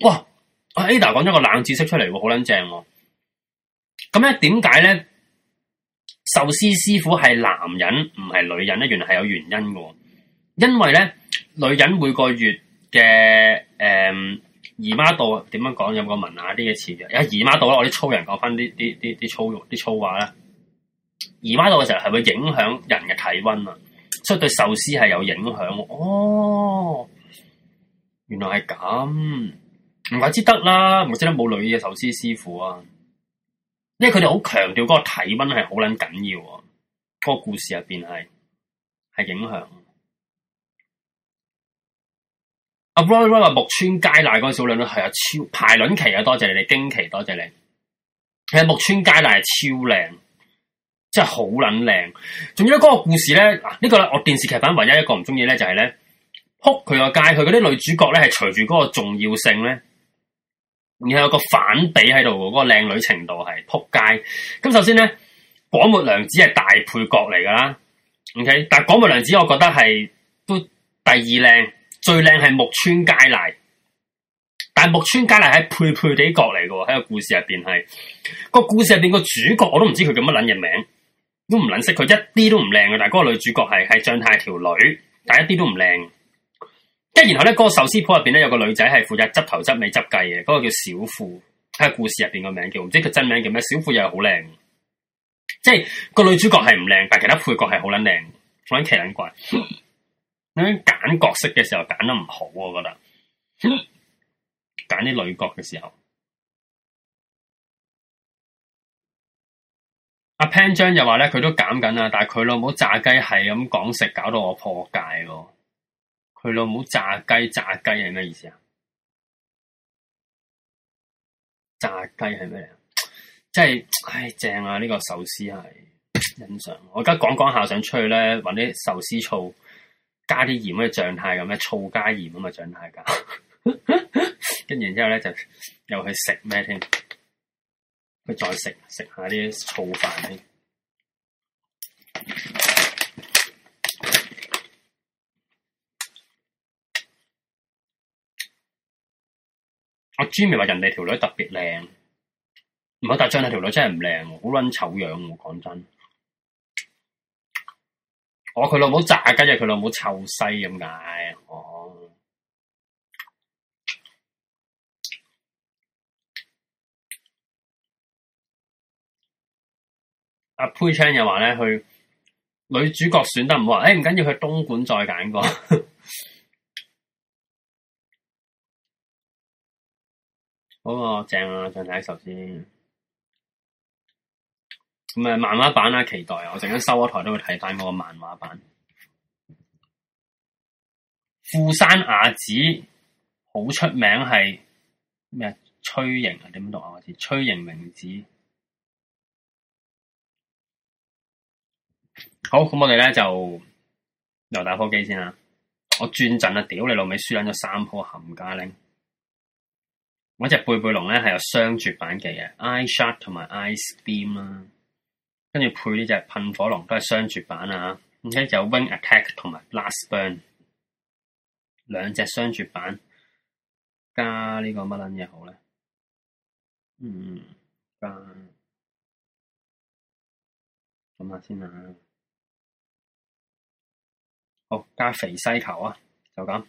哇！阿 Ada 講咗個冷知識出嚟，好撚正。咁咧點解咧壽司師傅係男人唔係女人咧？原來係有原因嘅。因為咧，女人每個月嘅誒、嗯、姨媽度點樣講？有一個文雅啲嘅詞？誒，姨媽度啦！我啲粗人講翻啲啲啲啲粗肉啲粗話啦。姨媽度嘅時候係會影響人嘅體溫啊！所以對壽司係有影響的哦，原來係咁，唔怪之得啦，唔怪之得冇女嘅壽司師傅啊，因為佢哋好強調嗰個體溫係好撚緊要啊，嗰、嗰個故事入邊係係影響的。阿 Roy Roy 話木村佳乃嗰小女咧係啊超排卵期啊，多謝你哋，驚奇多謝你，其實木村佳乃係超靚。真係好撚靚，仲要嗰個故事咧。嗱、這個，呢個我電視劇版唯一一個唔中意咧，就係、是、咧，撲佢個街，佢嗰啲女主角咧係隨住嗰個重要性咧，然後有個反比喺度嗰個靚女程度係撲街。咁首先咧，廣末涼子係大配角嚟噶啦。O、OK? K，但廣末涼子我覺得係都第二靚，最靚係木村佳乃。但木村佳乃係配配地角嚟嘅，喺個故事入邊，係個故事入邊個主角我都唔知佢叫乜撚嘅名。都唔撚識佢一啲都唔靚嘅，但係嗰個女主角係係像係條女，但係一啲都唔靚。即係然後咧，嗰、嗰個壽司鋪入邊咧有個女仔係負責執頭執尾執計嘅，嗰、嗰個叫小富喺個故事入邊個名，叫即係佢真名叫咩？小富又係好靚，即係、嗰個女主角係唔靚，但係其他配角係好撚靚，好撚奇撚怪。咁樣揀角色嘅時候揀得唔好，我覺得揀啲、嗯、女角嘅時候。阿潘 n 又話咧，佢都減緊啦，但係佢老母炸雞係咁講食，搞到我破戒咯。佢老母炸雞炸雞係咩意思啊？炸雞係咩嚟啊？真係唉正啊！呢、這個壽司係欣賞。我而家講講下，想出去咧啲壽司醋，加啲鹽嘅醬太咁嘅醋加鹽咁咪醬太架。跟 然之後咧就又去食咩添？佢再食食下啲醋飯先。我 j i m 話人哋條女特別靚，唔好但張係條女真係唔靚，好撚醜樣，我講真，哦，我佢老母炸雞，佢老母臭西咁解哦。阿 Push Chan 又話咧，去女主角選得唔好，誒唔緊要，去東莞再揀個。呵呵好個正啊，再睇首先。咁誒，漫畫版啊，期待我陣間收咗台都會睇翻我個漫畫版。富山雅子好出名係咩？崔瑩啊，點讀啊好似崔瑩名字。好，咁我哋咧就又打火機先啦。我轉陣啊，屌你老尾，輸捻咗三鋪冚家拎。呢隻背背龍咧係有雙絕版技嘅，Ice Shard 同埋 Ice Beam 啦，啊。跟住配呢隻噴火龍都係雙絕版啊。咁咧有 wing attack 同埋 blast burn，兩隻雙絕版加個呢個乜撚嘢好咧？嗯，加咁下先啊？好加肥西球啊！就咁。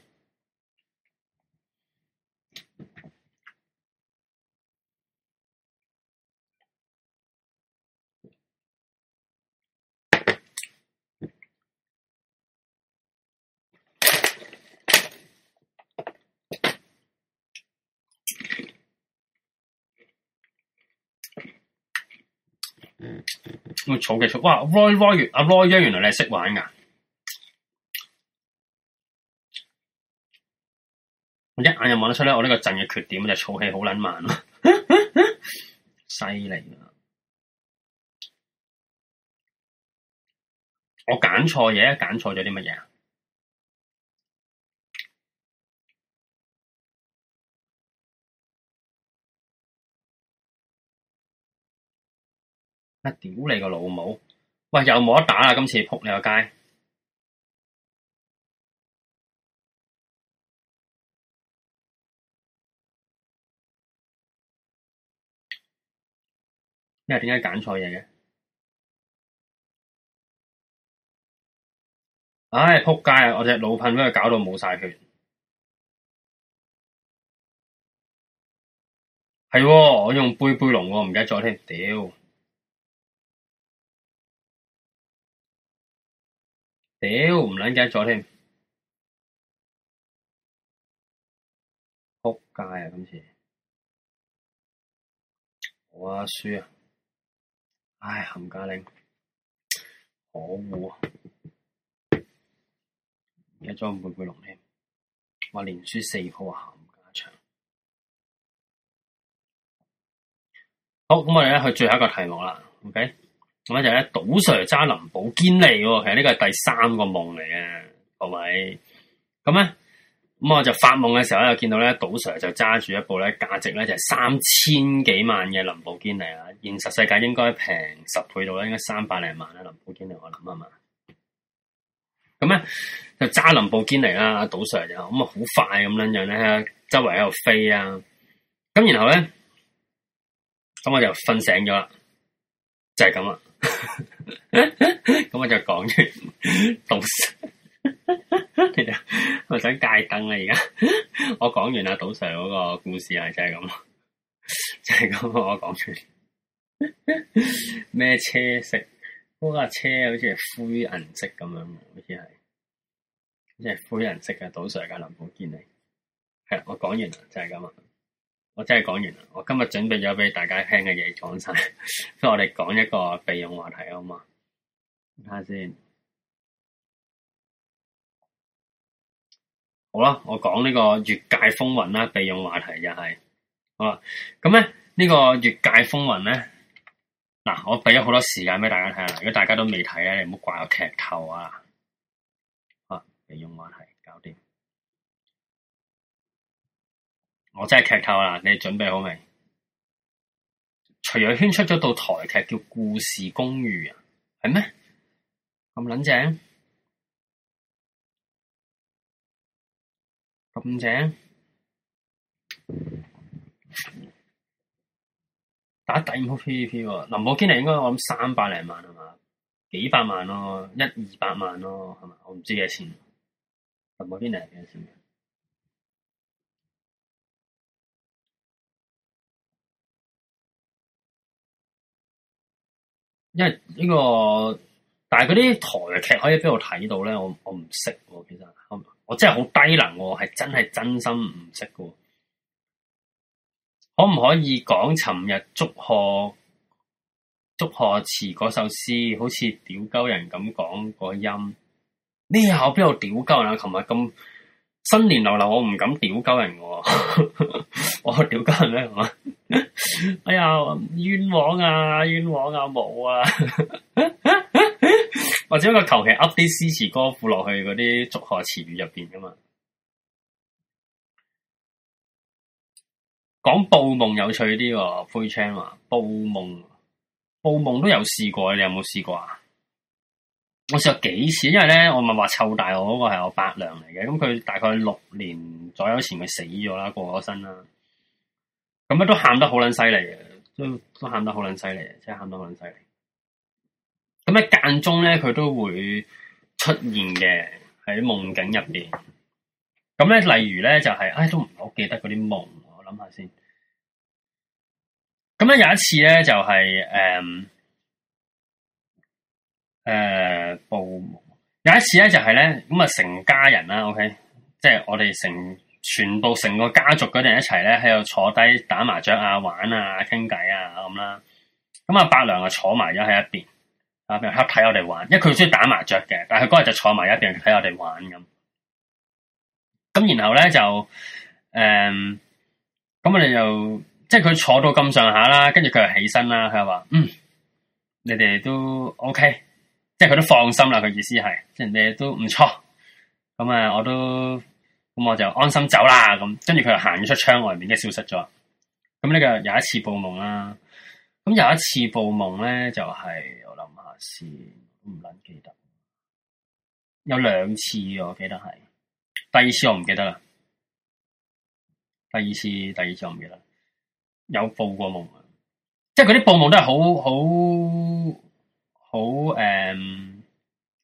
我草嘅草哇！Roy Roy 阿 Roy, Roy 原來你係識玩㗎。一眼就望得出咧，我呢個陣嘅缺點就儲氣好撚慢咯，犀利啊！我揀錯嘢，揀錯咗啲乜嘢啊？屌你個老母！喂，又冇得打啊！今次撲你個街！點解揀錯嘢嘅？唉、哎，撲街啊！我隻老噴俾佢搞到冇晒血。係、哦，我用杯杯龍，唔記得咗添。屌，屌，唔捻解咗添。撲街啊！今次，我輸啊！輸唉，冚家拎，可惡啊，而家裝背背龍兄？話連輸四鋪啊，冚家場。好，咁我哋咧去最後一個題目啦，OK？咁咧就咧賭 Sir 揸林保堅尼。其實呢個係第三個夢嚟嘅，各位，咁咧？咁我就發夢嘅時候咧，就見到咧，賭 Sir 就揸住一部咧，價值咧就係三千幾萬嘅林保堅尼啦。現實世界應該平十倍到啦，應該三百零萬啦，林保堅，堅尼。我諗啊嘛。咁咧就揸林保堅尼啦，賭 Sir 就咁啊，好快咁樣樣咧，周圍喺度飛啊。咁然後咧，咁我就瞓醒咗啦，就係咁啦。咁 我就講完，賭 Sir。 我想戒燈啊，而家我講完阿賭 Sir 嗰個故事係真係咁，真係咁，我講完咩 車色？嗰架車好似係灰銀色咁樣，好似係即係灰銀色嘅賭 Sir 嘅林保堅尼。係，我講完啦，就係咁啊！我真係講完啦。我今日準備咗俾大家聽嘅嘢講晒，所以我哋講一個備用話題好嘛？睇下先。好啦，我講呢個《越界風雲》啦，備用話題就係，好啦，咁咧呢個《越界風雲》咧，嗱，我俾咗好多時間俾大家睇下。如果大家都未睇咧，你唔好怪我劇透啊，啊，備用話題搞掂，我真係劇透啦，你準備好未？徐若瑄出咗套台劇叫《故事公寓》，啊，係咩？咁卵正？咁正，打第五鋪 PVP 喎。林保堅尼，應該我三百零萬係咪？幾百萬囉，一二百萬囉，係咪？我唔知幾多錢。林保堅尼幾多錢？因為呢個，但係嗰啲台劇可以喺邊睇到呢，我唔識喎，其實。哦、真係好低能，係真係真心唔識嘅。可唔可以講？尋日祝賀祝賀詞嗰首詩，好似屌鳩人咁講個音。呢下我邊度屌鳩人啊？尋日咁新年流流，我唔敢屌鳩人嘅、啊。 我屌鳩人咩？係咪？ 哎呀，冤枉啊！冤枉啊！冇啊！ 或者個求其噏啲詩詞歌賦落去嗰啲祝賀詞語入邊噶嘛，講報夢有趣啲喎，灰車嘛，報夢報夢都有試過，你有冇試過啊？我試過幾次，因為咧我咪話湊大我嗰個係我伯娘嚟嘅，咁佢大概六年左右前咪死咗啦，過咗身啦，咁咧都喊得好撚犀利嘅，都都喊得好撚犀利嘅，真係喊得好撚犀利。咁咧間中咧，佢都會出現嘅喺夢境入邊。咁咧，例如咧就係，唉，都唔係好記得嗰啲夢。我諗下先。咁咧有一次咧就係，誒，誒，報夢，有一次咧就係咧，咁啊，成家人啦，OK，即係我哋成全部成個家族嗰啲人一齊咧喺度坐低打麻雀啊、玩啊、傾偈啊咁啦。咁啊，伯娘啊坐埋咗喺一邊。俾人黑睇我哋玩，因為佢中意打麻雀嘅，但係佢嗰日就坐埋一邊睇我哋玩咁。咁然後咧就誒，咁、嗯、我哋又即係佢坐到咁上下啦，跟住佢又起身啦，佢話嗯，你哋都 OK，即係佢都放心啦。佢意思係，即係你都唔錯。咁啊，我都咁我就安心走啦。咁跟住佢就行咗出窗外面，消失咗。咁呢個有一次報夢啦。咁有一次報夢咧，就係、是。事唔捻記得，有兩次我記得係，第二次我唔記得啦。第二次第二次我唔記得，有報過夢啊，即係嗰啲報夢都係好好好誒，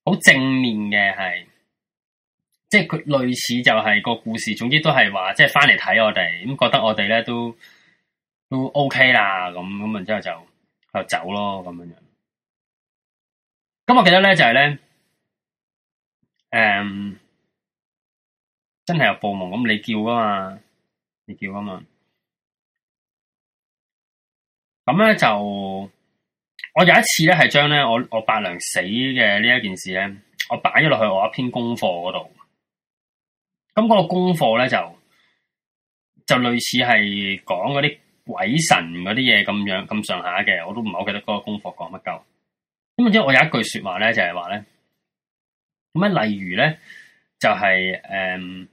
好、um, 正面嘅係，即係佢類似就係個故事，總之都係話即係翻嚟睇我哋咁，覺得我哋咧都都 OK 啦，咁咁然之後就就，就走咯咁樣樣。咁我記得咧，就係、是、咧，誒、嗯，真係有報夢咁，你叫噶嘛，你叫噶嘛。咁咧就，我有一次咧，係將咧我我伯娘死嘅呢一件事咧，我擺咗落去我一篇功課嗰度。咁、那、嗰個功課咧就就類似係講嗰啲鬼神嗰啲嘢咁樣咁上下嘅，我都唔係好記得嗰個功課講乜鳩。咁即我有一句說話咧，就係話咧。咁啊，例如咧、就係嗯，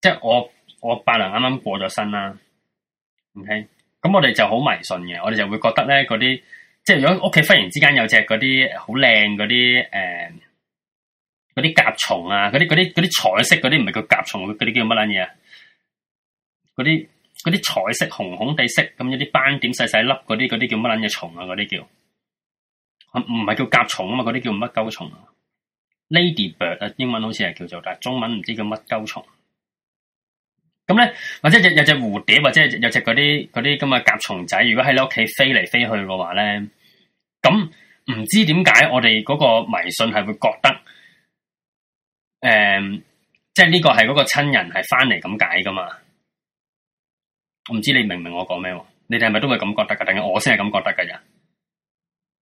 就係、係、誒，即係我我伯娘啱啱過咗身啦。OK，咁我哋就好迷信嘅，我哋就會覺得咧，嗰啲即係如果屋企忽然之間有隻嗰啲好靚嗰啲誒，嗰、嗯、啲甲蟲啊，嗰啲啲啲彩色嗰啲，唔係叫甲蟲，嗰啲叫乜撚嘢啊？嗰啲啲彩色紅紅地色咁，有啲斑點細細粒，嗰啲啲叫乜撚嘢蟲啊？嗰啲叫。唔係係叫甲蟲啊嘛，嗰啲叫乜鳩蟲？Ladybird 啊，Lady Bird, 英文好似係叫做，但係中文唔知叫乜鳩蟲。咁咧，或者有隻有隻蝴蝶，或者有隻嗰啲嗰啲咁嘅甲蟲仔，如果喺你屋企飛嚟飛去嘅話咧，咁唔知點解我哋嗰個迷信係會覺得，誒、嗯，即係呢個係嗰個親人係翻嚟咁解噶嘛？我唔知你明唔明我講咩？你哋係咪都會咁覺得噶？定係我先係咁覺得噶？咋？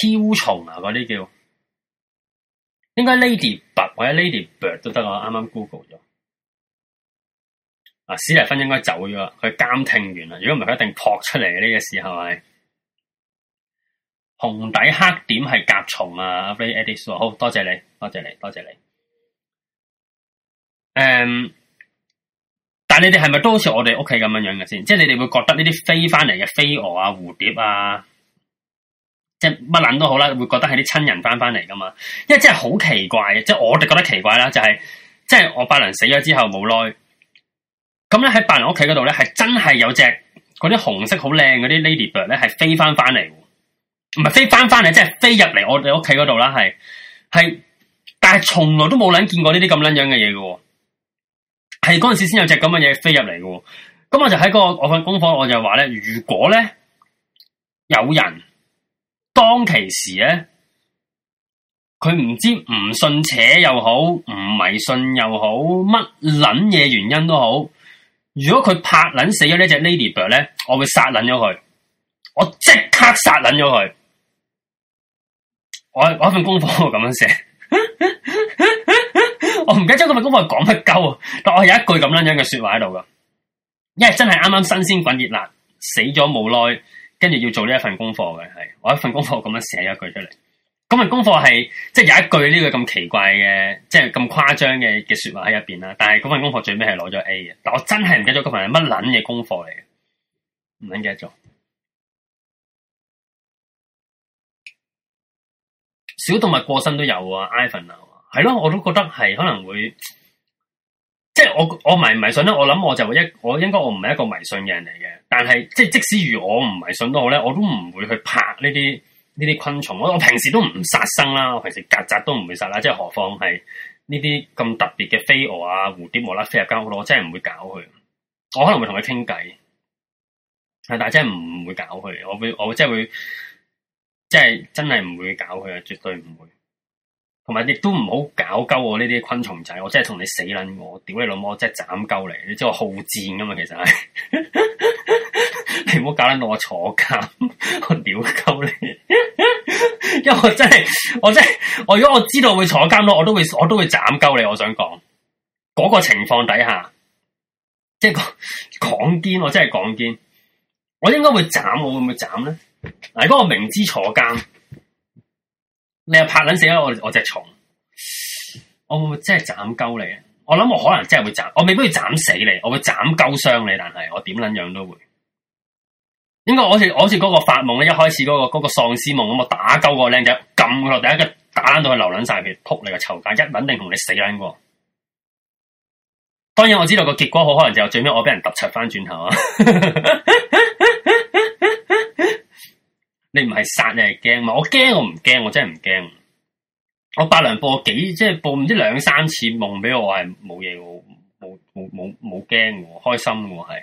超蟲啊，嗰啲叫，應該 ladybug 或者 ladybird 都得啊。啱啱 google 咗，啊史蒂芬應該走咗，佢監聽完啦。如果唔係，佢一定撲出嚟呢、呢個時候係紅底黑點係甲蟲啊。阿 Ray Edis 好多謝你，多謝你，多謝你。誒、嗯，但你哋係咪都好似我哋屋企咁樣樣嘅先？即係你哋會覺得呢啲飛翻嚟嘅飛蛾啊、蝴蝶啊？即係乜撚都好啦，會覺得係啲親人翻翻嚟噶嘛？因為真係好奇怪嘅，即係我哋覺得奇怪啦，就係即係我伯娘死咗之後冇耐，咁咧喺伯娘屋企嗰度咧係真係有隻嗰啲紅色好靚嗰啲 ladybird 咧係飛翻翻嚟，唔係飛翻翻嚟，即係飛入嚟我哋屋企嗰度啦，係係，但係從來都冇撚見過呢啲咁捻樣嘅嘢嘅，係嗰陣時先有隻咁嘅嘢飛入嚟嘅，咁我就喺嗰個我份功課，我就話咧，如果咧有人。當其時咧，佢唔知唔信且又好，唔迷信又好，乜捻嘢原因都好。如果佢拍捻死咗呢隻 ladybird 咧，我會殺捻咗佢，我即刻殺捻咗佢。我我一份功課咁樣寫， 我唔記得咗嗰份功課講乜鳩啊！但我有一句咁樣樣嘅說話喺度噶，因為真係啱啱新鮮滾熱辣，死咗冇耐，跟住要做呢一份功課嘅係。我一份功課咁樣寫咗一句出嚟，嗰份功課係即係有一句呢個咁奇怪嘅，即係咁誇張嘅嘅說話喺入邊啦。但係嗰份功課最尾係攞咗 A 嘅，但我真係唔記得咗嗰份係乜撚嘅功課嚟嘅，唔撚記得咗。小動物過身都有啊，Ivan 啊，係咯，我都覺得係可能會。即係我我唔迷信咧，我諗我就會一我應該我唔係一個迷信嘅人嚟嘅。但係即係即使如我唔迷信都好咧，我都唔會去拍呢啲呢啲昆蟲。我我平時都唔殺生啦，我平時曱甴都唔會殺啦。即係何況係呢啲咁特別嘅飛蛾啊、蝴蝶無啦啦飛入間屋，我真係唔會搞佢。我可能會同佢傾偈，但係真係唔會搞佢。我會我真係會即係真係唔會搞佢啊，絕對唔會。同埋亦都唔好搞鳩我呢啲昆蟲仔，我真係同你死撚我，屌你老母，我真係斬鳩你，你知我好賤噶嘛？其實係， 你唔好搞撚到我坐監，我屌鳩你，因為我真係，我真係，我如果我知道會坐監咯，我都會，我都會斬鳩你。我想講嗰、嗰個情況底下，即係講，講堅，我真係講堅，我應該會斬，我會唔會斬咧？嗱，如果我明知坐監。你又拍卵死啦！我我隻蟲，我會唔會真係斬鳩你啊！我諗我可能真係會斬，我未必會斬死你，我會斬鳩傷你，但係我點卵樣都會。應該我似我似嗰個發夢咧，一開始嗰個嗰個喪屍夢咁，我打鳩個靚仔，撳落第一個打到佢流卵晒血，扑你個臭架，一卵定同你死啦！過、那個。當然我知道個結果好，可能就係最尾我俾人揼出翻轉頭啊！ 你唔係殺，你係驚嘛？我驚，我唔驚，我真係唔驚。我八娘報我幾，即係報唔知兩三次夢俾我，係冇嘢，冇冇冇冇驚，開心喎。係，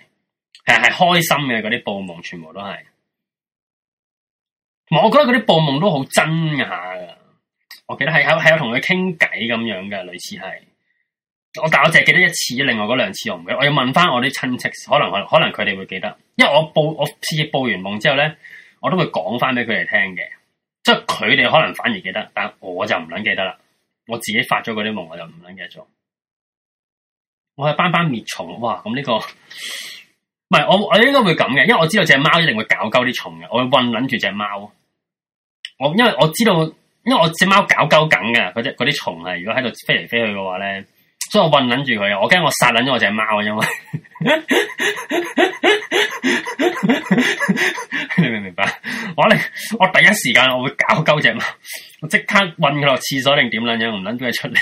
其實係開心嘅嗰啲報夢，全部都係。我我覺得嗰啲報夢都好真下噶。我記得係喺係同佢傾偈咁樣嘅，類似係。我但我淨係記得一次，另外嗰兩次我唔記得。我要問翻我啲親戚，可能可能佢哋會記得，因為我報我次報完夢之後咧。我都會講翻俾佢哋聽嘅，即係佢哋可能反而記得，但我就唔撚記得啦。我自己發咗嗰啲夢，我就唔撚記得咗。我係班班滅蟲，哇！咁呢、嗯這個唔係我，我應該會咁嘅，因為我知道隻貓一定會搞鳩啲蟲嘅，我會混撚住隻貓。我因為我知道，因為我隻貓搞鳩緊嘅嗰隻啲蟲係，如果喺度飛嚟飛去嘅話咧。所以我韞捻住佢，我驚我殺捻咗我隻貓啊！因為 你明唔明白？我嚟，我第一時間我會搞鳩隻貓，我即刻韞佢落廁所定點捻樣，唔捻俾佢出嚟。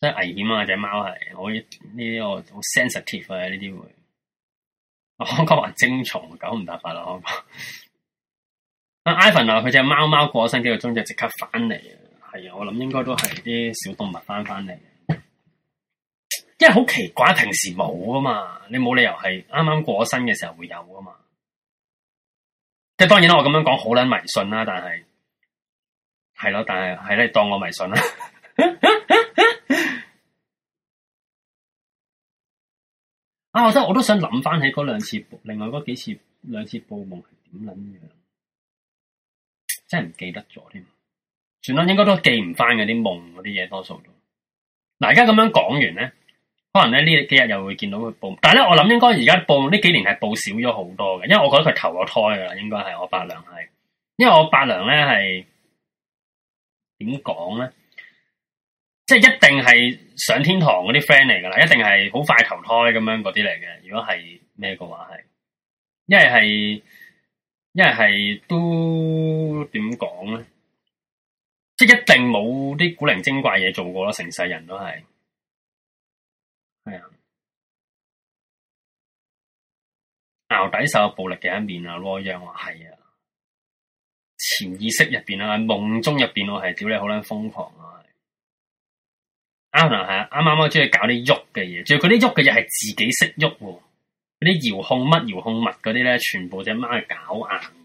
真係危險啊！隻貓係，我呢啲我好 sensitive 啊！呢啲會。我講埋精蟲，狗唔搭法啦！我講。阿 Ivan 啊，佢隻貓貓過咗身幾個鐘就即刻翻嚟。係啊，我諗應該都係啲小動物翻翻嚟，因為好奇怪，平時冇啊嘛，你冇理由係啱啱過咗身嘅時候會有啊嘛。即係當然啦，我咁樣講好捻迷信啦，但係係咯，但係係咧，你當我迷信啦。啊，我都我都想諗翻起嗰兩次，另外嗰幾次兩次報夢係點捻樣的，真係唔記得咗添。算啦，應該都記唔翻嗰啲夢嗰啲嘢，多數都。嗱，而家咁樣講完咧，可能咧呢幾日又會見到佢報，但係咧我諗應該而家報呢幾年係報少咗好多嘅，因為我覺得佢投咗胎噶啦，應該係我伯娘係，因為我伯娘咧係點講咧，即係一定係上天堂嗰啲 friend 嚟噶啦，一定係好快投胎咁樣嗰啲嚟嘅，如果係咩嘅話係，因為係因為係都點講咧？即係一定冇啲古靈精怪嘢做過咯，成世人都係，係啊，淆底受暴力嘅一面是啊，羅央話係啊，潛意識入邊啊，喺夢中入邊我係屌你，好撚瘋狂啊，啱啊，係啊，啱啱啱中意搞啲喐嘅嘢，仲要嗰啲喐嘅嘢係自己識喐，嗰啲遙控乜遙控物嗰啲咧，全部隻貓係搞硬。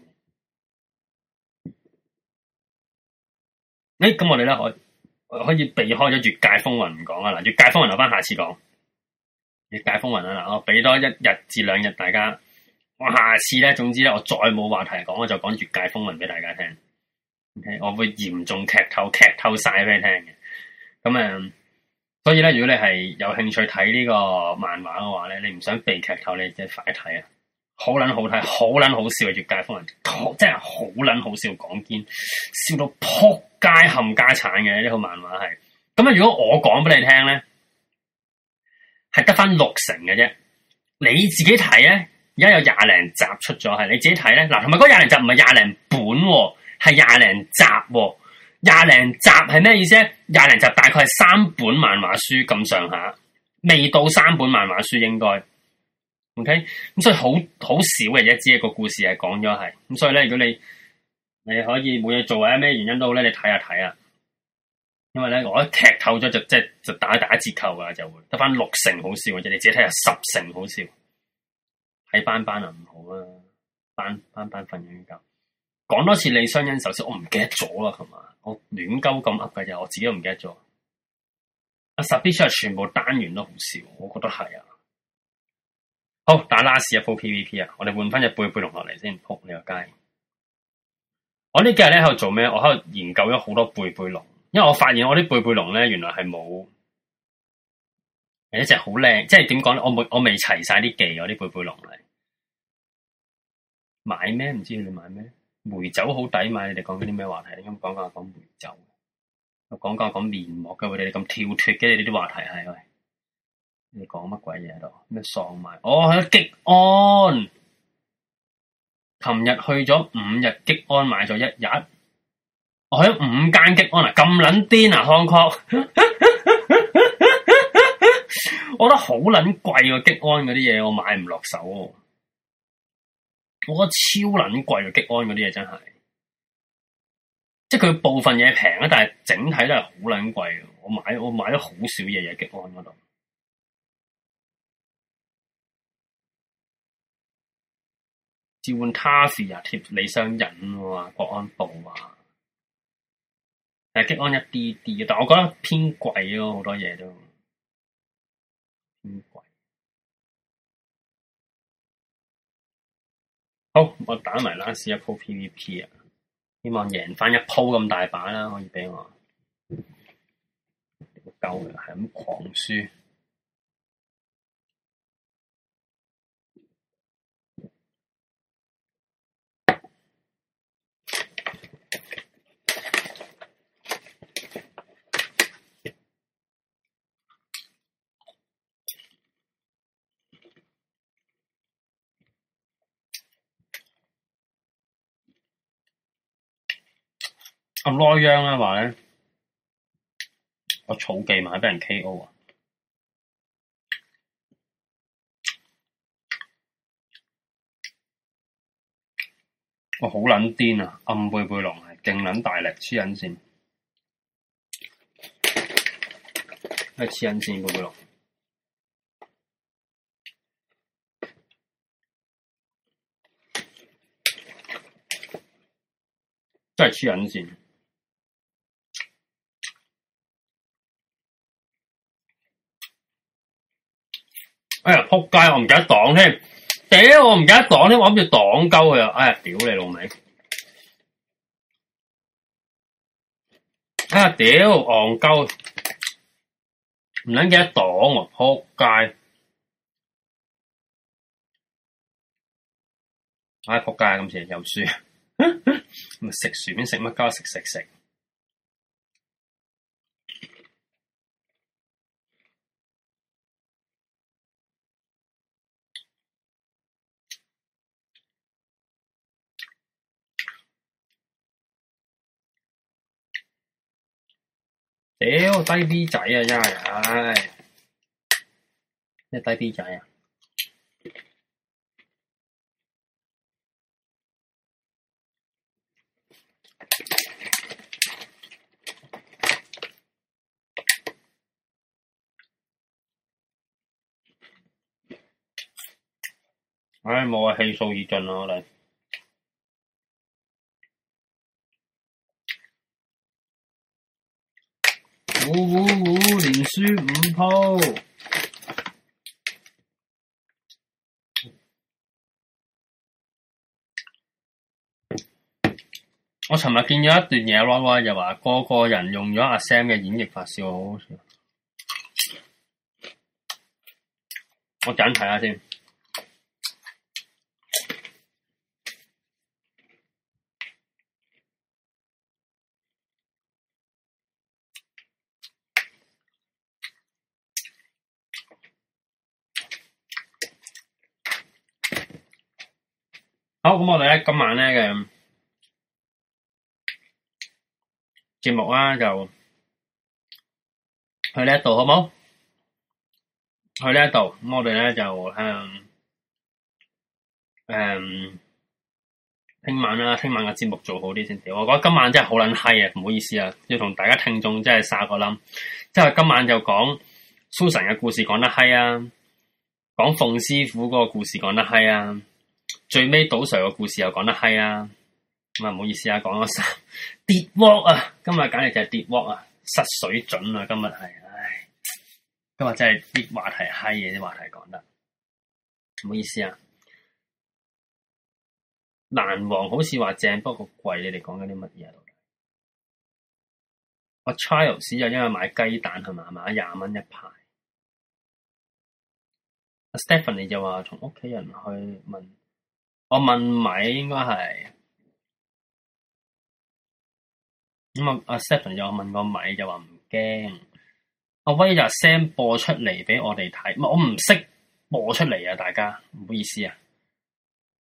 誒、哎，咁我哋咧可以可以避開咗越界風雲唔講啊，嗱，越界風雲留翻下次講，越界風雲啦，嗱，我俾多一日至兩日大家，我下次咧，總之咧，我再冇話題講，我就講越界風雲俾大家聽，OK，我會嚴重劇透劇透晒俾你聽嘅，咁啊，所以咧，如果你係有興趣睇呢個漫畫嘅話咧，你唔想被劇透，你即係快睇啊。好捻好睇，好捻好笑嘅《越界風雲》，真係好捻好笑，講堅笑到扑街冚家鏟嘅呢套漫畫係。咁啊，如果我講俾你聽咧，係得翻六成嘅啫。你自己睇咧，而家有廿零集出咗，係你自己睇咧。嗱，同埋嗰廿零集唔係廿零本喎，係廿零集。廿零集係咩意思咧？廿零集大概係三本漫畫書咁上下，未到三本漫畫書應該。O.K.，咁所以好好少人一知一個故事係講咗係，咁所以咧，如果你你可以每嘢做啊，咩原因都好咧，你睇下睇啊。因為咧，我一踢透咗就即係就，就打打折扣啊，就會得翻六成好笑或者你自己睇下十成好笑，係班班啊唔好啦，班班班瞓緊覺。講多次你雙人首先，我唔記得咗啦，係嘛？我亂鳩咁噏嘅啫，我自己都唔記得咗。啊，十 h 全部單元都好笑，我覺得係啊。好，打拉屎一波 PVP 啊！我哋換翻隻貝貝龍落嚟先，扑、這、你個街！我呢幾日咧喺度做咩？我喺度研究咗好多貝貝龍，因為我發現我啲貝貝龍咧，原來係冇有一隻好靚，即係點講咧？我我未齊晒啲技，我啲貝貝龍嚟買咩？唔知你買咩？梅酒好抵買，你哋講緊啲咩話題？你咁講講下講梅酒，又講講下講面膜嘅，我你咁跳脫嘅，你啲話題係咪？你講乜鬼嘢喺度？咩喪我去喺激安。琴日去咗五日，激安買咗一日。我喺五間激安啊，咁撚癲啊，康康！我覺得好撚貴個激安嗰啲嘢，我買唔落手，啊。我覺得超撚貴個激安嗰啲嘢，真係。即係佢部分嘢平啊，但係整體都係好撚貴。我買我買咗好少嘢，嘢激安嗰度。召喚他士啊，貼你上引喎，國安部啊，但係激安一啲啲，但係我覺得偏貴咯，好多嘢都偏貴。好，我打埋 last 一鋪 PVP 啊，希望贏翻一鋪咁大把啦，可以俾我。夠嘅，係咁狂輸。咁樣啦，話咧，我草技埋俾人 K.O. 啊！我好撚癲啊，暗背背龍係勁撚大力，黐撚線，係黐撚線嗰個咯，真係黐撚線。背背哎呀！仆街，我唔記得擋添，屌我唔記得擋添，我諗住擋鳩佢啊！哎呀！屌你老味，啊屌戇鳩，唔撚、嗯、記得擋喎、啊，仆街！哎呀仆街，咁成日又輸，咪食薯片食乜鳩，食食食。吃吃吃屌，太低 B 仔啊，真係，咩太低 B 仔啊？唉，冇啊，氣數已盡啦，我哋。五五五，連輸五鋪。我尋日見咗一段嘢啦，又話個個人用咗阿 Sam 嘅演繹發燒好好笑。我揀睇下先。咁我哋咧今晚咧嘅節目啦，就去呢一度好唔好？去呢一度，咁我哋咧就誒誒聽晚啦，聽晚嘅節目做好啲先。我覺得今晚真係好撚嗨啊！唔好意思啊，要同大家聽眾真係沙個冧。即係今晚就講蘇神嘅故事講得嗨啊，講鳳師傅嗰個故事講得嗨啊。最尾賭 Sir 嘅故事又講得嗨啊！咁啊，唔好意思啊，講個跌鑊啊！今日簡直就係跌鑊啊，失水準啊！今日係唉，今日真係啲話題嗨嘢，啲話題講得唔好意思啊！蘭王好似話正，不過貴。你哋講緊啲乜嘢？到底？我 Charles 又因為買雞蛋係麻麻廿蚊一排。Stephanie 就話同屋企人去問。我問米應該係咁啊又，阿 Seven 我問個米就話唔驚，阿威就聲播出嚟俾我哋睇，唔係我唔識播出嚟啊，大家唔好意思啊，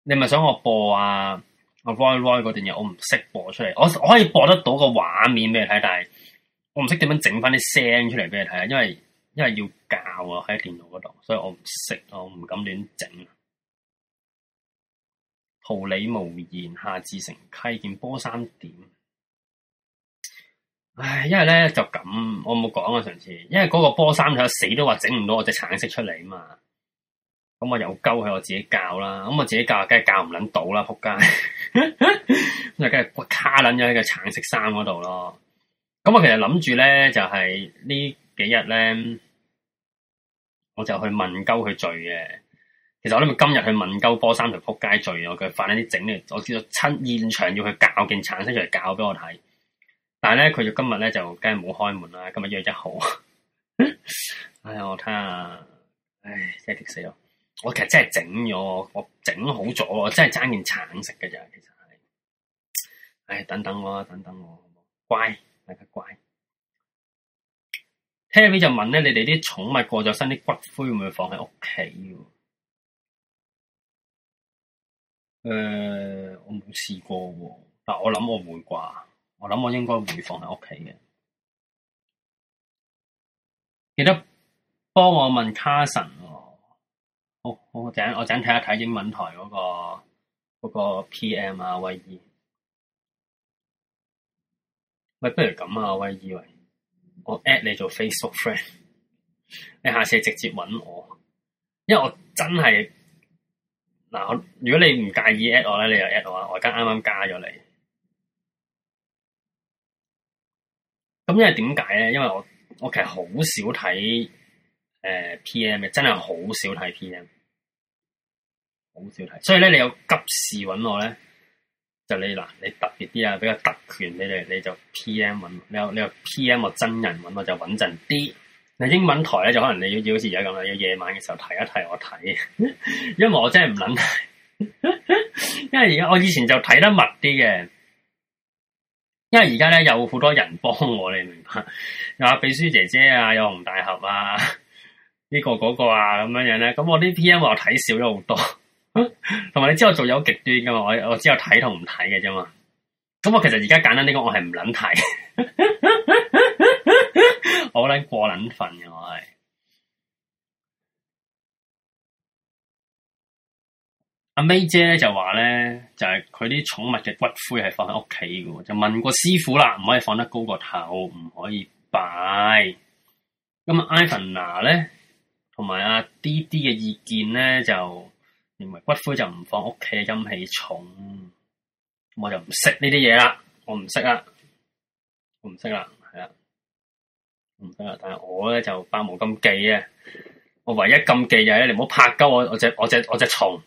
你係咪想我播啊？我、啊、Roy Roy 嗰段嘢我唔識播出嚟，我可以播得到個畫面俾你睇，但係我唔識點樣整翻啲聲出嚟俾你睇啊，因為因為要教啊喺電腦嗰度，所以我唔識，我唔敢亂整。桃李無言，下自成蹊。件波衫點？唉，因為咧就咁，我冇講啊上次，因為嗰個波衫佢死都話整唔到我隻橙色出嚟啊嘛。咁我又鳩佢，我自己教啦。咁我自己教，梗係教唔撚到啦，仆街。咁就梗係卡撚咗喺個橙色衫嗰度咯。咁我其實諗住咧，就係、是、呢幾日咧，我就去問鳩佢罪嘅。其實我諗住今日去問鳩波三條撲街罪啊，佢發一啲整嚟，我知道親現場要去搞件橙色出嚟搞俾我睇。但係咧，佢今日咧就梗係冇開門啦。今日一月一號， 唉，我睇下，唉，真係激死我。我其實真係整咗，我整好咗，我真係爭件橙色嘅咋。其實係，唉，等等我，等等我，乖，大家乖。聽日你就問咧，你哋啲寵物過咗身啲骨灰會唔會放喺屋企？誒、呃，我冇試過喎，但我諗我會啩，我諗我應該會放喺屋企嘅。記得幫我問卡神，好，我我陣睇一睇英文台嗰、個嗰、個 P.M. 啊。威儀。喂，不如咁啊，威儀，我 at 你做 Facebook friend， 你下次直接搵我，因為我真係。嗱，如果你唔介意 at 我咧，你就 at 我啊，我而家啱啱加咗你。咁因為點解咧？因為我我其實好少睇誒、呃、PM 嘅，真係好少睇 PM，好少睇。所以咧，你有急事搵我咧，就你嗱，你特別啲啊，比較特權，你哋你就 PM 搵，你有你有 PM 我真人搵我就穩陣啲。嗱，英文台咧就可能你要好似而家咁啦，要夜晚嘅時候睇一睇我睇，因為我真係唔捻睇，因為而家我以前就睇得密啲嘅，因為而家咧有好多人幫我你明白，有秘書姐姐啊，有熊大俠啊，呢、這個嗰、那個啊咁樣樣咧，咁我啲因 m 我睇少咗好多，同埋你知道我做有極端噶嘛，我知我只有睇同唔睇嘅啫嘛，咁我其實而家簡單啲講，我係唔捻睇。我諗過捻瞓，嘅我係阿 May 姐咧，就話咧就係佢啲寵物嘅骨灰係放喺屋企嘅，就問過師傅啦，唔可以放得高過頭，唔可以擺。咁 Ivana 咧同埋阿 D D 嘅意見咧就認為骨灰就唔放屋企嘅陰氣重，我就唔識呢啲嘢啦，我唔識啊，我唔識啦。我唔得啊！但係我咧就百無禁忌啊！我唯一禁忌，忌就係、是、你唔好拍鳩我我隻我隻我隻蟲，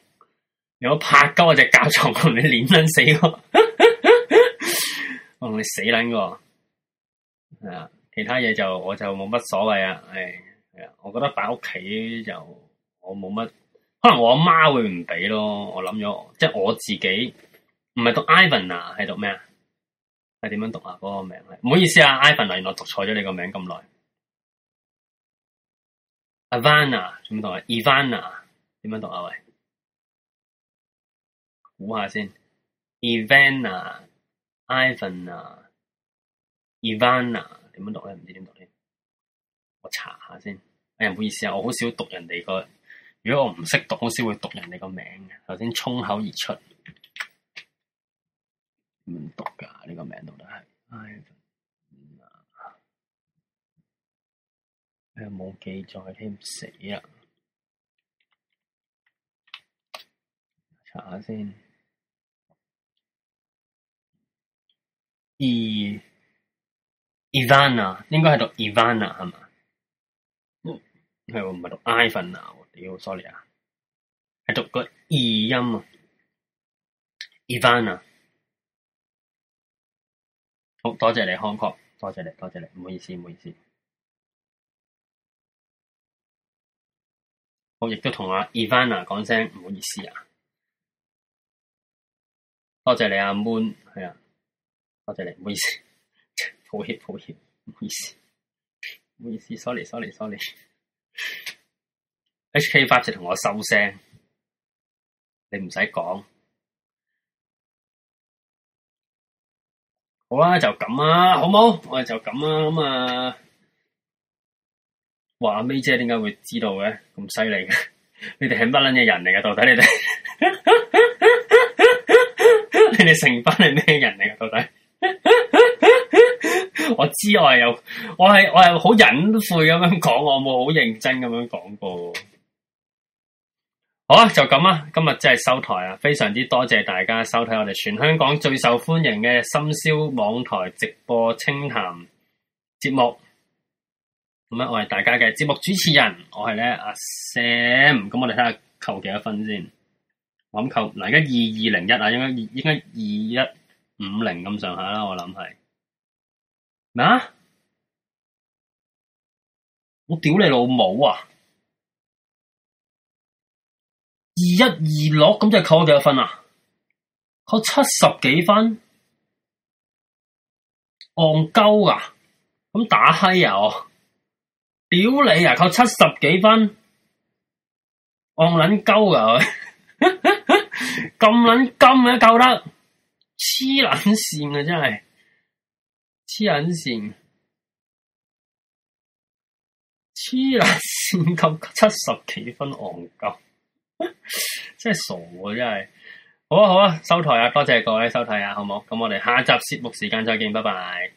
你唔好拍鳩我隻甲蟲，同你黏卵死我，同 你死卵個係啊！其他嘢，就我就冇乜所謂啊！係係啊！我覺得擺屋企就我冇乜，可能我阿媽會唔俾咯。我諗咗，即係我自己唔係讀 Ivan 啊，係讀咩啊？係點樣讀啊？嗰個名，唔好意思啊，Ivan 原來讀錯咗你個名咁耐。Ivana 點樣讀啊？Ivana 點樣讀啊？喂，估下先。Ivana，Ivan 啊，Ivana 點樣讀咧？唔知點讀添。我查下先。哎呀，唔好意思啊，我好少讀人哋個，如果我唔識讀，好少會讀人哋個名嘅，頭先衝口而出。咁讀噶呢個名到底係 Ivan 啊？佢又冇記載，添，死啊！查下先。E Ivan 啊，應該係讀 Ivan 啊，係嘛？唔係喎，唔係讀 Ivan 啊！我屌，sorry 啊，係讀個二音啊，Ivana。.好，多謝你康哥，多謝你，多謝你，唔好意思，唔好意思好。我亦都同阿 Ivana 講聲唔好意思啊，多謝你阿 Moon 係啊，多謝你，唔好意思，抱歉，抱歉，唔好意思，唔好意思，sorry sorry sorry。HK 發直同我收聲，你唔使講。好啦，就咁啦，好唔好？我哋就咁啦。咁啊，話阿 May 姐點解會知道嘅？咁犀利嘅？你哋係乜撚嘅人嚟噶？到底你哋？你哋成班係咩人嚟噶？到底？我知我係有，我係我係好隱晦咁樣講，我冇好認真咁樣講過。好啊，就咁啊，今日真係收台啊，非常之多謝大家收睇我哋全香港最受歡迎嘅深宵網台直播清談節目。咁啊，我係大家嘅節目主持人，我係咧阿 Sam。咁我哋睇下扣幾多分先，我諗扣嗱而家二二零一啊，2201，應該應該二一五零咁上下啦，我諗係嗱，啊？我屌你老母啊！二一二六，咁即係扣我幾多分啊？扣七十幾分？戇鳩啊！咁打閪啊我！屌你啊！扣七十幾分？戇捻鳩噶，佢咁捻金嘅，夠得黐捻線嘅，真係黐捻線，黐捻線，扣七十幾分戇鳩？按真係傻啊！真係好啊好啊，收台啊！多謝各位收睇啊，好唔好？咁我哋下一集節目時間再見，拜拜。